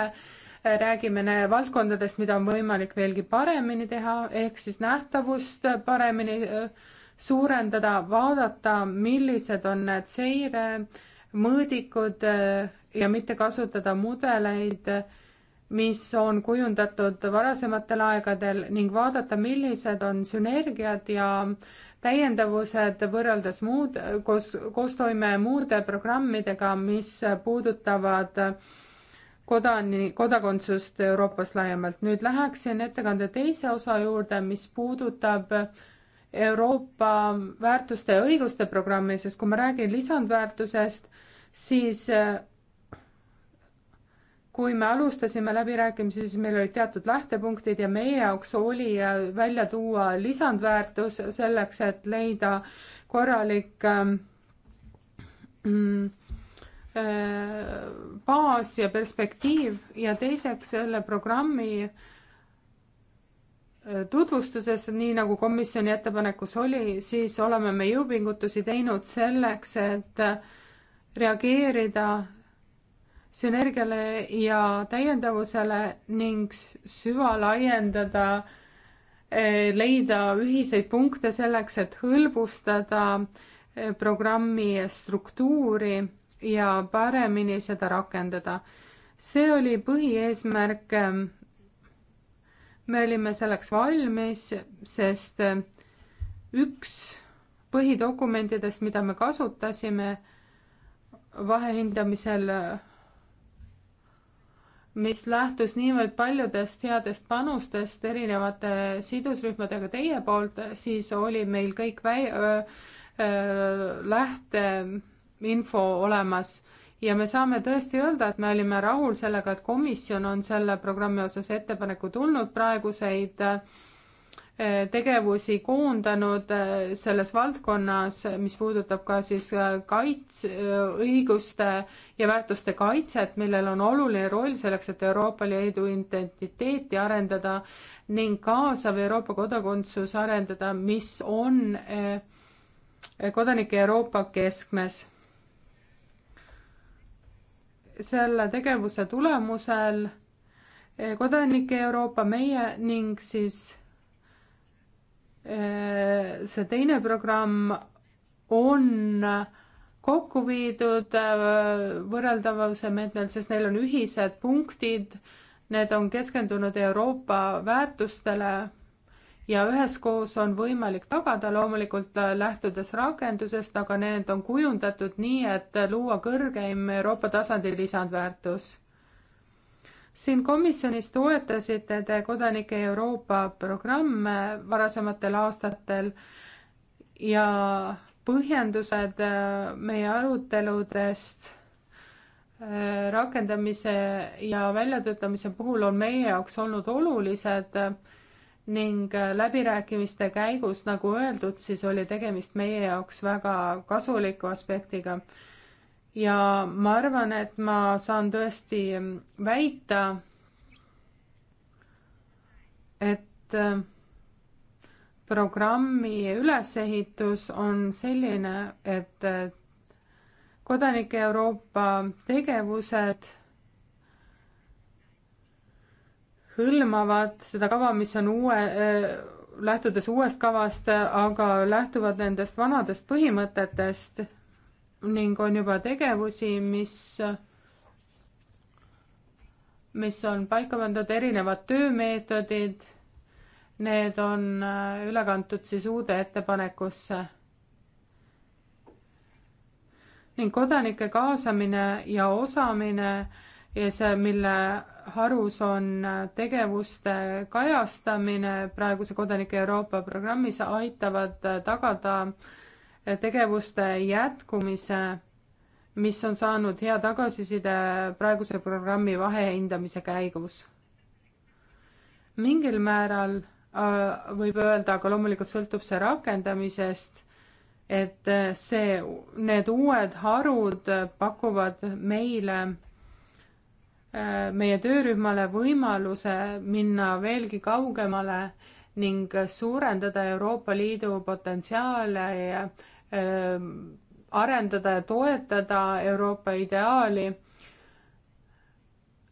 räägime valdkondadest, mida on võimalik veelgi paremini teha, ehk siis nähtavust paremini suurendada, vaadata, millised on need seiremõõdikud ja mitte kasutada mudeleid, mis on kujundatud varasematel aegadel ning vaadata, millised on sünergiad ja täiendavused võrreldes muud, koos, koostoime muude programmidega, mis puudutavad äh, kodani, kodakondsust Euroopas laiemalt. nüüd läheksin ettekande teise osa juurde, mis puudutab Euroopa väärtuste ja õiguste programmi, sest kui ma räägin lisandväärtusest, siis kui me alustasime läbirääkimisi, siis meil olid teatud lähtepunktid ja meie jaoks oli välja tuua lisandväärtus selleks, et leida korralik ähm, Äh, baas ja perspektiiv ja teiseks selle programmi äh, tutvustuses, nii nagu komisjoni ettepanekus oli, siis oleme me jõupingutusi teinud selleks, et äh, reageerida sünergiale ja täiendavusele ning süvalaiendada, leida ühiseid punkte selleks, et hõlbustada programmi struktuuri ja paremini seda rakendada. see oli põhieesmärk. me olime selleks valmis, sest üks põhidokumentidest, mida me kasutasime vahehindamisel, mis lähtus niivõrd paljudest headest panustest erinevate sidusrühmadega teie poolt, siis oli meil kõik väi-, lähte info olemas ja me saame tõesti öelda, et me olime rahul sellega, et komisjon on selle programmi osas ettepaneku tulnud, praeguseid eh, tegevusi koondanud eh, selles valdkonnas, mis puudutab ka siis eh, kaits-, õiguste ja väärtuste kaitset, millel on oluline roll selleks, et Euroopa Liidu identiteeti arendada ning kaasav Euroopa kodakondsus arendada, mis on kodanike Euroopa keskmes selle tegevuse tulemusel eh, kodanike Euroopa, meie ning siis eh, see teine programm on kokku viidud eh, võrreldavuse meetmel, sest neil on ühised punktid, need on keskendunud Euroopa väärtustele ja üheskoos on võimalik tagada loomulikult äh, lähtudes rakendusest, aga need on kujundatud nii, et luua kõrgeim Euroopa tasandil lisandväärtus. siin komisjonis toetasite te Kodanike Euroopa programme varasematel aastatel ja põhjendused äh, meie aruteludest äh, rakendamise ja väljatöötamise puhul on meie jaoks olnud olulised ning äh, läbirääkimiste käigus, nagu öeldud, siis oli tegemist meie jaoks väga kasuliku aspektiga. ja ma arvan, et ma saan tõesti mm, väita, et äh, programmi ülesehitus on selline, et äh, kodanike Euroopa tegevused hõlmavad seda kava, mis on uue, äh, lähtudes uuest kavast, aga lähtuvad nendest vanadest põhimõtetest ning on juba tegevusi, mis mis on paika pandud erinevad töömeetodid. Need on äh, üle kantud siis uude ettepanekusse. ning kodanike kaasamine ja osamine ja see, mille harus on tegevuste kajastamine praeguse Kodanike Euroopa programmis, aitavad tagada tegevuste jätkumise, mis on saanud hea tagasiside praeguse programmi vahehindamise käigus. mingil määral äh, võib öelda, aga loomulikult sõltub see rakendamisest, et see, need uued harud pakuvad meile meie töörühmale võimaluse minna veelgi kaugemale ning suurendada Euroopa Liidu potentsiaale ja äh, arendada ja toetada Euroopa ideaali,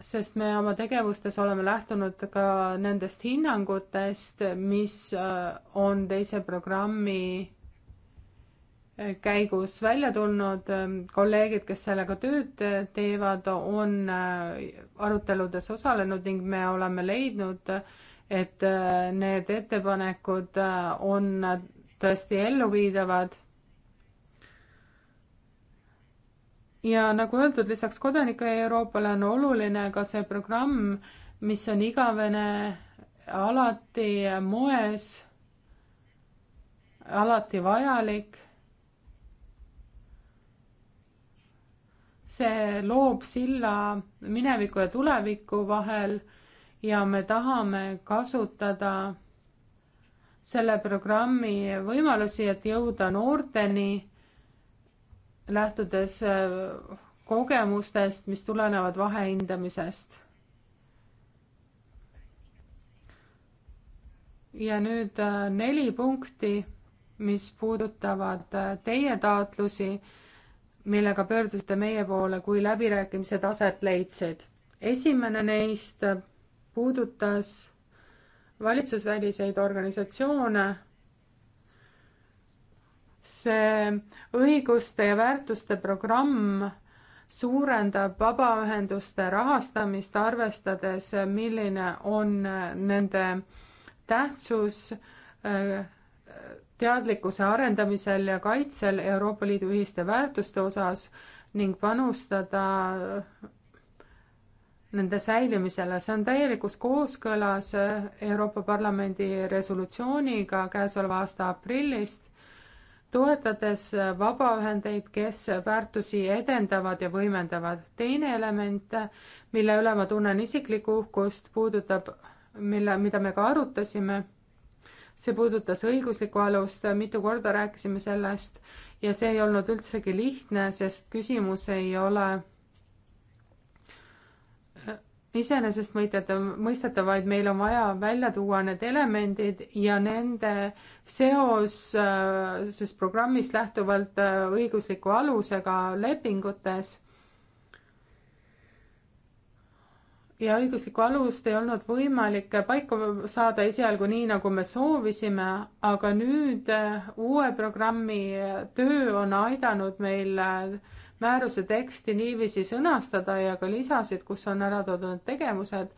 sest me oma tegevustes oleme lähtunud ka nendest hinnangutest, mis äh, on teise programmi käigus välja tulnud ähm, kolleegid, kes sellega tööd äh, teevad, on äh, aruteludes osalenud ning me oleme leidnud, et äh, need ettepanekud on tõesti elluviidavad. ja nagu öeldud, lisaks kodanike Euroopale on oluline ka see programm, mis on igavene, alati moes, alati vajalik see loob silla mineviku ja tuleviku vahel ja me tahame kasutada selle programmi võimalusi, et jõuda noorteni, lähtudes äh, kogemustest, mis tulenevad vahehindamisest. ja nüüd äh, neli punkti, mis puudutavad äh, teie taotlusi millega pöördusite meie poole, kui läbirääkimised aset leidsid. esimene neist puudutas valitsusväliseid organisatsioone. see õiguste ja väärtuste programm suurendab vabaühenduste rahastamist, arvestades, milline on nende tähtsus teadlikkuse arendamisel ja kaitsel Euroopa Liidu ühiste väärtuste osas ning panustada nende säilimisele. see on täielikus kooskõlas Euroopa Parlamendi resolutsiooniga käesoleva aasta aprillist, toetades vabaühendeid, kes väärtusi edendavad ja võimendavad. teine element, mille üle ma tunnen isiklikku uhkust, puudutab, mille, mida me ka arutasime see puudutas õiguslikku alust, mitu korda rääkisime sellest ja see ei olnud üldsegi lihtne, sest küsimus ei ole äh, iseenesestmõistetav, mõistetav, vaid meil on vaja välja tuua need elemendid ja nende seos äh, siis programmist lähtuvalt äh, õigusliku alusega lepingutes ja õiguslikku alust ei olnud võimalik paika saada esialgu nii, nagu me soovisime, aga nüüd äh, uue programmi äh, töö on aidanud meil äh, määruse teksti niiviisi sõnastada ja ka lisasid, kus on ära toodud tegevused,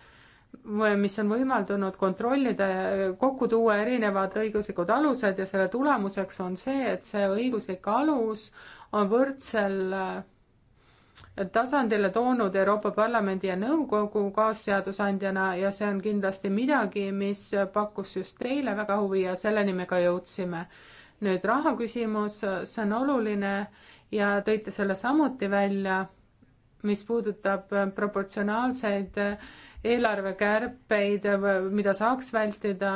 mis on võimaldanud kontrollida ja kokku tuua erinevad õiguslikud alused ja selle tulemuseks on see, et see õiguslik alus on võrdsel tasandile toonud Euroopa Parlamendi ja Nõukogu kaasseadusandjana ja see on kindlasti midagi, mis pakkus just teile väga huvi ja selleni me ka jõudsime. nüüd raha küsimus, see on oluline ja tõite selle samuti välja, mis puudutab proportsionaalseid eelarvekärpeid, mida saaks vältida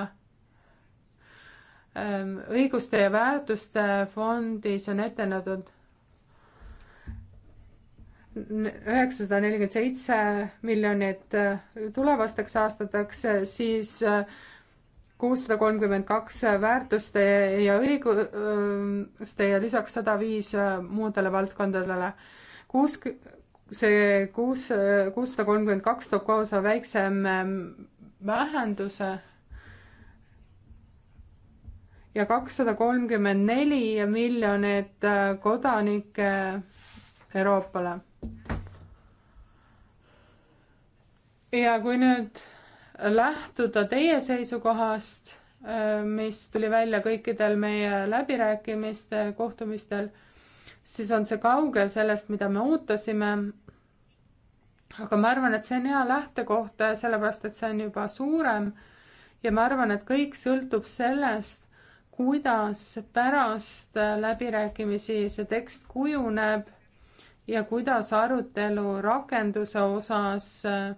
ehm, õiguste ja väärtuste fondis on ette nähtud üheksasada nelikümmend seitse miljonit äh, tulevasteks aastateks, äh, siis äh, kuussada kolmkümmend kaks väärtuste ja õiguste ja lisaks sada viis muudele valdkondadele. kuus, see kuus, kuussada kolmkümmend kaks toob kaasa väiksem mm, vähenduse ja kakssada kolmkümmend neli miljonit kodanike Euroopale ja kui nüüd lähtuda teie seisukohast, äh, mis tuli välja kõikidel meie läbirääkimiste kohtumistel, siis on see kaugel sellest, mida me ootasime. aga ma arvan, et see on hea lähtekoht, äh, sellepärast et see on juba suurem ja ma arvan, et kõik sõltub sellest, kuidas pärast äh, läbirääkimisi see tekst kujuneb ja kuidas arutelu rakenduse osas äh,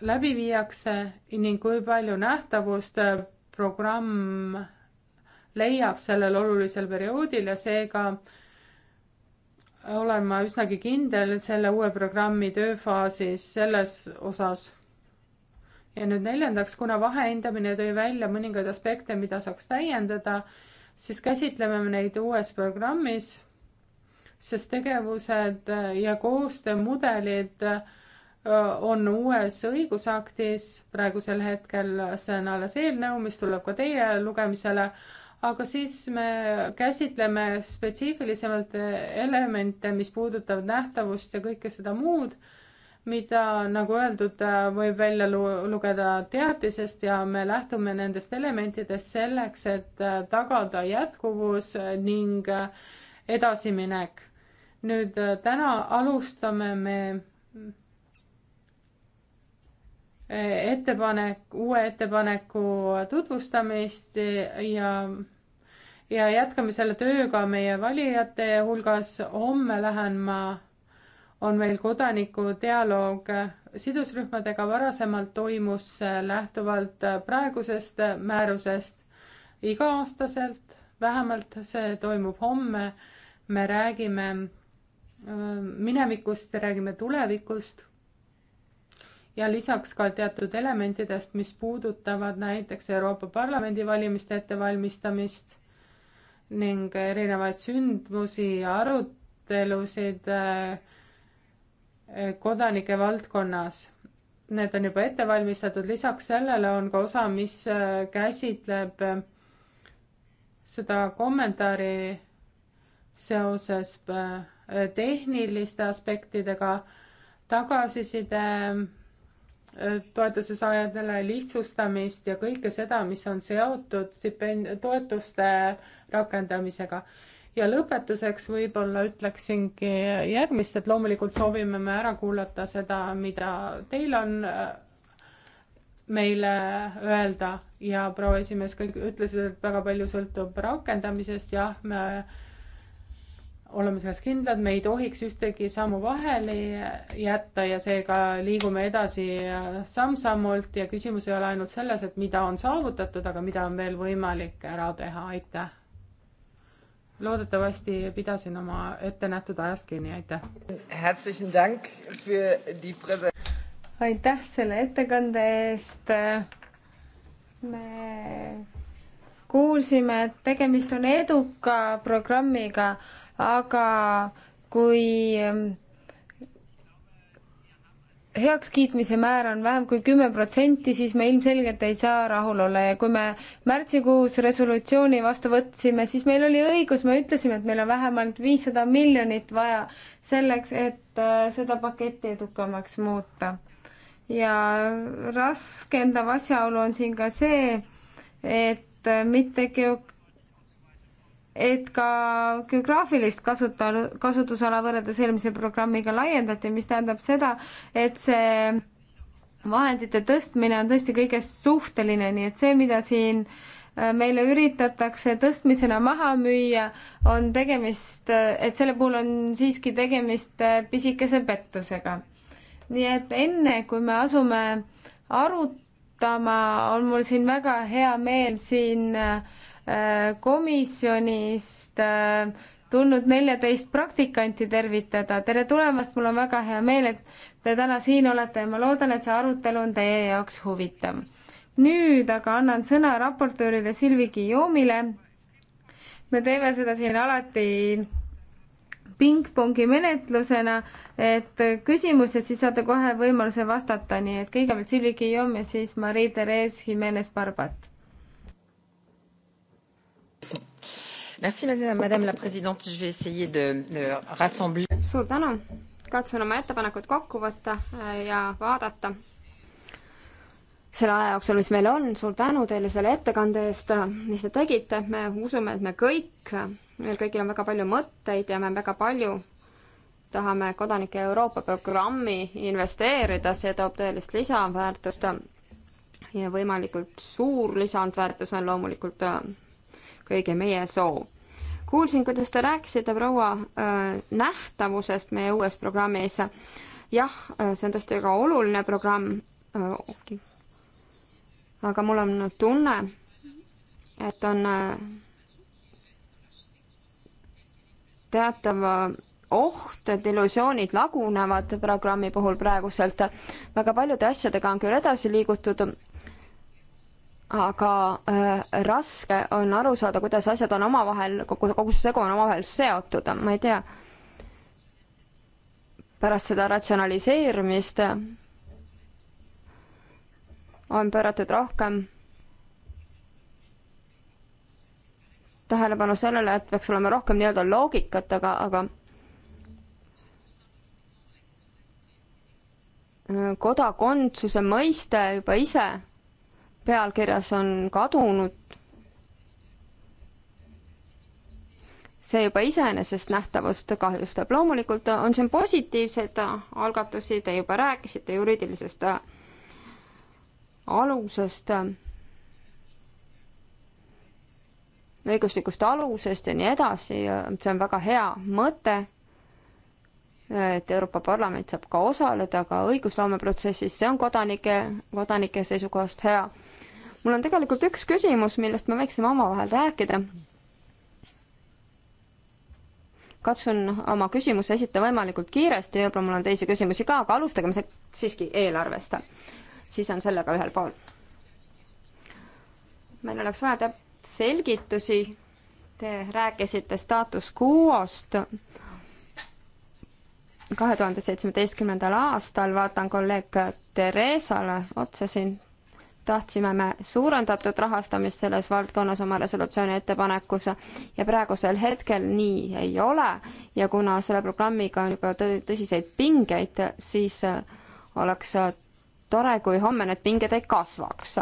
läbi viiakse ning kui palju nähtavust äh, programm leiab sellel olulisel perioodil ja seega olen ma üsnagi kindel selle uue programmi tööfaasis selles osas. ja nüüd neljandaks, kuna vahehindamine tõi välja mõningaid aspekte, mida saaks täiendada, siis käsitleme neid uues programmis sest tegevused äh, ja koostöömudelid äh, on uues õigusaktis, praegusel hetkel see on alles eelnõu, mis tuleb ka teie lugemisele, aga siis me käsitleme spetsiifilisemalt elemente, mis puudutavad nähtavust ja kõike seda muud, mida, nagu öeldud, võib välja lugeda teatisest ja me lähtume nendest elementidest selleks, et tagada jätkuvus ning äh, edasiminek. nüüd äh, täna alustame me äh, ettepanek, uue ettepaneku tutvustamist ja ja jätkame selle tööga meie valijate hulgas. homme lähen ma, on meil kodanikudialoog sidusrühmadega, varasemalt toimus lähtuvalt praegusest määrusest iga-aastaselt, vähemalt see toimub homme me räägime minevikust, räägime tulevikust ja lisaks ka teatud elementidest, mis puudutavad näiteks Euroopa Parlamendi valimiste ettevalmistamist ning erinevaid sündmusi ja arutelusid kodanike valdkonnas. Need on juba ette valmistatud, lisaks sellele on ka osa, mis käsitleb seda kommentaari seoses äh, tehniliste aspektidega, tagasiside äh, toetuse saajatele lihtsustamist ja kõike seda, mis on seotud stipend-, toetuste rakendamisega. ja lõpetuseks võib-olla ütleksingi järgmist, et loomulikult soovime me ära kuulata seda, mida teil on äh, meile öelda ja proua esimees kõik ütlesid, et väga palju sõltub rakendamisest, jah, me oleme selles kindlad, me ei tohiks ühtegi sammu vahele jätta ja seega liigume edasi samm-sammult ja küsimus ei ole ainult selles, et mida on saavutatud, aga mida on veel võimalik ära teha, aitäh. loodetavasti pidasin oma ettenähtud ajast kinni, aitäh. aitäh selle ettekande eest. me kuulsime, et tegemist on eduka programmiga aga kui ähm, heakskiitmise määr on vähem kui kümme protsenti, siis me ilmselgelt ei saa rahul olla ja kui me märtsikuus resolutsiooni vastu võtsime, siis meil oli õigus, me ütlesime, et meil on vähemalt viissada miljonit vaja selleks, et äh, seda paketti edukamaks muuta. ja raskendav asjaolu on siin ka see, et äh, mitte geog-, et ka geograafilist kasuta-, kasutusala võrreldes eelmise programmiga laiendati, mis tähendab seda, et see vahendite tõstmine on tõesti kõigest suhteline, nii et see, mida siin äh, meile üritatakse tõstmisena maha müüa, on tegemist, äh, et selle puhul on siiski tegemist äh, pisikese pettusega. nii et enne, kui me asume arutama, on mul siin väga hea meel siin äh, Äh, komisjonist äh, tulnud neljateist praktikanti tervitada. tere tulemast, mul on väga hea meel, et te täna siin olete ja ma loodan, et see arutelu on teie jaoks huvitav. nüüd aga annan sõna raportöörile Silvi Guillaume'ile. me teeme seda siin alati pingpongi menetlusena, et küsimus ja siis saate kohe võimaluse vastata, nii et kõigepealt Silvi Guillaume ja siis Marie-Therese Jimenez Barbat Merci, madame la présidente, je vais essayer de, de rassembler. suur tänu, katsun oma ettepanekud kokku võtta äh, ja vaadata selle aja jooksul, mis meil on, suur tänu teile selle ettekande eest, äh, mis te tegite, me usume, et me kõik, äh, meil kõigil on väga palju mõtteid ja me väga palju tahame Kodanike Euroopa programmi investeerida, see toob tõelist lisaväärtust ja võimalikult suur lisandväärtus on loomulikult kõigi meie soov. kuulsin, kuidas te rääkisite, proua, äh, nähtavusest meie uues programmis. jah, äh, see on tõesti väga oluline programm. Äh, aga mul on tunne, et on teatav oht, et illusioonid lagunevad programmi puhul praeguselt. väga paljude asjadega on küll edasi liigutud, aga äh, raske on aru saada, kuidas asjad on omavahel, kogu, kogu see segu on omavahel seotud, ma ei tea. pärast seda ratsionaliseerimist on pööratud rohkem tähelepanu sellele, et peaks olema rohkem nii-öelda loogikat, aga, aga kodakondsuse mõiste juba ise pealkirjas on kadunud. see juba iseenesest nähtavust kahjustab. loomulikult on siin positiivseid algatusi, te juba rääkisite juriidilisest alusest, õiguslikust alusest ja nii edasi, see on väga hea mõte et Euroopa Parlament saab ka osaleda ka õigusloomeprotsessis, see on kodanike, kodanike seisukohast hea mul on tegelikult üks küsimus, millest me võiksime omavahel rääkida. katsun oma küsimuse esita võimalikult kiiresti, võib-olla mul on teisi küsimusi ka, aga alustagem siiski eelarvest. siis on sellega ühel pool. meil oleks vaja täpselt selgitusi. Te rääkisite staatus quo'st kahe tuhande seitsmeteistkümnendal aastal, vaatan kolleeg Theresale otsa siin, tahtsime me suurendatud rahastamist selles valdkonnas oma resolutsiooni ettepanekus ja praegusel hetkel nii ei ole ja kuna selle programmiga on juba tõ tõsiseid pingeid, siis äh, oleks äh, tore, kui homme need pinged ei kasvaks.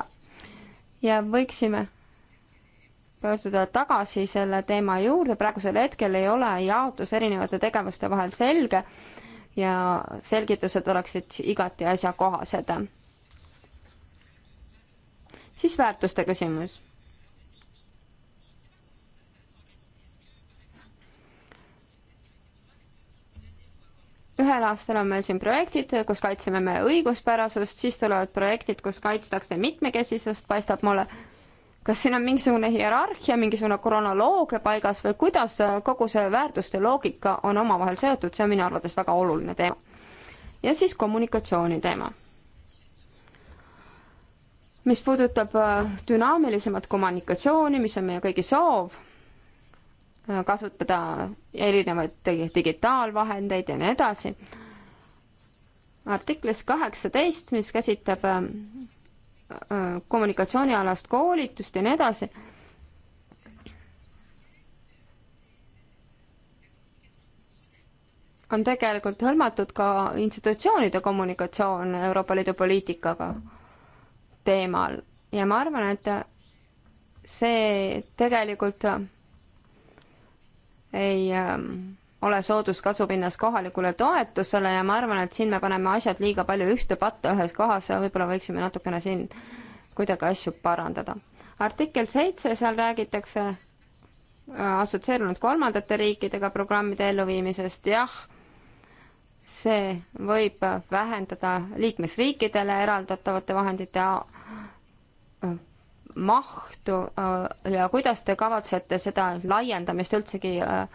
ja võiksime pöörduda tagasi selle teema juurde, praegusel hetkel ei ole jaotus erinevate tegevuste vahel selge ja selgitused oleksid igati asjakohased siis väärtuste küsimus. ühel aastal on meil siin projektid, kus kaitseme me õiguspärasust, siis tulevad projektid, kus kaitstakse mitmekesisust, paistab mulle. kas siin on mingisugune hierarhia, mingisugune kronoloogia paigas või kuidas kogu see väärtuste loogika on omavahel seotud, see on minu arvates väga oluline teema. ja siis kommunikatsiooni teema mis puudutab äh, dünaamilisemat kommunikatsiooni, mis on meie kõigi soov, äh, kasutada erinevaid digitaalvahendeid ja nii edasi. artiklis kaheksateist, mis käsitleb äh, kommunikatsioonialast koolitust ja nii edasi, on tegelikult hõlmatud ka institutsioonide kommunikatsioon Euroopa Liidu poliitikaga teemal ja ma arvan, et see tegelikult ei ähm, ole soodus kasupinnas kohalikule toetusele ja ma arvan, et siin me paneme asjad liiga palju ühte patta ühes kohas ja võib-olla võiksime natukene siin kuidagi asju parandada. artikkel seitse, seal räägitakse äh, assotsieerunud kolmandate riikidega programmide elluviimisest, jah, see võib vähendada liikmesriikidele eraldatavate vahendite mahtu äh, ja kuidas te kavatsete seda laiendamist üldsegi äh,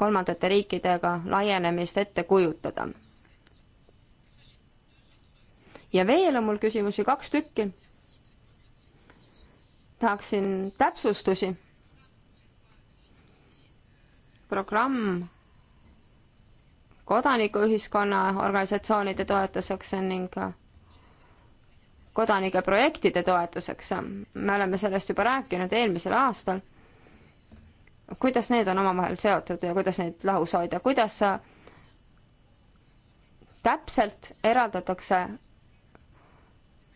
kolmandate riikidega laienemist ette kujutada? ja veel on mul küsimusi kaks tükki. tahaksin täpsustusi. programm kodanikuühiskonna organisatsioonide toetuseks ning äh, kodanike projektide toetuseks. me oleme sellest juba rääkinud eelmisel aastal. kuidas need on omavahel seotud ja kuidas neid lahus hoida, kuidas täpselt eraldatakse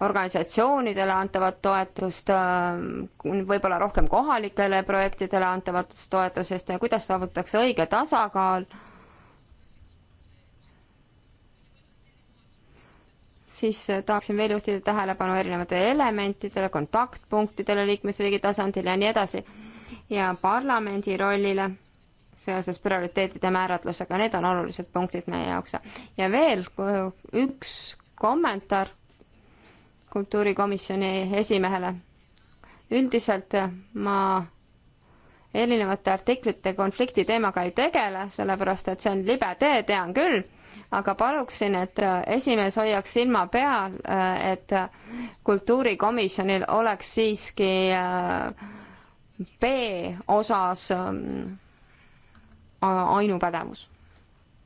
organisatsioonidele antavat toetust, võib-olla rohkem kohalikele projektidele antavatest toetusest ja kuidas saavutatakse õige tasakaal siis äh, tahaksin veel juhtida tähelepanu erinevatele elementidele, kontaktpunktidele liikmesriigi tasandil ja nii edasi ja parlamendi rollile seoses prioriteetide määratlusega, need on olulised punktid meie jaoks. ja veel äh, üks kommentaar kultuurikomisjoni esimehele. üldiselt äh, ma erinevate artiklite konflikti teemaga ei tegele, sellepärast et see on libe tee, tean küll aga paluksin, et äh, esimees hoiaks silma peal, äh, et kultuurikomisjonil oleks siiski äh, B-osas ähm, ainupädevus.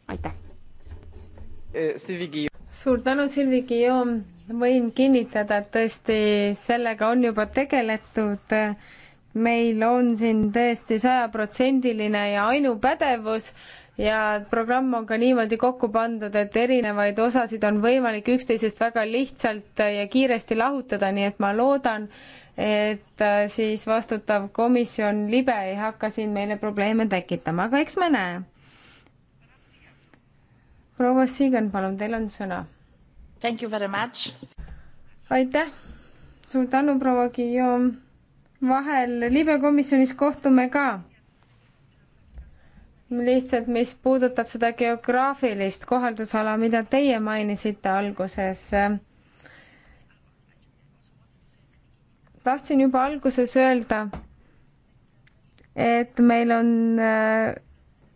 aitäh. suur tänu, Silvi Guillaume. võin kinnitada, et tõesti sellega on juba tegeletud meil on siin tõesti sajaprotsendiline ja ainupädevus ja programm on ka niimoodi kokku pandud, et erinevaid osasid on võimalik üksteisest väga lihtsalt ja kiiresti lahutada, nii et ma loodan, et äh, siis vastutav komisjon libe ei hakka siin meile probleeme tekitama, aga eks me näe. proua Siigen, palun, teil on sõna. Thank you very much. aitäh, suur tänu, proua Guillaume. vahel libe komisjonis kohtume ka lihtsalt, mis puudutab seda geograafilist kohaldusala, mida teie mainisite alguses. tahtsin juba alguses öelda, et meil on äh,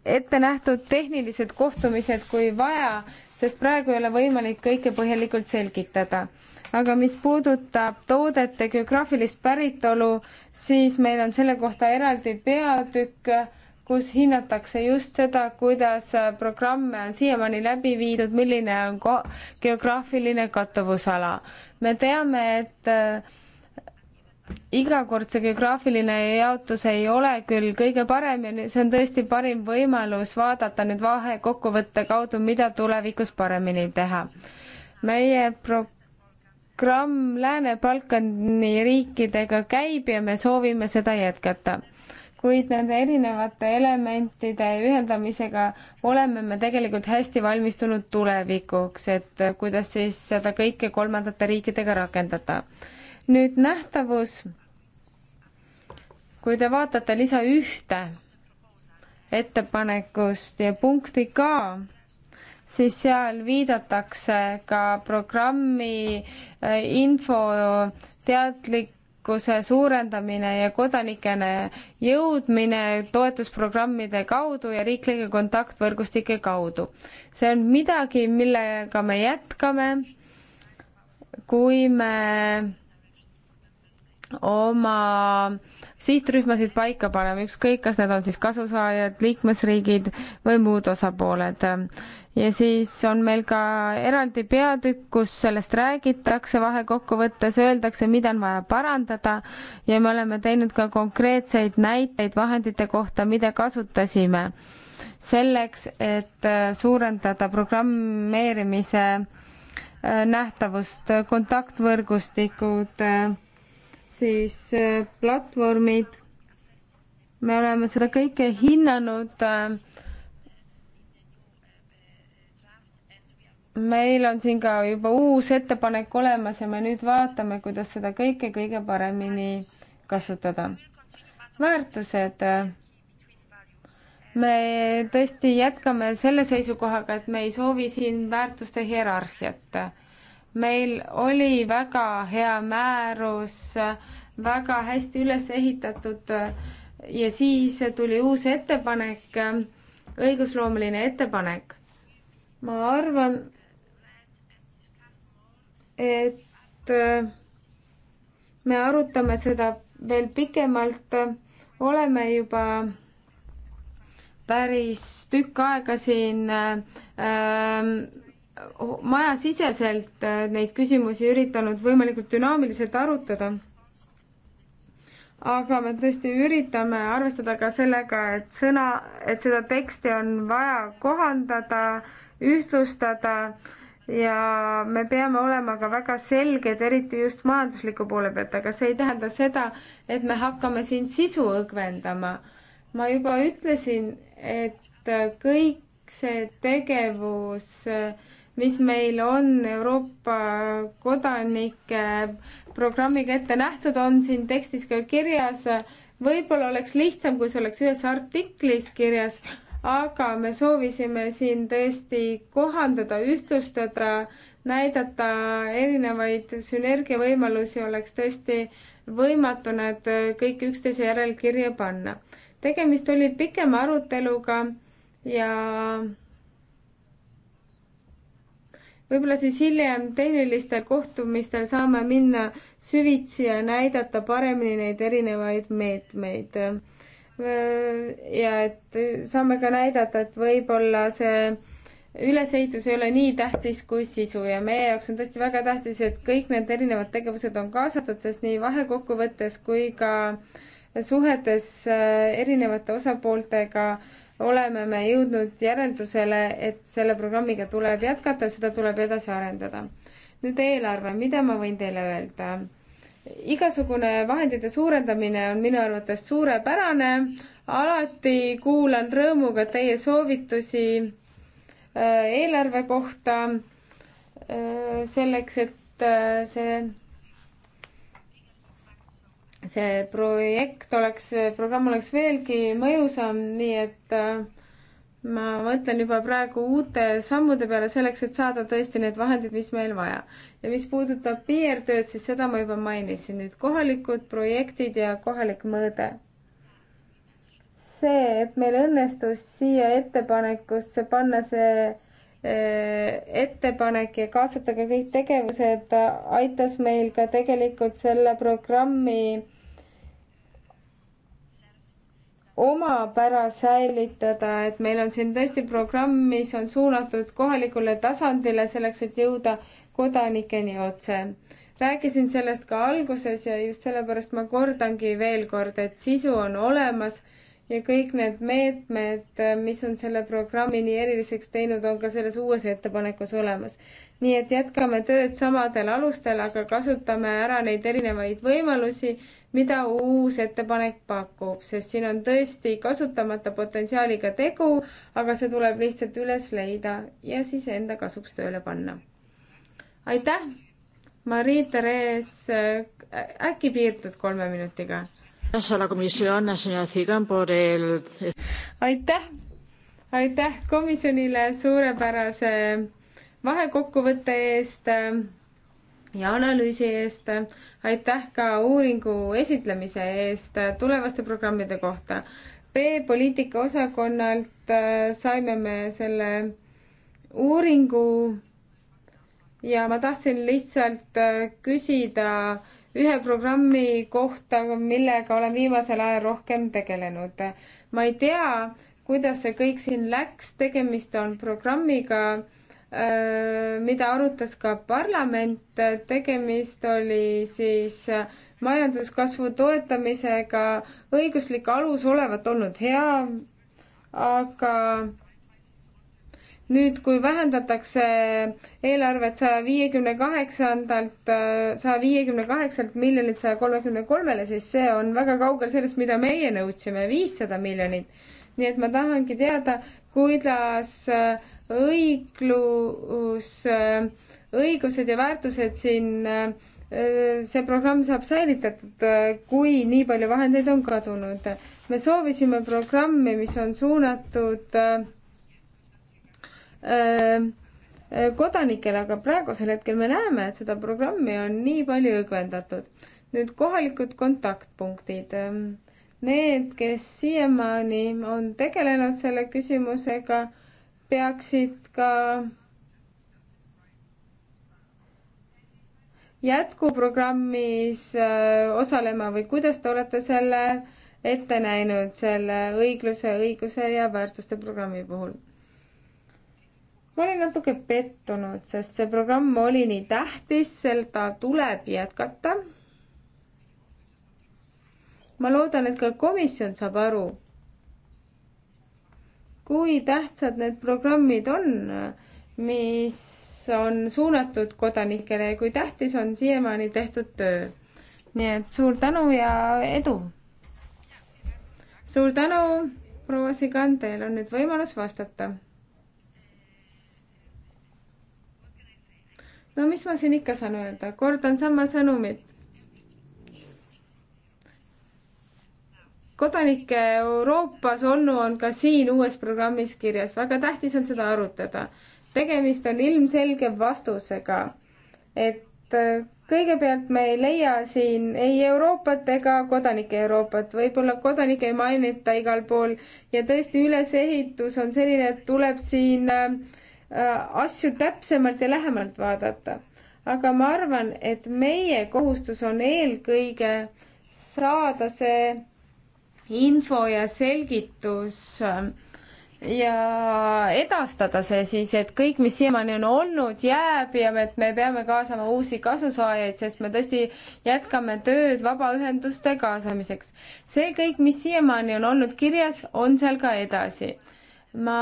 ette nähtud tehnilised kohtumised, kui vaja, sest praegu ei ole võimalik kõike põhjalikult selgitada. aga mis puudutab toodete geograafilist päritolu, siis meil on selle kohta eraldi peatükk kus hinnatakse just seda, kuidas programme on siiamaani läbi viidud, milline on ko-, geograafiline kattuvusala. me teame, et äh, igakordse geograafiline jaotus ei ole küll kõige parem ja see on tõesti parim võimalus vaadata nüüd vahekokkuvõtte kaudu, mida tulevikus paremini teha. meie pro-, programm Lääne-Balkani riikidega käib ja me soovime seda jätkata kuid nende erinevate elementide ühendamisega oleme me tegelikult hästi valmistunud tulevikuks, et kuidas siis seda kõike kolmandate riikidega rakendada. nüüd nähtavus. kui te vaatate lisa ühte ettepanekust ja punkti ka, siis seal viidatakse ka programmi äh, info teadlik teadlikkuse suurendamine ja kodanikene jõudmine toetusprogrammide kaudu ja riiklike kontaktvõrgustike kaudu. see on midagi, millega me jätkame, kui me oma sihtrühmasid paika paneme, ükskõik, kas need on siis kasusaajad, liikmesriigid või muud osapooled ja siis on meil ka eraldi peatükk, kus sellest räägitakse vahekokkuvõttes, öeldakse, mida on vaja parandada ja me oleme teinud ka konkreetseid näiteid vahendite kohta, mida kasutasime selleks, et äh, suurendada programmeerimise äh, nähtavust, kontaktvõrgustikud, äh, siis platvormid. me oleme seda kõike hinnanud äh, meil on siin ka juba uus ettepanek olemas ja me nüüd vaatame, kuidas seda kõike kõige paremini kasutada. väärtused. me tõesti jätkame selle seisukohaga, et me ei soovi siin väärtuste hierarhiat. meil oli väga hea määrus, väga hästi üles ehitatud ja siis tuli uus ettepanek, õigusloomeline ettepanek ma arvan, et äh, me arutame seda veel pikemalt, oleme juba päris tükk aega siin ähm, majasiseselt äh, neid küsimusi üritanud võimalikult dünaamiliselt arutada. aga me tõesti üritame arvestada ka sellega, et sõna, et seda teksti on vaja kohandada, ühtlustada ja me peame olema ka väga selged, eriti just majandusliku poole pealt, aga see ei tähenda seda, et me hakkame siin sisu õgvendama. ma juba ütlesin, et kõik see tegevus, mis meil on Euroopa kodanike programmiga ette nähtud, on siin tekstis ka kirjas. võib-olla oleks lihtsam, kui see oleks ühes artiklis kirjas aga me soovisime siin tõesti kohandada, ühtlustada, näidata erinevaid sünergiavõimalusi, oleks tõesti võimatu need kõik üksteise järel kirja panna. tegemist oli pikema aruteluga ja võib-olla siis hiljem tehnilistel kohtumistel saame minna süvitsi ja näidata paremini neid erinevaid meetmeid meet ja et saame ka näidata, et võib-olla see ülesehitus ei ole nii tähtis kui sisu ja meie jaoks on tõesti väga tähtis, et kõik need erinevad tegevused on kaasatud, sest nii vahekokkuvõttes kui ka suhetes erinevate osapooltega oleme me jõudnud järeldusele, et selle programmiga tuleb jätkata, seda tuleb edasi arendada. nüüd eelarve, mida ma võin teile öelda? igasugune vahendite suurendamine on minu arvates suurepärane, alati kuulan rõõmuga teie soovitusi äh, eelarve kohta, äh, selleks, et äh, see, see projekt oleks, programm oleks veelgi mõjusam, nii et äh, ma mõtlen juba praegu uute sammude peale selleks, et saada tõesti need vahendid, mis meil vaja. ja mis puudutab PR-tööd, siis seda ma juba mainisin, nüüd kohalikud projektid ja kohalik mõõde. see, et meil õnnestus siia ettepanekusse panna see eh, ettepanek ja kaasata ka kõik tegevused, aitas meil ka tegelikult selle programmi omapära säilitada, et meil on siin tõesti programm, mis on suunatud kohalikule tasandile selleks, et jõuda kodanikeni otse. rääkisin sellest ka alguses ja just sellepärast ma kordangi veel kord, et sisu on olemas ja kõik need meetmed, mis on selle programmi nii eriliseks teinud, on ka selles uues ettepanekus olemas. nii et jätkame tööd samadel alustel, aga kasutame ära neid erinevaid võimalusi, mida uus ettepanek pakub, sest siin on tõesti kasutamata potentsiaaliga tegu, aga see tuleb lihtsalt üles leida ja siis enda kasuks tööle panna. aitäh, Marii-Therese, äkki piirdud kolme minutiga? aitäh, aitäh komisjonile suurepärase vahekokkuvõtte eest äh, ja analüüsi eest. aitäh ka uuringu esitlemise eest äh, tulevaste programmide kohta. B-poliitika osakonnalt äh, saime me selle uuringu ja ma tahtsin lihtsalt küsida ühe programmi kohta, millega olen viimasel ajal rohkem tegelenud. ma ei tea, kuidas see kõik siin läks, tegemist on programmiga, äh, mida arutas ka parlament, tegemist oli siis äh, majanduskasvu toetamisega, õiguslik alus olevat olnud hea, aga nüüd, kui vähendatakse eelarvet saja viiekümne kaheksandalt, saja viiekümne kaheksalt miljonilt saja kolmekümne kolmele, siis see on väga kaugel sellest, mida meie nõudsime, viissada miljonit. nii et ma tahangi teada, kuidas õiglus, õigused ja väärtused siin, see programm saab säilitatud, kui nii palju vahendeid on kadunud. me soovisime programmi, mis on suunatud Äh, äh, kodanikele, aga praegusel hetkel me näeme, et seda programmi on nii palju õgvendatud. nüüd kohalikud kontaktpunktid. Ähm, need, kes siiamaani on tegelenud selle küsimusega, peaksid ka jätkuprogrammis äh, osalema või kuidas te olete selle ette näinud selle õigluse, õiguse ja väärtuste programmi puhul? ma olin natuke pettunud, sest see programm oli nii tähtis, seda tuleb jätkata. ma loodan, et ka komisjon saab aru, kui tähtsad need programmid on, mis on suunatud kodanikele ja kui tähtis on siiamaani tehtud töö. nii et suur tänu ja edu! suur tänu, proua Sigan, teil on nüüd võimalus vastata no mis ma siin ikka saan öelda, kordan sama sõnumit. kodanike Euroopas olnu on ka siin uues programmis kirjas, väga tähtis on seda arutada. tegemist on ilmselge vastusega, et äh, kõigepealt me ei leia siin ei Euroopat ega kodanike Euroopat, võib-olla kodanikke ei mainita igal pool ja tõesti ülesehitus on selline, et tuleb siin äh, Äh, asju täpsemalt ja lähemalt vaadata. aga ma arvan, et meie kohustus on eelkõige saada see info ja selgitus äh, ja edastada see siis, et kõik, mis siiamaani on olnud, jääb ja et me peame kaasama uusi kasusaajaid, sest me tõesti jätkame tööd vabaühenduste kaasamiseks. see kõik, mis siiamaani on olnud kirjas, on seal ka edasi. ma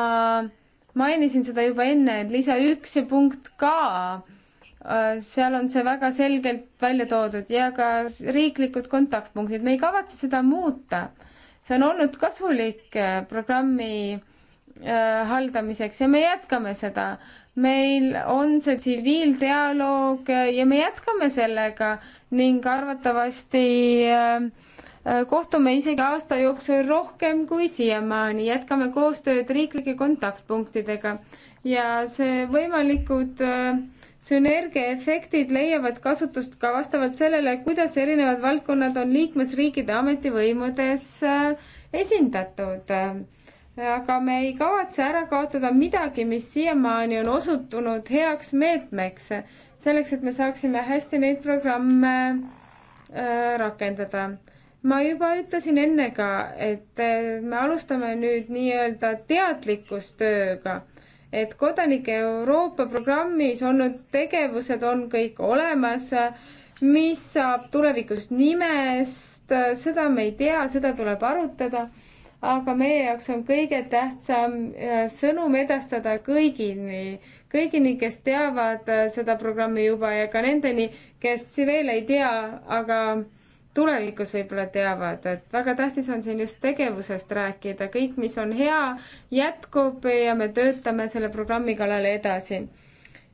mainisin seda juba enne, et lisa üks ja punkt ka, äh, seal on see väga selgelt välja toodud ja ka riiklikud kontaktpunktid, me ei kavatse seda muuta. see on olnud kasulik äh, programmi äh, haldamiseks ja me jätkame seda. meil on see tsiviildialoog ja me jätkame sellega ning arvatavasti äh, Äh, kohtume isegi aasta jooksul rohkem kui siiamaani, jätkame koostööd riiklike kontaktpunktidega ja see võimalikud äh, sünergiaefektid leiavad kasutust ka vastavalt sellele, kuidas erinevad valdkonnad on liikmesriikide ametivõimudes äh, esindatud. aga me ei kavatse ära kaotada midagi, mis siiamaani on osutunud heaks meetmeks, selleks et me saaksime hästi neid programme rakendada ma juba ütlesin enne ka, et eh, me alustame nüüd nii-öelda teadlikkustööga, et kodanike Euroopa programmis olnud tegevused on kõik olemas, mis saab tulevikus nimest, seda me ei tea, seda tuleb arutada, aga meie jaoks on kõige tähtsam eh, sõnum edastada kõigini, kõigini, kes teavad eh, seda programmi juba ja ka nendeni, kes veel ei tea, aga tulevikus võib-olla teavad, et väga tähtis on siin just tegevusest rääkida, kõik, mis on hea, jätkub ja me töötame selle programmi kallal edasi.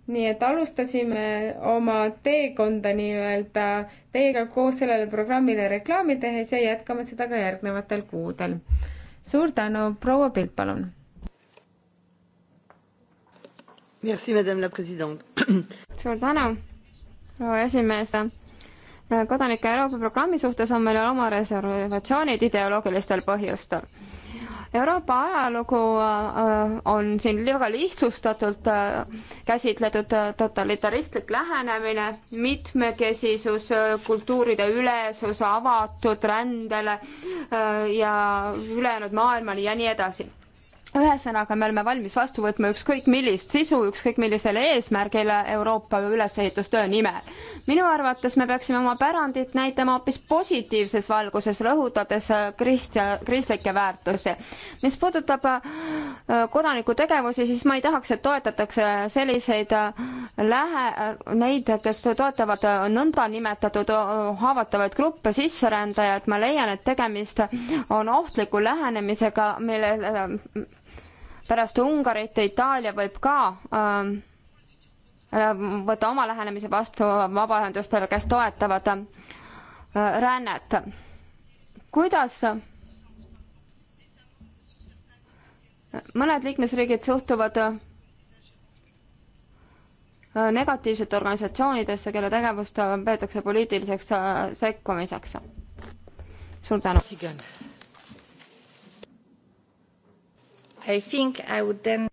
nii et alustasime oma teekonda nii-öelda teiega koos sellele programmile reklaami tehes ja jätkame seda ka järgnevatel kuudel. suur tänu, proua Pilt, palun. Merci, madame la présidente. suur tänu, proua esimees kodanike Euroopa programmi suhtes on meil oma reservatsioonid ideoloogilistel põhjustel. Euroopa ajalugu äh, on siin väga lihtsustatult äh, käsitletud äh, totalitaristlik lähenemine, mitmekesisus, kultuuride ülesus, avatud rändele ja ülejäänud maailmale ja nii edasi ühesõnaga, me oleme valmis vastu võtma ükskõik millist sisu, ükskõik millisele eesmärgile Euroopa ülesehitustöö nimel. minu arvates me peaksime oma pärandit näitama hoopis positiivses valguses, rõhutades äh, kristja, kristlikke väärtusi. mis puudutab äh, kodanikutegevusi, siis ma ei tahaks, et toetatakse äh, selliseid lähe, neid, kes toetavad nõndanimetatud haavatavaid gruppe, sisserändajaid, ma leian, et tegemist on ohtliku lähenemisega, millele pärast Ungarit Itaalia võib ka ähm, äh, võtta oma lähenemise vastu vabaühendustele, kes toetavad äh, rännet. kuidas mõned liikmesriigid suhtuvad äh, negatiivselt organisatsioonidesse, kelle tegevust peetakse poliitiliseks äh, sekkumiseks. suur tänu. I think I would then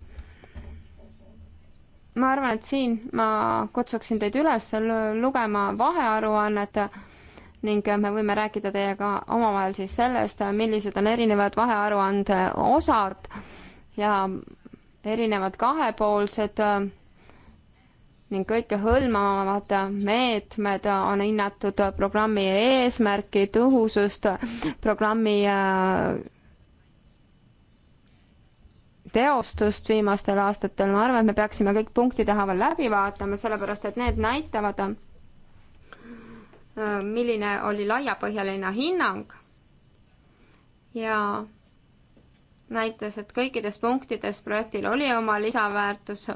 ma arvan, et siin ma kutsuksin teid üles lugema vahearuannet ning me võime rääkida teiega omavahel siis sellest, millised on erinevad vahearuande osad ja erinevad kahepoolsed ning kõikehõlmavad meetmed on hinnatud programmi eesmärki, tõhusust, programmi teostust viimastel aastatel, ma arvan, et me peaksime kõik punkti tahaaval läbi vaatama, sellepärast et need näitavad, äh, milline oli laiapõhjaline hinnang ja näitas, et kõikides punktides projektil oli oma lisaväärtus.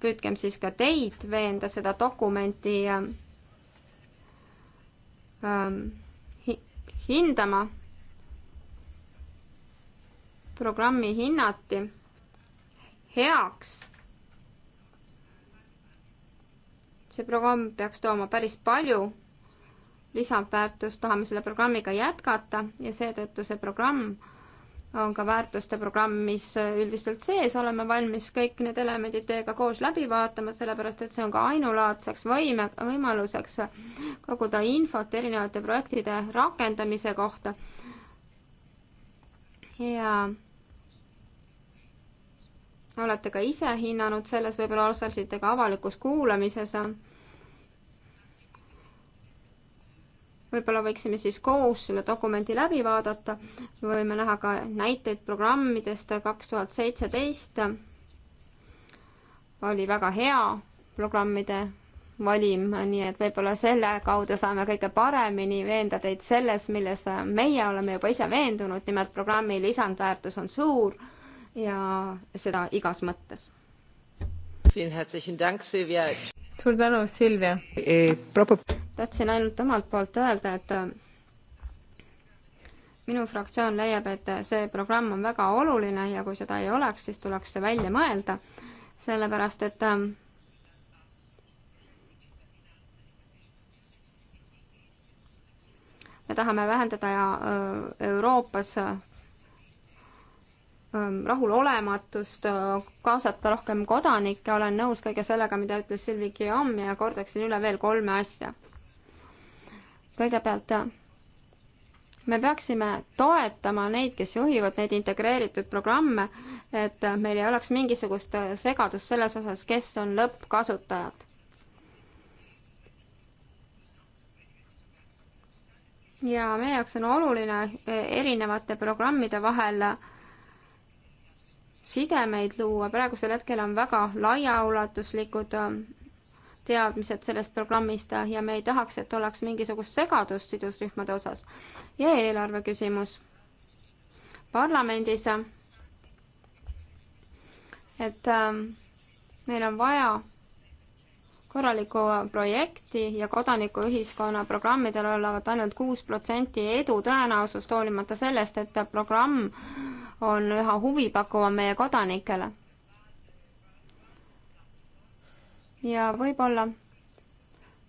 püüdkem siis ka teid veenda seda dokumenti ähm, hi hindama. programmi hinnati heaks. see programm peaks tooma päris palju lisandväärtust, tahame selle programmiga jätkata ja seetõttu see programm on ka väärtuste programm, mis üldiselt sees, oleme valmis kõik need elemendid teiega koos läbi vaatama, sellepärast et see on ka ainulaadseks võime, võimaluseks koguda infot erinevate projektide rakendamise kohta. ja olete ka ise hinnanud selles, võib-olla osalesite ka avalikus kuulamises. võib-olla võiksime siis koos selle dokumendi läbi vaadata, võime näha ka näiteid programmidest kaks tuhat seitseteist. oli väga hea programmide valim, nii et võib-olla selle kaudu saame kõige paremini veenda teid selles, milles meie oleme juba ise veendunud, nimelt programmi lisandväärtus on suur ja seda igas mõttes. suur tänu, Silvia! Eh, tahtsin ainult omalt poolt öelda, et äh, minu fraktsioon leiab, et see programm on väga oluline ja kui seda ei oleks, siis tuleks see välja mõelda, sellepärast et ähm, me tahame vähendada äh, Euroopas äh, Ähm, rahulolematust, äh, kaasata rohkem kodanikke, olen nõus kõige sellega, mida ütles Silvi Guillaume ja kordaksin üle veel kolme asja. kõigepealt äh, me peaksime toetama neid, kes juhivad neid integreeritud programme, et äh, meil ei oleks mingisugust segadust selles osas, kes on lõppkasutajad. ja meie jaoks on oluline erinevate programmide vahel äh, sidemeid luua, praegusel hetkel on väga laiaulatuslikud äh, teadmised sellest programmist äh, ja me ei tahaks, et oleks mingisugust segadust sidusrühmade osas. ja eelarve küsimus. parlamendis, äh, et äh, meil on vaja korralikku projekti ja kodanikuühiskonna programmidel olevat ainult kuus protsenti edu tõenäosust, hoolimata sellest, et programm on üha huvipakkuvam meie kodanikele. ja võib-olla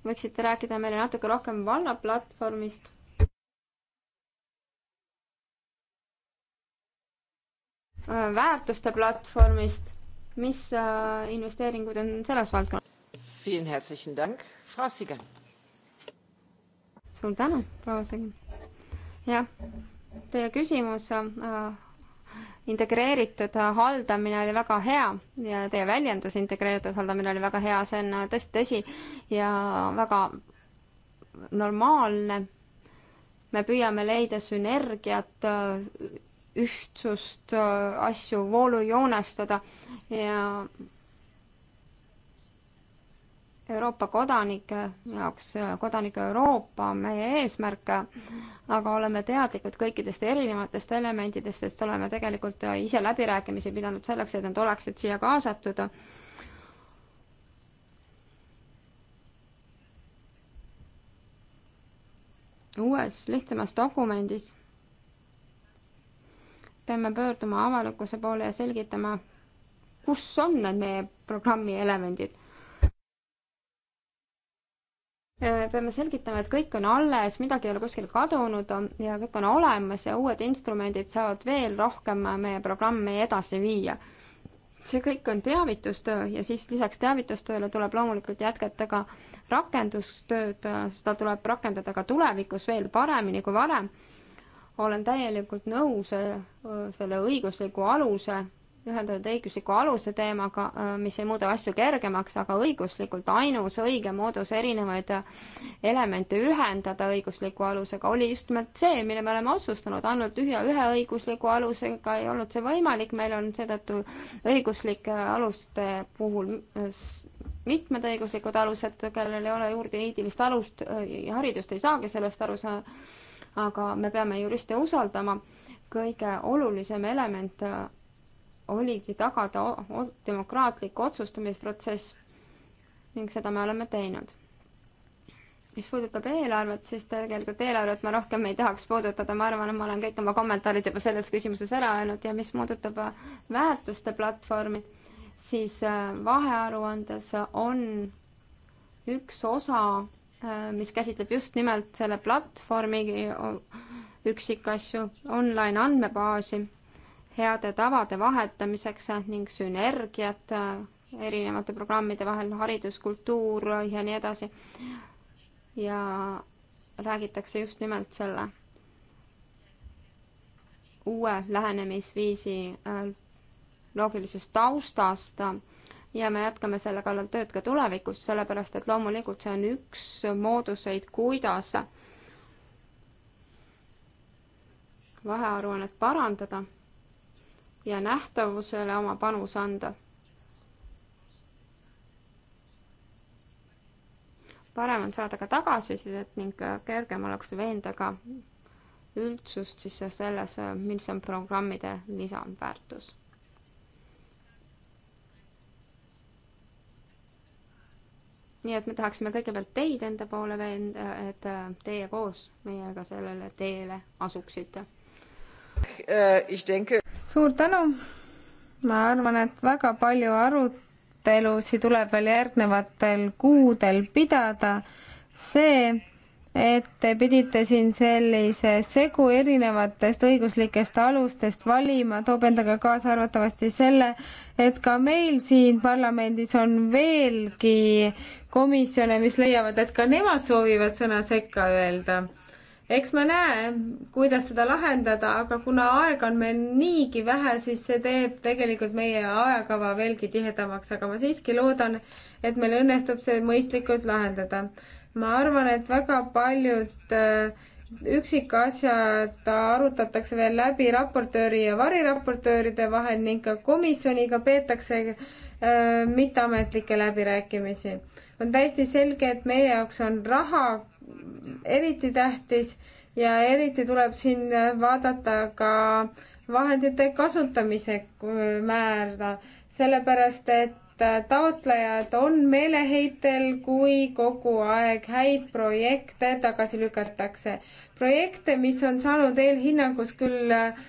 võiksite rääkida meile natuke rohkem valla platvormist väärtuste platvormist. mis äh, investeeringud on selles valdkonnas? suur tänu, proua Sõgin. jah, teie küsimus äh, integreeritud haldamine oli väga hea ja teie väljendus integreeritud haldamine oli väga hea, see on tõesti tõsi ja väga normaalne. me püüame leida sünergiat, ühtsust, asju voolu joonestada ja Euroopa kodanike jaoks, kodanike Euroopa on meie eesmärk, aga oleme teadlikud kõikidest erinevatest elementidest, sest oleme tegelikult ise läbirääkimisi pidanud selleks, et nad oleksid siia kaasatud. uues lihtsamas dokumendis peame pöörduma avalikkuse poole ja selgitama, kus on need meie programmi elemendid Äh, peame selgitama, et kõik on alles, midagi ei ole kuskil kadunud ja kõik on olemas ja uued instrumendid saavad veel rohkem äh, meie programmi edasi viia. see kõik on teavitustöö ja siis lisaks teavitustööle tuleb loomulikult jätkata ka rakendustööd, äh, seda tuleb rakendada ka tulevikus veel paremini kui varem. olen täielikult nõus selle õigusliku aluse ühendatud õigusliku aluse teemaga, äh, mis ei muuda asju kergemaks, aga õiguslikult ainus õige moodus erinevaid äh, elemente ühendada õigusliku alusega oli just nimelt see, mille me oleme otsustanud, ainult ühe, ühe õigusliku alusega ei olnud see võimalik, meil on seetõttu õiguslike aluste puhul äh, mitmed õiguslikud alused, kellel ei ole juriidilist alust ja haridust, ei saagi sellest aru saa, aga me peame juriste usaldama kõige olulisem element oligi tagada demokraatlik otsustamisprotsess ning seda me oleme teinud. mis puudutab eelarvet, siis tegelikult eelarvet ma rohkem ei tahaks puudutada, ma arvan, et ma olen kõik oma kommentaarid juba selles küsimuses ära öelnud ja mis puudutab äh, väärtuste platvormi, siis äh, vahearuandes on üks osa, äh, mis käsitleb just nimelt selle platvormi üksikasju, online andmebaasi heade tavade vahetamiseks ning sünergiat äh, erinevate programmide vahel, haridus, kultuur ja nii edasi. ja räägitakse just nimelt selle uue lähenemisviisi äh, loogilisest taustast ja me jätkame selle kallal tööd ka tulevikus, sellepärast et loomulikult see on üks mooduseid, kuidas vahearuannet parandada ja nähtavusele oma panus anda. parem on saada ka tagasisidet ning kergem oleks veenda ka üldsust siis selles, mis on programmide lisandväärtus nii et me tahaksime kõigepealt teid enda poole veenda, et teie koos meiega sellele teele asuksite. Eh, suur tänu. ma arvan, et väga palju arutelusid tuleb veel järgnevatel kuudel pidada. see, et te pidite siin sellise segu erinevatest õiguslikest alustest valima, toob endaga kaasa arvatavasti selle, et ka meil siin parlamendis on veelgi komisjone, mis leiavad, et ka nemad soovivad sõna sekka öelda eks ma näe, kuidas seda lahendada, aga kuna aega on meil niigi vähe, siis see teeb tegelikult meie ajakava veelgi tihedamaks, aga ma siiski loodan, et meil õnnestub see mõistlikult lahendada. ma arvan, et väga paljud äh, üksikasjad arutatakse veel läbi raportööri ja variraportööride vahel ning ka komisjoniga peetakse äh, mitteametlikke läbirääkimisi. on täiesti selge, et meie jaoks on raha eriti tähtis ja eriti tuleb siin vaadata ka vahendite kasutamise määra, sellepärast et taotlejad on meeleheitel, kui kogu aeg häid projekte tagasi lükatakse. projekte, mis on saanud eelhinnangus küll äh,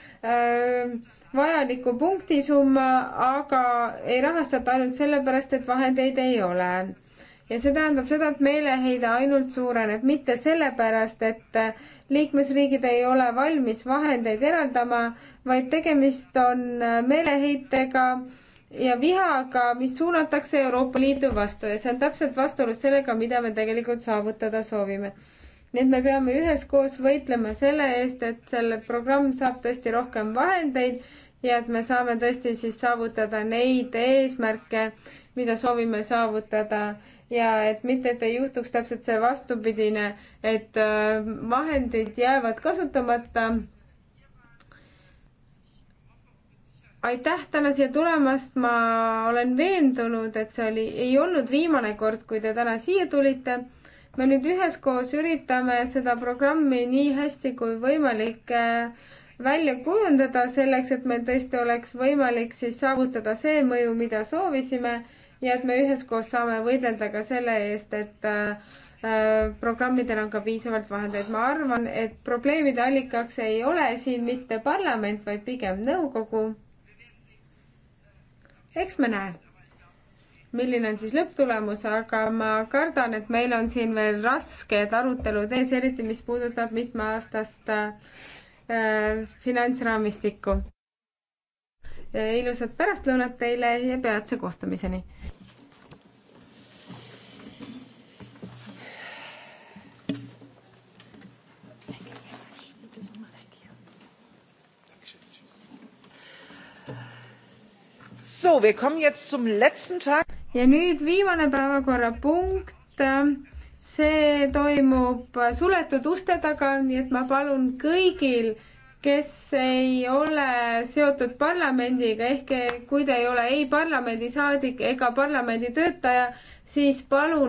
vajaliku punktisumma, aga ei rahastata ainult sellepärast, et vahendeid ei ole ja see tähendab seda, et meeleheide ainult suureneb, mitte sellepärast, et liikmesriigid ei ole valmis vahendeid eraldama, vaid tegemist on meeleheitega ja vihaga, mis suunatakse Euroopa Liidu vastu ja see on täpselt vastuolus sellega, mida me tegelikult saavutada soovime. nii et me peame üheskoos võitlema selle eest, et selle programm saab tõesti rohkem vahendeid ja et me saame tõesti siis saavutada neid eesmärke, mida soovime saavutada ja et mitte, et ei juhtuks täpselt see vastupidine, et äh, vahendid jäävad kasutamata. aitäh täna siia tulemast, ma olen veendunud, et see oli, ei olnud viimane kord, kui te täna siia tulite. me nüüd üheskoos üritame seda programmi nii hästi kui võimalik äh, välja kujundada selleks, et meil tõesti oleks võimalik siis saavutada see mõju, mida soovisime ja et me üheskoos saame võidelda ka selle eest, et äh, programmidel on ka piisavalt vahendeid. ma arvan, et probleemide allikaks ei ole siin mitte parlament, vaid pigem nõukogu. eks me näe, milline on siis lõpptulemus, aga ma kardan, et meil on siin veel rasked arutelud ees, eriti mis puudutab mitmeaastast äh, finantsraamistikku. ilusat pärastlõunat teile ja peatse kohtumiseni So, wir kommen jetzt zum letzten Tag. ja nüüd viimane päevakorrapunkt. see toimub suletud uste taga, nii et ma palun kõigil, kes ei ole seotud parlamendiga ehk kui te ei ole ei parlamendisaadik ega parlamendi töötaja, siis palun